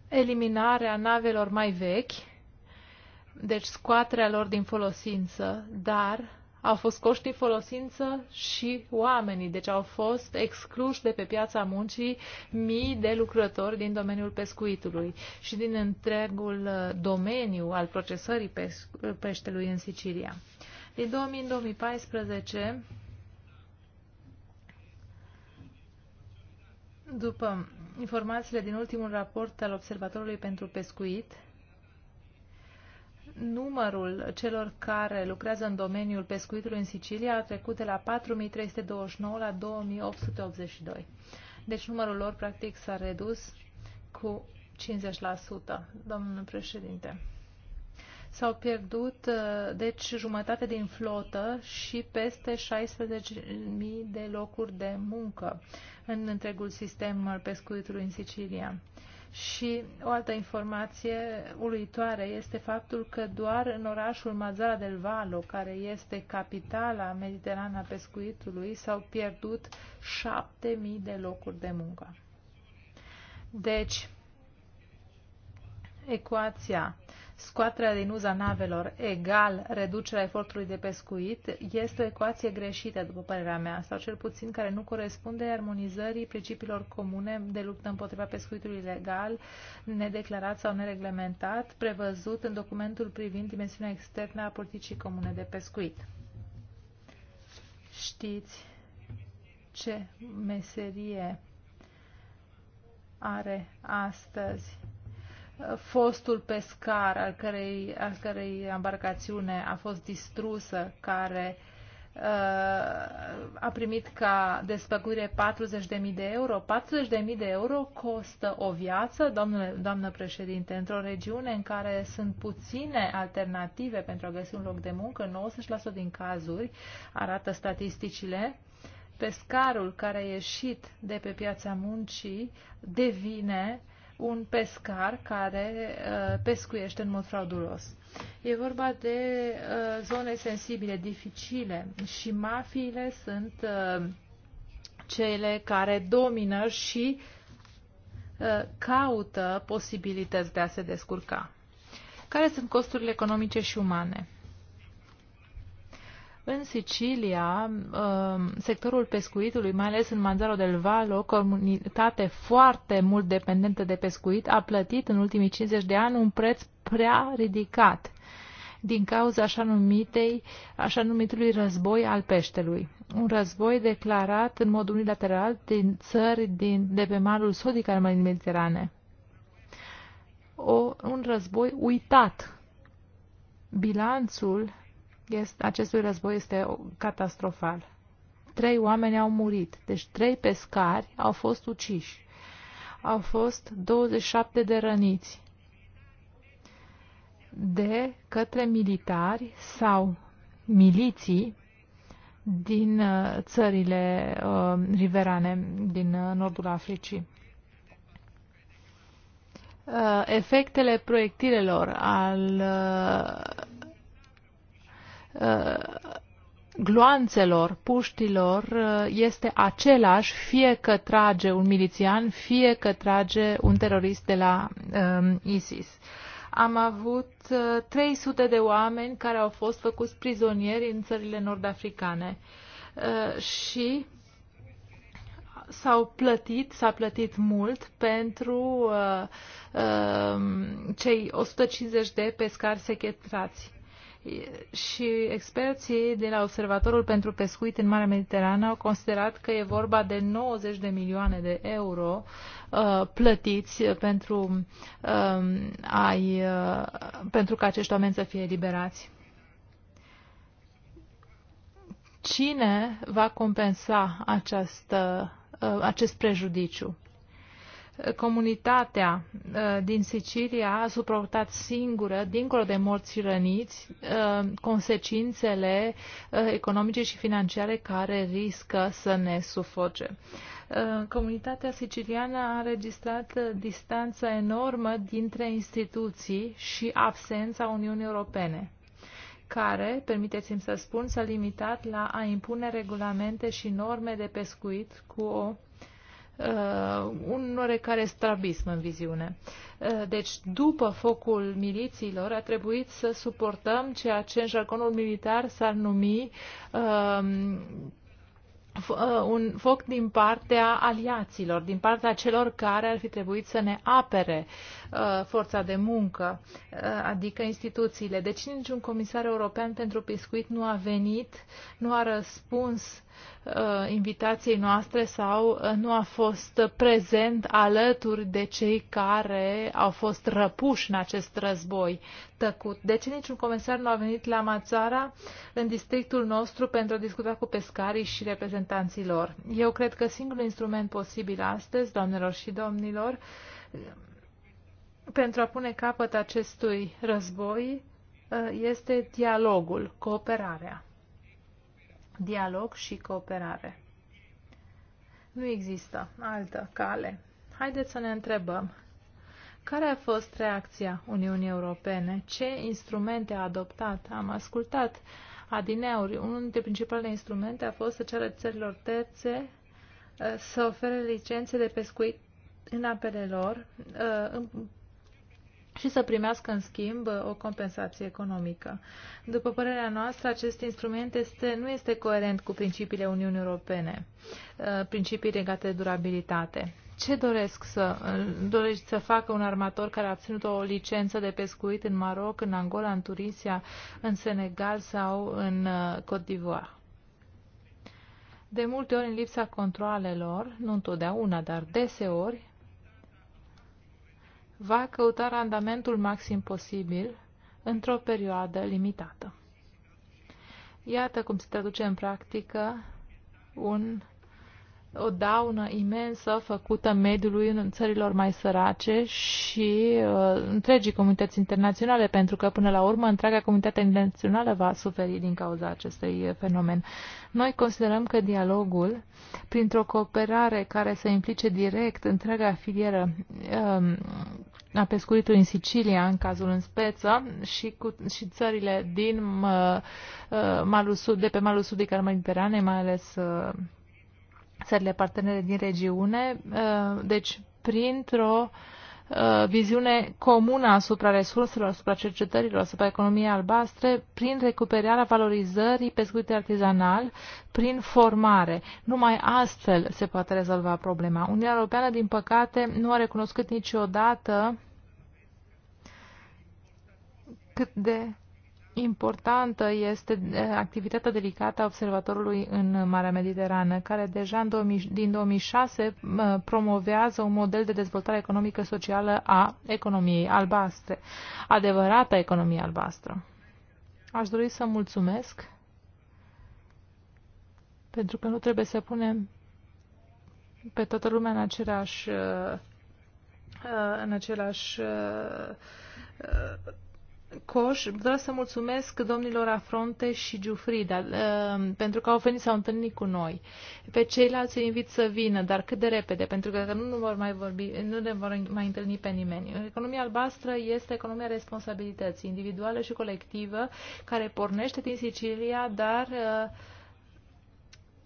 eliminarea navelor mai vechi, deci scoaterea lor din folosință, dar au fost coștii din folosință și oamenii, deci au fost excluși de pe piața muncii mii de lucrători din domeniul pescuitului și din întregul uh, domeniu al procesării peștelui în Sicilia. Din 2000 în 2014, după informațiile din ultimul raport al Observatorului pentru Pescuit, numărul celor care lucrează în domeniul pescuitului în Sicilia a trecut de la 4329 la 2882. Deci numărul lor practic s-a redus cu 50%, Domnule președinte. S-au pierdut, uh, deci, jumătate din flotă și peste 16.000 de locuri de muncă în întregul sistem al pescuitului în Sicilia. Și o altă informație uluitoare este faptul că doar în orașul Mazara del Vallo, care este capitala a pescuitului, s-au pierdut 7.000 de locuri de muncă. Deci, ecuația scoaterea din uza navelor egal reducerea efortului de pescuit este o ecuație greșită, după părerea mea, sau cel puțin care nu corespunde armonizării principiilor comune de luptă împotriva pescuitului ilegal, nedeclarat sau nereglementat, prevăzut în documentul privind dimensiunea externă a politicii comune de pescuit. Știți ce meserie are astăzi fostul pescar al cărei, al cărei embarcațiune a fost distrusă, care uh, a primit ca despăgurire 40.000 de euro. 40.000 de euro costă o viață, domnule, doamnă președinte, într-o regiune în care sunt puține alternative pentru a găsi un loc de muncă, 90% din cazuri, arată statisticile, pescarul care a ieșit de pe piața muncii devine uh, un pescar care uh, pescuiește în mod fraudulos. E vorba de uh, zone sensibile, dificile și mafiile sunt uh, cele care domină și caută posibilități de a se descurca. Care sunt costurile economice și umane? În Sicilia, um, sectorul pescuitului, mai ales în Manzaro del Valo, comunitate foarte mult dependentă de pescuit, a plătit în ultimii 50 de ani un preț prea ridicat din cauza așa, numitei, așa numitului război al peștelui. Un război declarat în mod unilateral din țări din, de pe malul sudic al Mării Mediterane. O, un război uitat. Bilanțul este, acestui război este catastrofal. Trei oameni au murit, deci trei pescari au fost uciși. Au fost 27 de răniți de către militari sau miliții din uh, țările uh, riverane din uh, nordul Africii. Uh, efectele proiectilelor al uh, Uh, gloanțelor, puștilor, uh, este același fie că trage un milițian, fie că trage un terorist de la um, ISIS. Am avut 300 uh, de oameni care au fost făcuți prizonieri în țările nord-africane și s-au plătit, s-a plătit mult pentru uh, uh, cei 150 de pescari sechestrați și experții de la Observatorul pentru Pescuit în Marea Mediterană au considerat că e vorba de 90 de milioane de euro uh, plătiți pentru, uh, ai, uh, pentru ca acești oameni să fie eliberați. Cine va compensa această, uh, acest prejudiciu? comunitatea uh, din Sicilia a suportat singură, dincolo de morți și răniți, uh, consecințele uh, economice și financiare care riscă să ne sufoce. Comunitatea siciliană a înregistrat distanța enormă dintre instituții și absența Uniunii Europene care, permiteți-mi să spun, s-a limitat la a impune regulamente și norme de pescuit cu o Uh, un oarecare strabism în viziune. Uh, deci, după focul milițiilor, a trebuit să suportăm ceea ce în jargonul militar s-ar numi um, uh, un foc din partea aliaților, din partea celor care ar fi trebuit să ne apere forța de muncă, adică instituțiile. Deci niciun comisar european pentru pescuit nu a venit, nu a răspuns uh, invitației noastre sau uh, nu a fost prezent alături de cei care au fost răpuși în acest război tăcut. De ce niciun comisar nu a venit la Mațara în districtul nostru pentru a discuta cu pescarii și reprezentanții lor? Eu cred că singurul instrument posibil astăzi, doamnelor și domnilor, pentru a pune capăt acestui război uh, este dialogul, cooperarea dialog și cooperare. Nu există altă cale. Haideți să ne întrebăm care a fost reacția Uniunii Europene? Ce instrumente a adoptat? Am ascultat adineauri. Unul dintre principalele instrumente a fost să ceară țărilor terțe eh, să ofere licențe de pescuit în apele lor eh, și să primească în schimb o compensație economică. După părerea noastră, acest instrument este, nu este coerent cu principiile Uniunii Europene, uh, principii legate de durabilitate. Ce doresc să, uh, dorești să facă un armator care a obținut o licență de pescuit în Maroc, în Angola, în Tunisia, în Senegal sau în uh, Côte d'Ivoire? De multe ori, în lipsa controalelor, nu întotdeauna, dar deseori, va căuta randamentul maxim posibil într-o perioadă limitată. Iată cum se traduce în practică un, o daună imensă făcută mediului în țărilor mai sărace și uh, întregii comunități internaționale, pentru că până la urmă întreaga comunitate internațională va suferi din cauza acestui fenomen. Noi considerăm că dialogul, printr-o cooperare care să implice direct întreaga filieră uh, a pescuit în Sicilia, în cazul în speță, și, cu, și țările din uh, malul sud, de pe malul sudic al Mediteranei, mai ales uh, țările partenere din regiune. Uh, deci, printr-o uh, Uh, viziune comună asupra resurselor, asupra cercetărilor, asupra economiei albastre, prin recuperarea valorizării pescuitului artizanal, prin formare. Numai astfel se poate rezolva problema. Uniunea Europeană, din păcate, nu a recunoscut niciodată cât de importantă este eh, activitatea delicată a observatorului în Marea Mediterană, care deja în 2000, din 2006 eh, promovează un model de dezvoltare economică socială a economiei albastre, adevărata economie albastră. Aș dori să mulțumesc pentru că nu trebuie să punem pe toată lumea în același eh, în același Coș, vreau să mulțumesc domnilor Afronte și Giufrida uh, pentru că au venit, s-au întâlnit cu noi. Pe ceilalți îi invit să vină, dar cât de repede, pentru că dacă nu, nu vor mai vorbi, nu ne vor mai întâlni pe nimeni. Economia albastră este economia responsabilității individuală și colectivă care pornește din Sicilia, dar uh,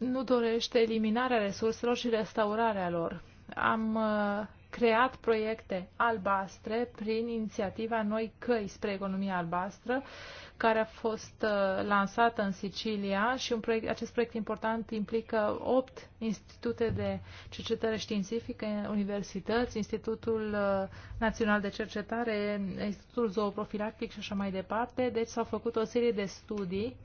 nu dorește eliminarea resurselor și restaurarea lor. Am uh, creat proiecte albastre prin inițiativa Noi Căi spre Economia Albastră, care a fost uh, lansată în Sicilia și un proiect, acest proiect important implică opt institute de cercetare științifică, universități, Institutul uh, Național de Cercetare, Institutul Zooprofilactic și așa mai departe. Deci s-au făcut o serie de studii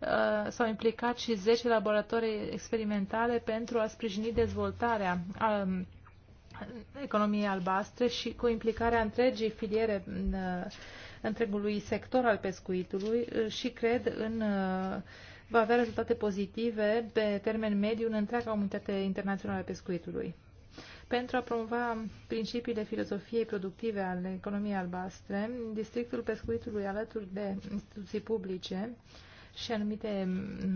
uh, s-au implicat și 10 laboratoare experimentale pentru a sprijini dezvoltarea um, economiei albastre și cu implicarea întregii filiere uh, întregului sector al pescuitului uh, și cred în uh, va avea rezultate pozitive pe termen mediu în întreaga comunitate internațională a pescuitului. Pentru a promova principiile filozofiei productive ale economiei albastre, districtul pescuitului alături de instituții publice și anumite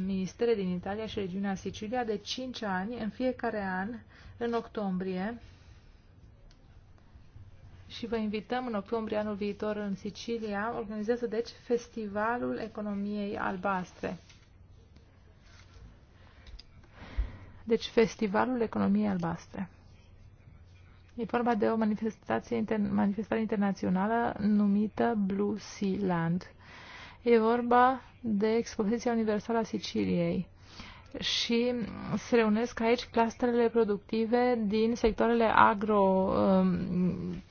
ministere din Italia și regiunea Sicilia de 5 ani, în fiecare an, în octombrie, și vă invităm în octombrie anul viitor în Sicilia. Organizează, deci, Festivalul Economiei Albastre. Deci, Festivalul Economiei Albastre. E vorba de o manifestație inter manifestare internațională numită Blue Sea Land. E vorba de expoziția universală a Siciliei și se reunesc aici clusterele productive din sectoarele agro, um,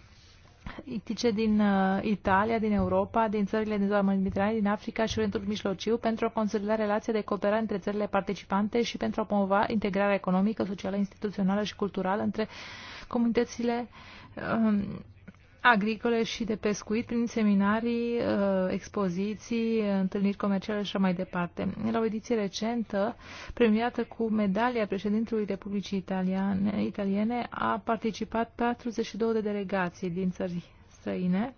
ictice din uh, Italia, din Europa, din țările din zona mediterană, din Africa și Orientul Mijlociu pentru a consolida relația de cooperare între țările participante și pentru a promova integrarea economică, socială, instituțională și culturală între comunitățile um, agricole și de pescuit prin seminarii, uh, expoziții, întâlniri comerciale și așa mai departe. La o ediție recentă, premiată cu medalia președintelui Republicii Italiane, Italiene, a participat 42 de delegații din țări străine,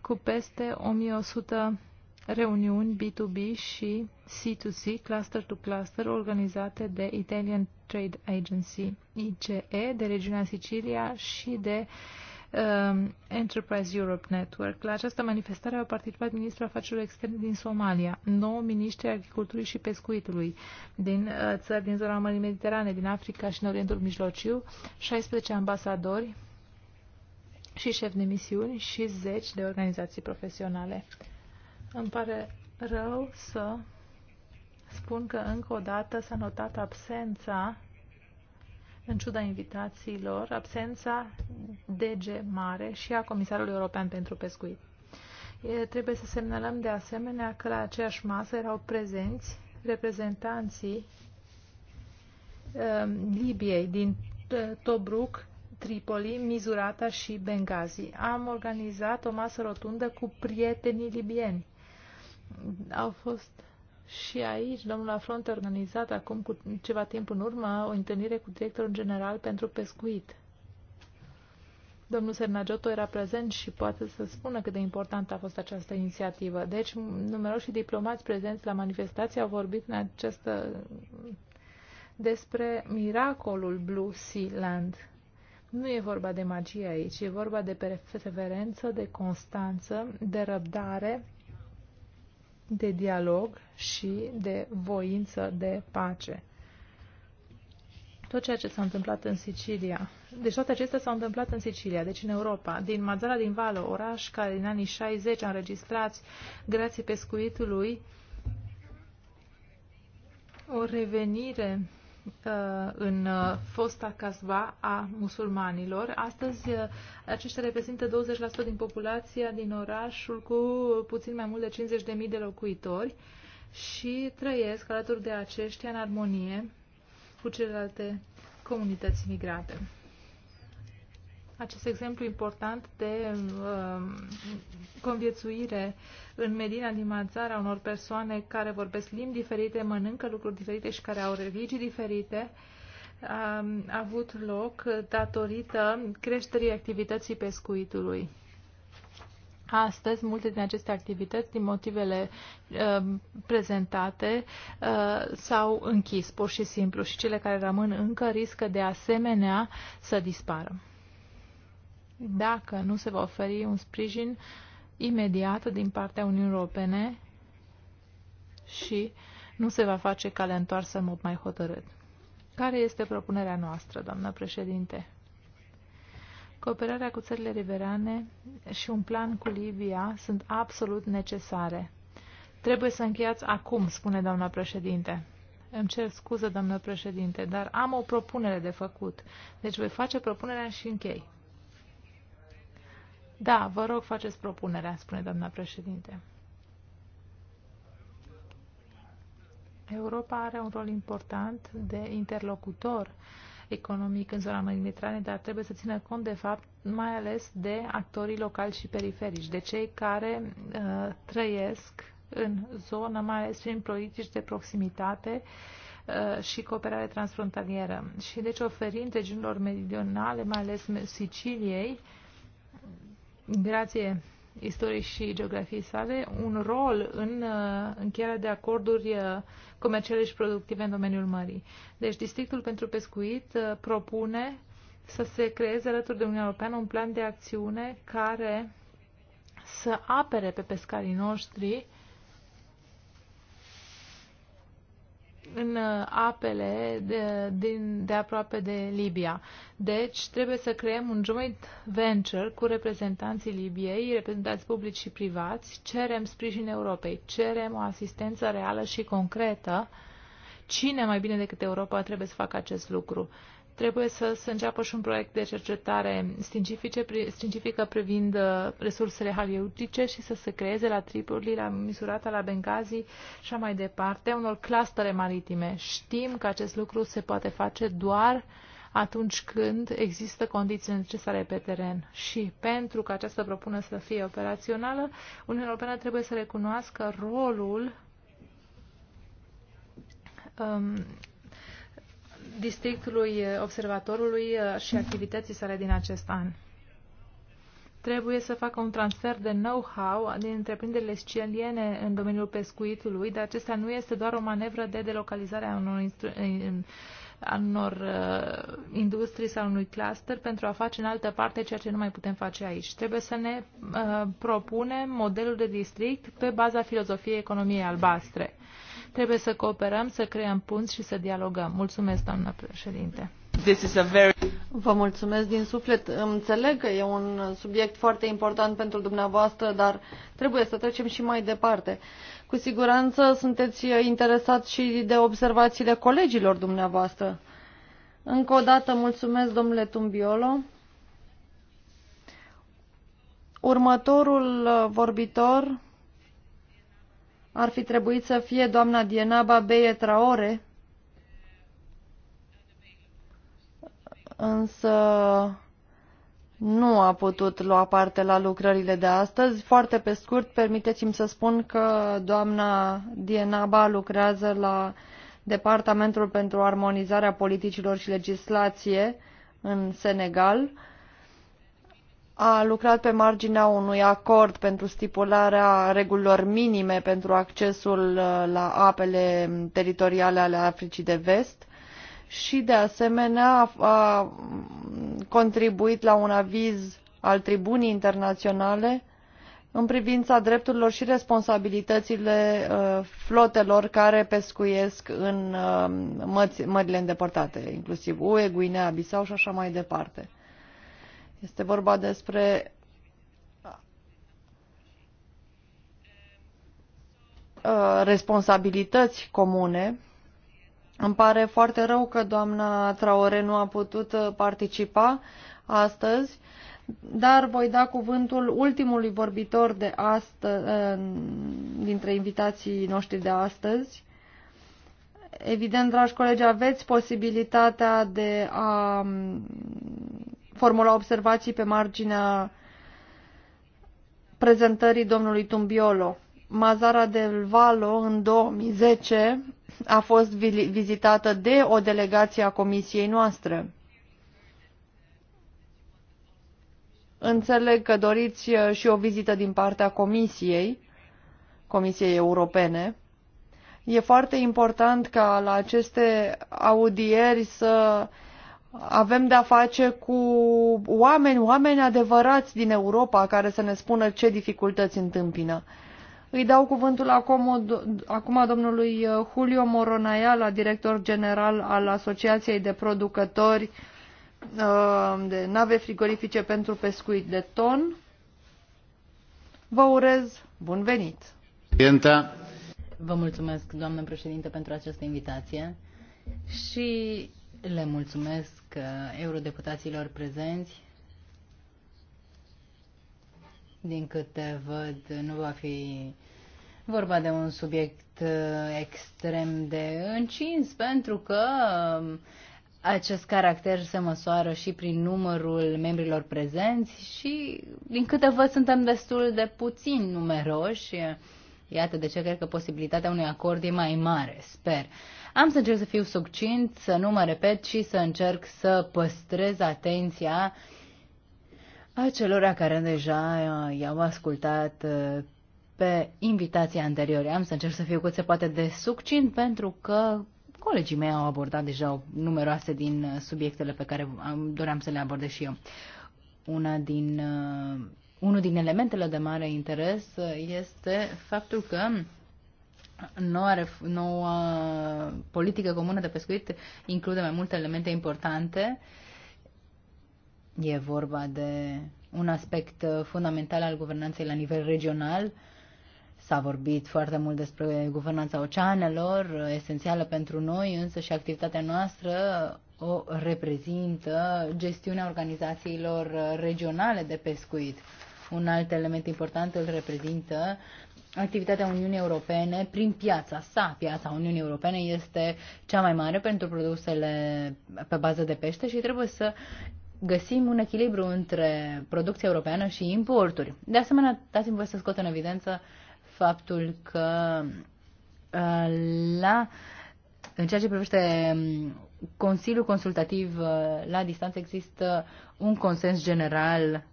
cu peste 1100 reuniuni B2B și C2C, cluster to cluster, organizate de Italian Trade Agency, ICE, de regiunea Sicilia și de uh, Um, Enterprise Europe Network. La această manifestare au participat ministrul afacerilor externe din Somalia, nouă miniștri agriculturii și pescuitului din uh, țări din zona Mării Mediterane, din Africa și în Orientul Mijlociu, 16 ambasadori și șef de misiuni și zeci de organizații profesionale. Îmi pare rău să spun că încă o dată s-a notat absența în ciuda invitațiilor, absența DG Mare și a Comisarului European pentru Pescuit. E, trebuie să semnalăm de asemenea că la aceeași masă erau prezenți reprezentanții um, Libiei din uh, Tobruk, Tripoli, Mizurata și Benghazi. Am organizat o masă rotundă cu prietenii libieni. Au fost și aici, domnul Afront a organizat acum cu ceva timp în urmă o întâlnire cu directorul general pentru pescuit. Domnul Sernagiotto era prezent și poate să spună cât de importantă a fost această inițiativă. Deci, numeroși diplomați prezenți la manifestație au vorbit în această... despre miracolul Blue Sea Land. Nu e vorba de magie aici, e vorba de perseverență, de constanță, de răbdare de dialog și de voință de pace. Tot ceea ce s-a întâmplat în Sicilia. Deci toate acestea s-au întâmplat în Sicilia, deci în Europa, din Mazara din Valo, oraș care în anii 60 a înregistrat, grație pescuitului, o revenire Uh, în uh, fosta casba a musulmanilor. Astăzi uh, aceștia reprezintă 20% din populația din orașul cu puțin mai mult de 50.000 de locuitori și trăiesc alături de aceștia în armonie cu celelalte comunități migrate acest exemplu important de um, conviețuire în Medina din Mazara unor persoane care vorbesc limbi diferite, mănâncă lucruri diferite și care au religii diferite a avut loc datorită creșterii activității pescuitului. Astăzi, multe din aceste activități, din motivele uh, prezentate, uh, s-au închis pur și simplu și cele care rămân încă riscă de asemenea să dispară dacă nu se va oferi un sprijin imediat din partea Uniunii Europene și nu se va face calea întoarsă în mod mai hotărât. Care este propunerea noastră, doamnă președinte? Cooperarea cu țările riverane și un plan cu Libia sunt absolut necesare. Trebuie să încheiați acum, spune doamna președinte. Îmi cer scuză, doamnă președinte, dar am o propunere de făcut. Deci voi face propunerea și închei. Da, vă rog, faceți propunerea, spune doamna președinte. Europa are un rol important de interlocutor economic în zona mediterane, dar trebuie să țină cont de fapt mai ales de actorii locali și periferici, de cei care uh, trăiesc în zonă, mai ales prin politici de proximitate uh, și cooperare transfrontalieră. Și deci oferind regiunilor meridionale, mai ales Siciliei, uh, grație istoriei și geografiei sale, un rol în uh, încheierea de acorduri uh, comerciale și productive în domeniul mării. Deci, Districtul pentru Pescuit uh, propune să se creeze alături de Uniunea Europeană un plan de acțiune care să apere pe pescarii noștri în uh, apele de, din, de aproape de Libia. Deci trebuie să creăm un joint venture cu reprezentanții Libiei, reprezentanți publici și privați, cerem sprijin Europei, cerem o asistență reală și concretă. Cine mai bine decât Europa trebuie să facă acest lucru? trebuie să se înceapă și un proiect de cercetare științifică privind uh, resursele halieutice și să se creeze la Tripoli, la Misurata, la Benghazi și mai departe, unor clustere maritime. Știm că acest lucru se poate face doar atunci când există condiții necesare pe teren. Și pentru că această propunere să fie operațională, Uniunea Europeană trebuie să recunoască rolul um, districtului eh, observatorului eh, și activității sale din acest an. Trebuie să facă un transfer de know-how din întreprinderile sceliene în domeniul pescuitului, dar acesta nu este doar o manevră de delocalizare a unor, eh, a unor uh, industrii sau unui cluster pentru a face în altă parte ceea ce nu mai putem face aici. Trebuie să ne uh, propunem modelul de district pe baza filozofiei economiei albastre. Uh, Trebuie să cooperăm, să creăm punți și să dialogăm. Mulțumesc, doamna președinte. This is a very... Vă mulțumesc din suflet. Înțeleg că e un subiect foarte important pentru dumneavoastră, dar trebuie să trecem și mai departe. Cu siguranță sunteți interesat și de observațiile colegilor dumneavoastră. Încă o dată mulțumesc, domnule Tumbiolo. Următorul vorbitor ar fi trebuit să fie doamna Dienaba Beie Traore, însă nu a putut lua parte la lucrările de astăzi. Foarte pe scurt, permiteți-mi să spun că doamna Dienaba lucrează la Departamentul pentru Armonizarea Politicilor și Legislație în Senegal, a lucrat pe marginea unui acord pentru stipularea regulilor minime pentru accesul uh, la apele teritoriale ale Africii de Vest și, de asemenea, a contribuit la un aviz al Tribunii Internaționale în privința drepturilor și responsabilitățile uh, flotelor care pescuiesc în uh, mările îndepărtate, inclusiv UE, Guinea, Bissau și așa mai departe. Este vorba despre uh, responsabilități comune. Îmi pare foarte rău că doamna Traore nu a putut uh, participa astăzi, dar voi da cuvântul ultimului vorbitor de astă, uh, dintre invitații noștri de astăzi. Evident, dragi colegi, aveți posibilitatea de a formula observații pe marginea prezentării domnului Tumbiolo. Mazara del Valo în 2010 a fost vizitată de o delegație a comisiei noastre. Înțeleg că doriți uh, și o vizită din partea comisiei, Comisiei Europene. E foarte important ca la aceste audieri să uh, avem de-a face cu oameni, oameni adevărați din Europa care să ne spună ce dificultăți întâmpină. Îi dau cuvântul acum, acum domnului uh, Julio Moronaiala, director general al Asociației de Producători uh, de Nave Frigorifice pentru Pescuit de Ton. Vă urez bun venit! Vă mulțumesc, doamnă președinte, pentru această invitație și le mulțumesc uh, eurodeputaților prezenți. Din câte văd, nu va fi vorba de un subiect uh, extrem de încins, pentru că um, acest caracter se măsoară și prin numărul membrilor prezenți și, din câte văd, suntem destul de puțin numeroși. Iată de ce cred că posibilitatea unui acord e mai mare, sper. Am să încerc să fiu succint, să nu mă repet și să încerc să păstrez atenția acelora care deja uh, i-au ascultat uh, pe invitații anteriori. Am să încerc să fiu cât se poate de succint pentru că colegii mei au abordat deja numeroase din uh, subiectele pe care doream să le abordez și eu. Una din, unul din elementele de mare interes este faptul că Noua, noua politică comună de pescuit include mai multe elemente importante. E vorba de un aspect fundamental al guvernanței la nivel regional. S-a vorbit foarte mult despre guvernanța oceanelor, esențială pentru noi, însă și activitatea noastră o reprezintă gestiunea organizațiilor regionale de pescuit. Un alt element important îl reprezintă activitatea Uniunii Europene prin piața sa. Piața Uniunii Europene este cea mai mare pentru produsele pe bază de pește și trebuie să găsim un echilibru între producția europeană și importuri. De asemenea, dați-mi voi să scot în evidență faptul că uh, la, în ceea ce privește um, Consiliul Consultativ uh, la distanță există un consens general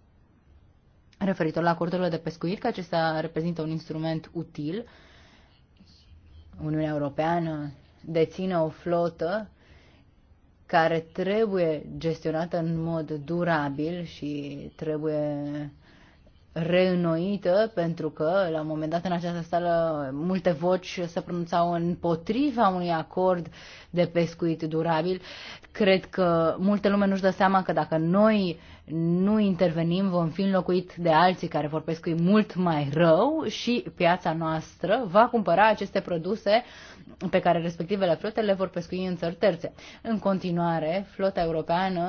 referitor la acordurile de pescuit, că acesta reprezintă un instrument util. Uniunea Europeană deține o flotă care trebuie gestionată în mod durabil și trebuie reînnoită, pentru că la un moment dat în această sală multe voci se pronunțau împotriva unui acord de pescuit durabil. Cred că multe lume nu-și dă seama că dacă noi nu intervenim, vom fi înlocuit de alții care vor pescui mult mai rău și piața noastră va cumpăra aceste produse pe care respectivele flote le vor pescui în țări terțe. În continuare, flota europeană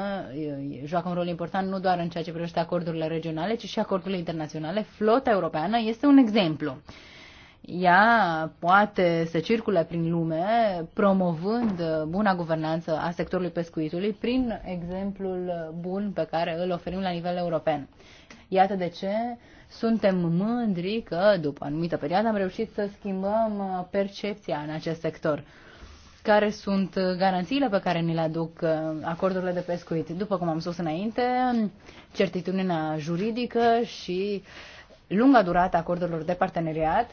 joacă un rol important nu doar în ceea ce privește acordurile regionale, ci și acordurile internaționale. Flota europeană este un exemplu ea poate să circule prin lume promovând uh, buna guvernanță a sectorului pescuitului prin exemplul uh, bun pe care îl oferim la nivel european. Iată de ce suntem mândri că după anumită perioadă am reușit să schimbăm uh, percepția în acest sector. Care sunt garanțiile pe care ni le aduc acordurile de pescuit? După cum am spus înainte, certitudinea juridică și lunga durată a acordurilor de parteneriat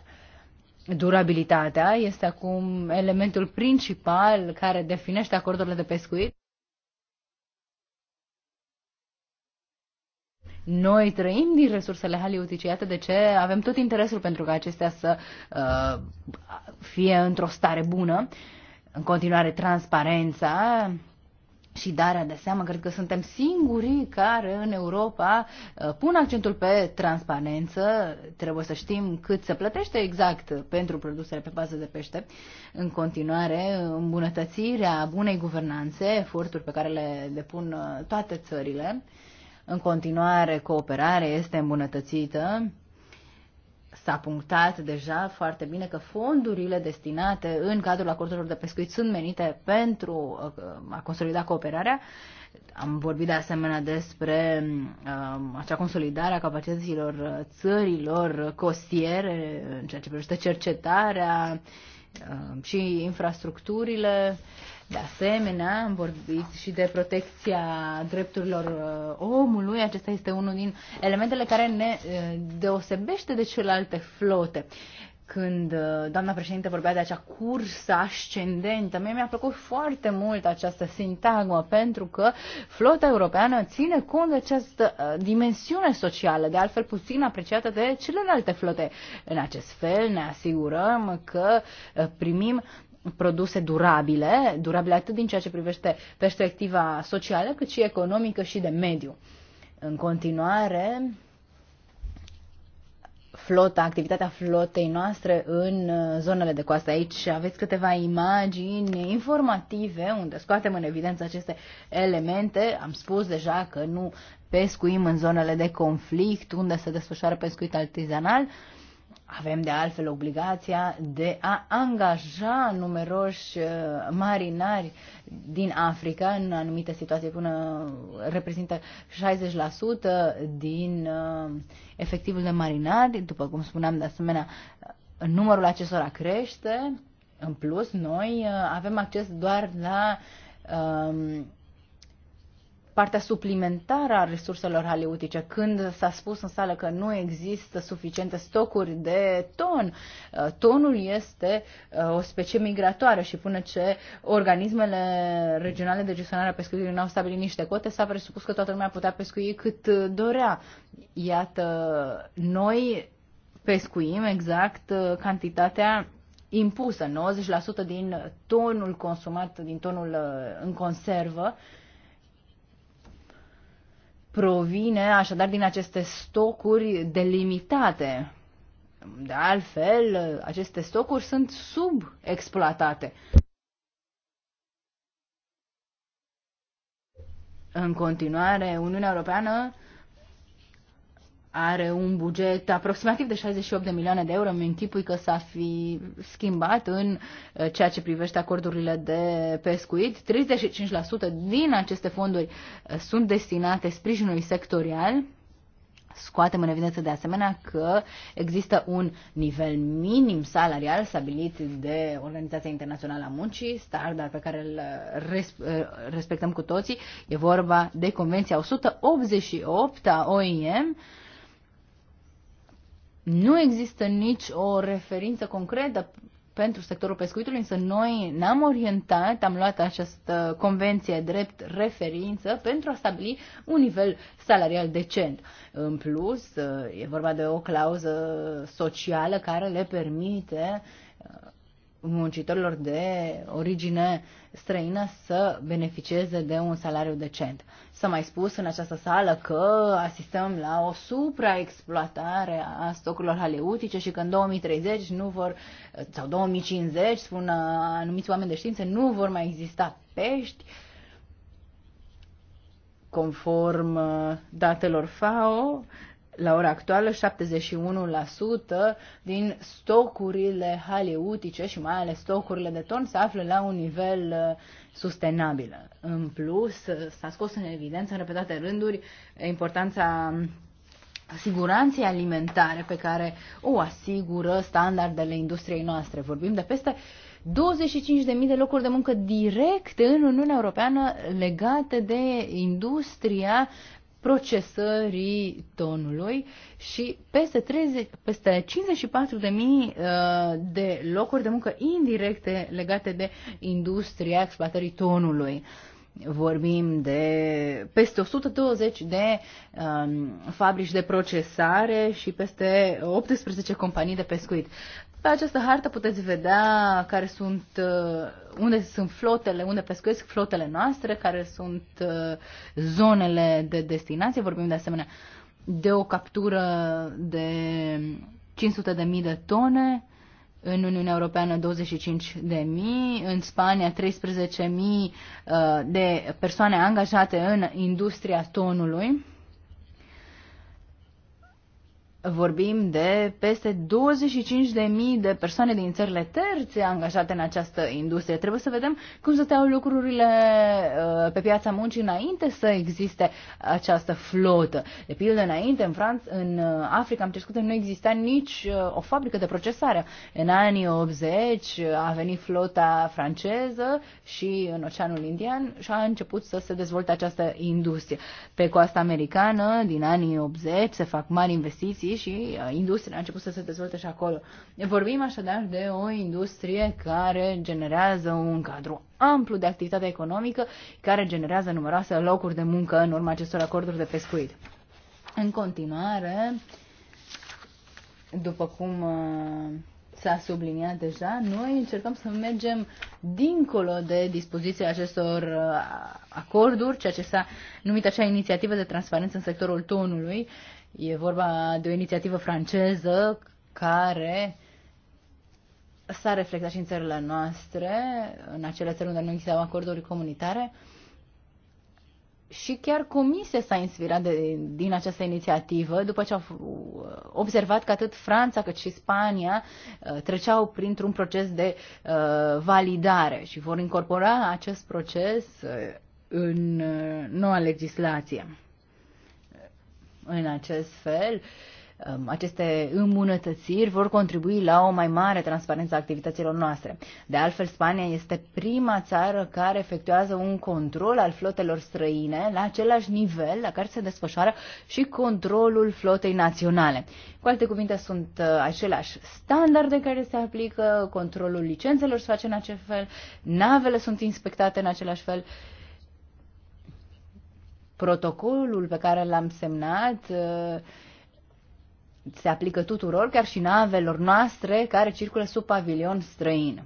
durabilitatea este acum elementul principal care definește acordurile de pescuit. Noi trăim din resursele halieutice, iată de ce avem tot interesul pentru ca acestea să uh, fie într-o stare bună. În continuare, transparența și darea de seamă, cred că suntem singurii care în Europa uh, pun accentul pe transparență, trebuie să știm cât se plătește exact pentru produsele pe bază de pește. În continuare, îmbunătățirea bunei guvernanțe, eforturi pe care le depun uh, toate țările. În continuare, cooperarea este îmbunătățită S-a punctat deja foarte bine că fondurile destinate în cadrul acordurilor de pescuit sunt menite pentru uh, a consolida cooperarea. Am vorbit de asemenea despre uh, acea consolidare a capacităților uh, țărilor costiere în ceea ce privește cercetarea uh, și infrastructurile. Uh, de asemenea, am vorbit și de protecția drepturilor uh, omului. Acesta este unul din elementele care ne uh, deosebește de celelalte flote. Când uh, doamna președinte vorbea de acea cursă ascendentă, mie mi-a plăcut foarte mult această sintagmă, pentru că flota europeană ține cont de această dimensiune socială, de altfel puțin apreciată de celelalte flote. În acest fel ne asigurăm că primim produse durabile, durabile atât din ceea ce privește perspectiva socială, cât și economică și de mediu. În continuare, flota, activitatea flotei noastre în uh, zonele de coastă. Aici aveți câteva imagini informative unde scoatem în evidență aceste elemente. Am spus deja că nu pescuim în zonele de conflict unde se desfășoară pescuit artizanal. Uh, avem de altfel obligația de a angaja numeroși uh, marinari din Africa în anumite situații până reprezintă 60% din uh, efectivul de marinari. După cum spuneam de asemenea, numărul acestora crește. În plus, noi uh, avem acces doar la um, partea suplimentară a resurselor haleutice, când s-a spus în sală că nu există suficiente stocuri de ton. Uh, tonul este uh, o specie migratoare și până ce organismele regionale de gestionare a pescuitului nu au stabilit niște cote, s-a presupus că toată lumea putea pescui cât dorea. Iată, noi pescuim exact uh, cantitatea impusă, 90% din tonul consumat, din tonul în conservă, uh, provine așadar din aceste stocuri delimitate. De altfel, aceste stocuri sunt subexploatate. În continuare, Uniunea Europeană are un buget aproximativ de 68 de milioane de euro. Mi închipui că s-a fi schimbat în uh, ceea ce privește acordurile de pescuit. 35% din aceste fonduri uh, sunt destinate sprijinului sectorial. Scoatem în evidență de asemenea că există un nivel minim salarial stabilit de Organizația Internațională a Muncii, STAR, dar pe care îl uh, respectăm cu toții. E vorba de Convenția 188 a OIM, nu există nici o referință concretă pentru sectorul pescuitului, însă noi ne-am orientat, am luat această convenție drept referință pentru a stabili un nivel salarial decent. În plus, e vorba de o clauză socială care le permite uh, muncitorilor de origine străină să beneficieze de un salariu decent. S-a mai spus în această sală că asistăm la o supraexploatare a stocurilor haleutice și că în 2030 nu vor, sau 2050, spun anumiți oameni de știință, nu vor mai exista pești conform datelor FAO, la ora actuală 71% din stocurile haleutice și mai ales stocurile de ton se află la un nivel uh, sustenabil. În plus, uh, s-a scos în evidență în repetate rânduri importanța um, siguranței alimentare pe care o asigură standardele industriei noastre. Vorbim de peste 25.000 de locuri de muncă directe în Uniunea Europeană legate de industria procesării tonului și peste, 30, peste 54.000 uh, de locuri de muncă indirecte legate de industria exploatării tonului. Vorbim de peste 120 de um, fabrici de procesare și peste 18 companii de pescuit. Pe această hartă puteți vedea care sunt, uh, unde sunt flotele, unde pescuiesc flotele noastre, care sunt uh, zonele de destinație. Vorbim de asemenea de o captură de 500.000 de, de tone, în Uniunea Europeană 25 de mii, în Spania 13 mii uh, de persoane angajate în industria tonului vorbim de peste 25.000 de persoane din țările terțe angajate în această industrie. Trebuie să vedem cum stăteau lucrurile uh, pe piața muncii înainte să existe această flotă. De pildă, înainte, în Franț, în uh, Africa, am crescut, nu exista nici uh, o fabrică de procesare. În anii 80 a venit flota franceză și în Oceanul Indian și a început să se dezvolte această industrie. Pe coasta americană, din anii 80, se fac mari investiții și și uh, industria a început să se dezvolte și acolo. Vorbim așadar de o industrie care generează un cadru amplu de activitate economică, care generează numeroase locuri de muncă în urma acestor acorduri de pescuit. În continuare, după cum uh, s-a subliniat deja, noi încercăm să mergem dincolo de dispoziția acestor uh, acorduri, ceea ce s-a numit acea inițiativă de transparență în sectorul tonului, E vorba de o inițiativă franceză care s-a reflectat și în țările noastre, în acele țări unde nu existau acorduri comunitare. Și chiar comisia s-a inspirat de, din această inițiativă după ce au observat că atât Franța cât și Spania uh, treceau printr-un proces de uh, validare și vor incorpora acest proces uh, în noua legislație. În acest fel, um, aceste îmbunătățiri vor contribui la o mai mare transparență a activităților noastre. De altfel, Spania este prima țară care efectuează un control al flotelor străine la același nivel la care se desfășoară și controlul flotei naționale. Cu alte cuvinte, sunt uh, aceleași standarde care se aplică, controlul licențelor se face în acel fel, navele sunt inspectate în același fel protocolul pe care l-am semnat uh, se aplică tuturor, chiar și navelor noastre care circulă sub pavilion străin.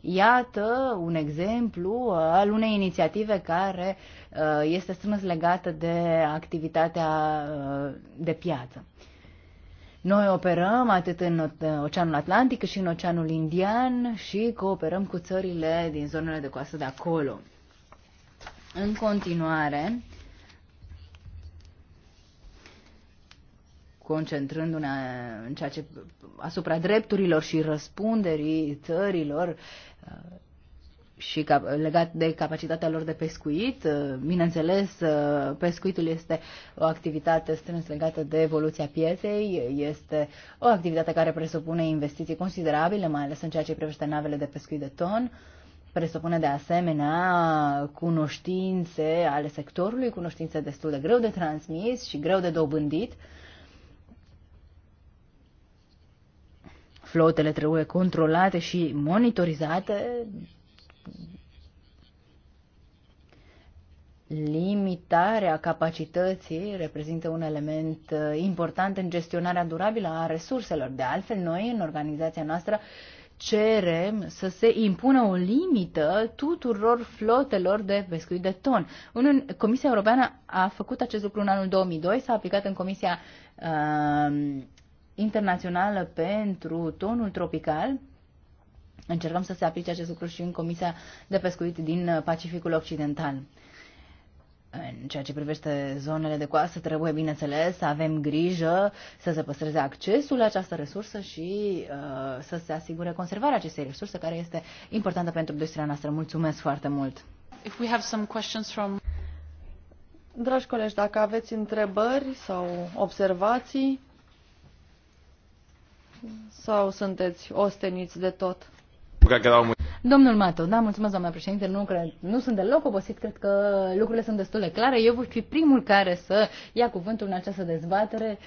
Iată un exemplu uh, al unei inițiative care uh, este strâns legată de activitatea de piață. Noi operăm atât în Oceanul Atlantic cât și în Oceanul Indian și cooperăm cu țările din zonele de coastă de acolo. În continuare, concentrându-ne în ceea ce, asupra drepturilor și răspunderii țărilor uh, și ca, legat de capacitatea lor de pescuit. Uh, bineînțeles, uh, pescuitul este o activitate strâns legată de evoluția pieței, este o activitate care presupune investiții considerabile, mai ales în ceea ce privește navele de pescuit de ton, presupune de asemenea cunoștințe ale sectorului, cunoștințe destul de greu de transmis și greu de dobândit, uh, Flotele trebuie controlate și monitorizate. Limitarea capacității reprezintă un element uh, important în gestionarea durabilă a resurselor. De altfel, noi, în organizația noastră, cerem să se impună o limită tuturor flotelor de pescuit de ton. Comisia Europeană a făcut acest lucru în anul 2002, s-a aplicat în Comisia uh, internațională pentru tonul tropical. Încercăm să se aplice acest lucru și în Comisia de Pescuit din Pacificul Occidental. În ceea ce privește zonele de coastă, trebuie, bineînțeles, să avem grijă să se păstreze accesul la această resursă și uh, să se asigure conservarea acestei resurse, care este importantă pentru industria noastră. Mulțumesc foarte mult! If we have some questions from... Dragi colegi, dacă aveți întrebări sau observații, sau sunteți osteniți de tot? Domnul Mato, da, mulțumesc, doamna președinte, nu, cred, nu sunt deloc obosit, cred că lucrurile sunt destul de clare. Eu voi fi primul care să ia cuvântul în această dezbatere.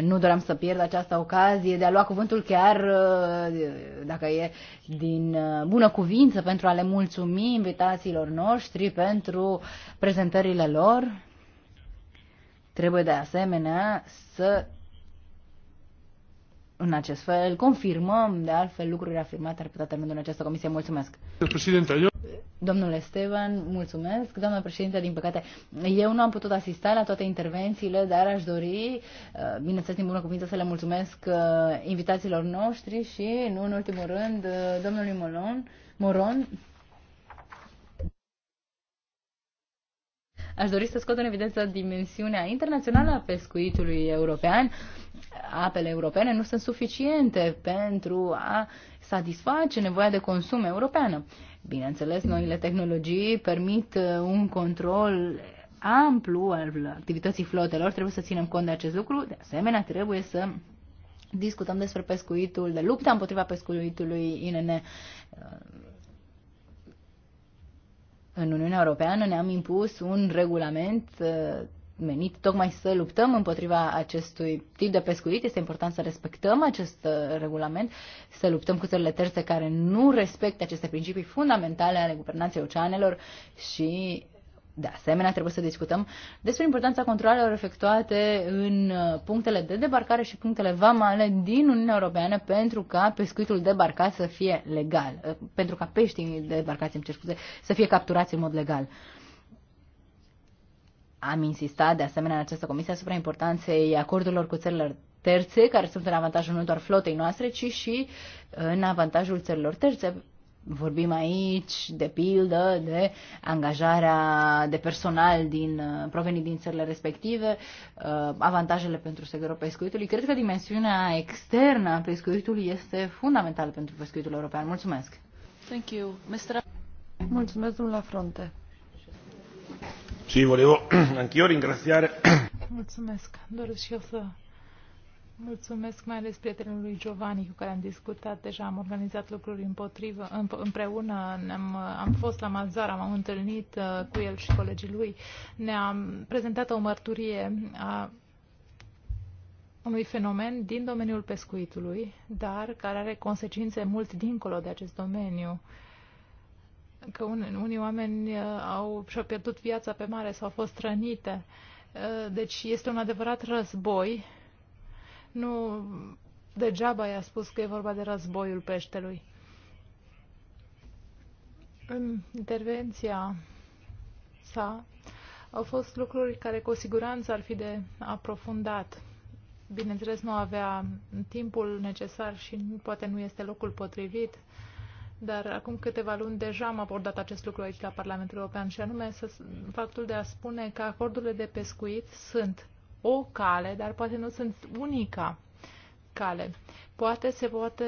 Nu doream să pierd această ocazie de a lua cuvântul chiar, uh, dacă e din uh, bună cuvință, pentru a le mulțumi invitațiilor noștri pentru prezentările lor. Trebuie de asemenea să în acest fel confirmăm, de altfel, lucrurile afirmate ar putea termina în această comisie. Mulțumesc. Președinte, eu... Domnule Esteban, mulțumesc. Doamna președinte, din păcate, eu nu am putut asista la toate intervențiile, dar aș dori, uh, bineînțeles, din bună cuvință, să le mulțumesc uh, invitațiilor noștri și, nu în ultimul rând, uh, domnului Molon, Moron, Aș dori să scot în evidență dimensiunea internațională a pescuitului european. Apele europene nu sunt suficiente pentru a satisface nevoia de consum europeană. Bineînțeles, noile tehnologii permit uh, un control amplu al activității flotelor, trebuie să ținem cont de acest lucru. De asemenea, trebuie să discutăm despre pescuitul, de lupta împotriva pescuitului INN. În Uniunea Europeană ne-am impus un regulament uh, menit tocmai să luptăm împotriva acestui tip de pescuit. Este important să respectăm acest uh, regulament, să luptăm cu țările terțe care nu respectă aceste principii fundamentale ale guvernanței oceanelor și de asemenea, trebuie să discutăm despre importanța controlelor efectuate în uh, punctele de debarcare și punctele vamale din Uniunea Europeană pentru ca pescuitul debarcat să fie legal, uh, pentru ca peștii debarcați, îmi cer scuze, să fie capturați în mod legal. Am insistat de asemenea în această comisie asupra importanței acordurilor cu țările terțe, care sunt în avantajul nu doar flotei noastre, ci și în avantajul țărilor terțe, Vorbim aici, de pildă, de angajarea de personal din, uh, provenit din țările respective, uh, avantajele pentru sectorul pescuitului. Cred că dimensiunea externă a pescuitului este fundamentală pentru pescuitul european. Mulțumesc! Thank you. Mr. Mulțumesc, domnule Fronte. Și volevo anch'io ringraziare. Mulțumesc. Doresc și eu să Mulțumesc mai ales prietenului Giovanni cu care am discutat deja, am organizat lucruri împotrivă, împreună, am, am fost la Mazar, am întâlnit uh, cu el și colegii lui, ne-am prezentat o mărturie a unui fenomen din domeniul pescuitului, dar care are consecințe mult dincolo de acest domeniu. Că un, unii oameni uh, au, și-au pierdut viața pe mare sau au fost rănite. Uh, deci este un adevărat război nu degeaba i-a spus că e vorba de războiul peștelui. În intervenția sa au fost lucruri care cu siguranță ar fi de aprofundat. Bineînțeles, nu avea timpul necesar și poate nu este locul potrivit, dar acum câteva luni deja am abordat acest lucru aici la Parlamentul European și anume să, faptul de a spune că acordurile de pescuit sunt o cale, dar poate nu sunt unica cale. Poate se poate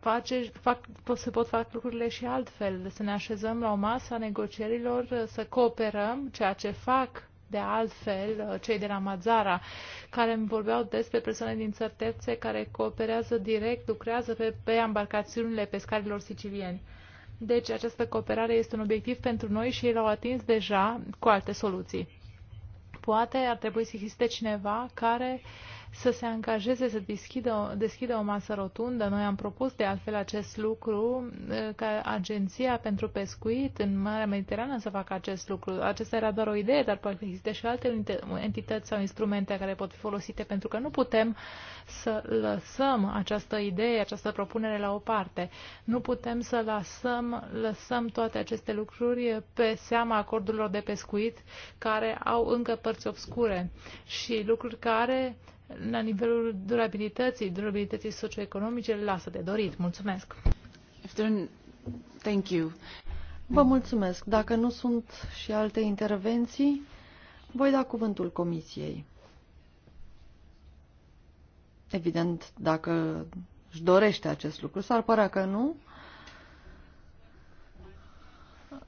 face, fac, se pot face lucrurile și altfel, să ne așezăm la o masă a negocierilor, să cooperăm ceea ce fac de altfel uh, cei de la Mazara, care îmi vorbeau despre persoane din țări terțe care cooperează direct, lucrează pe, pe embarcațiunile pescarilor sicilieni. Deci această cooperare este un obiectiv pentru noi și ei l-au atins deja cu alte soluții poate ar trebui să existe cineva care uh, să se angajeze să deschidă, deschidă o masă rotundă. Noi am propus de altfel acest lucru ca Agenția pentru Pescuit în Marea Mediterană să facă acest lucru. Acesta era doar o idee, dar poate există și alte entități sau instrumente care pot fi folosite pentru că nu putem să lăsăm această idee, această propunere la o parte. Nu putem să lăsăm, lăsăm toate aceste lucruri pe seama acordurilor de pescuit care au încă părți obscure și lucruri care la nivelul durabilității, durabilității socioeconomice, lasă de dorit. Mulțumesc! Thank you. Vă mulțumesc. Dacă nu sunt și alte intervenții, voi da cuvântul Comisiei. Evident, dacă își dorește acest lucru, s-ar părea că nu.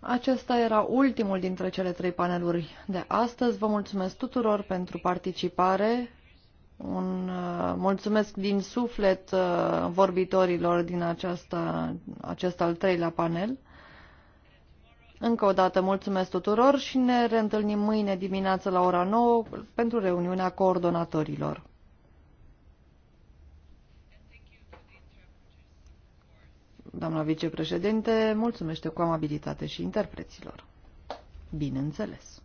Acesta era ultimul dintre cele trei paneluri de astăzi. Vă mulțumesc tuturor pentru participare un uh, mulțumesc din suflet uh, vorbitorilor din aceasta, acest al treilea panel. Încă o dată mulțumesc tuturor și ne reîntâlnim mâine dimineață la ora 9 pentru reuniunea coordonatorilor. Doamna vicepreședinte, mulțumește cu amabilitate și interpreților. Bineînțeles.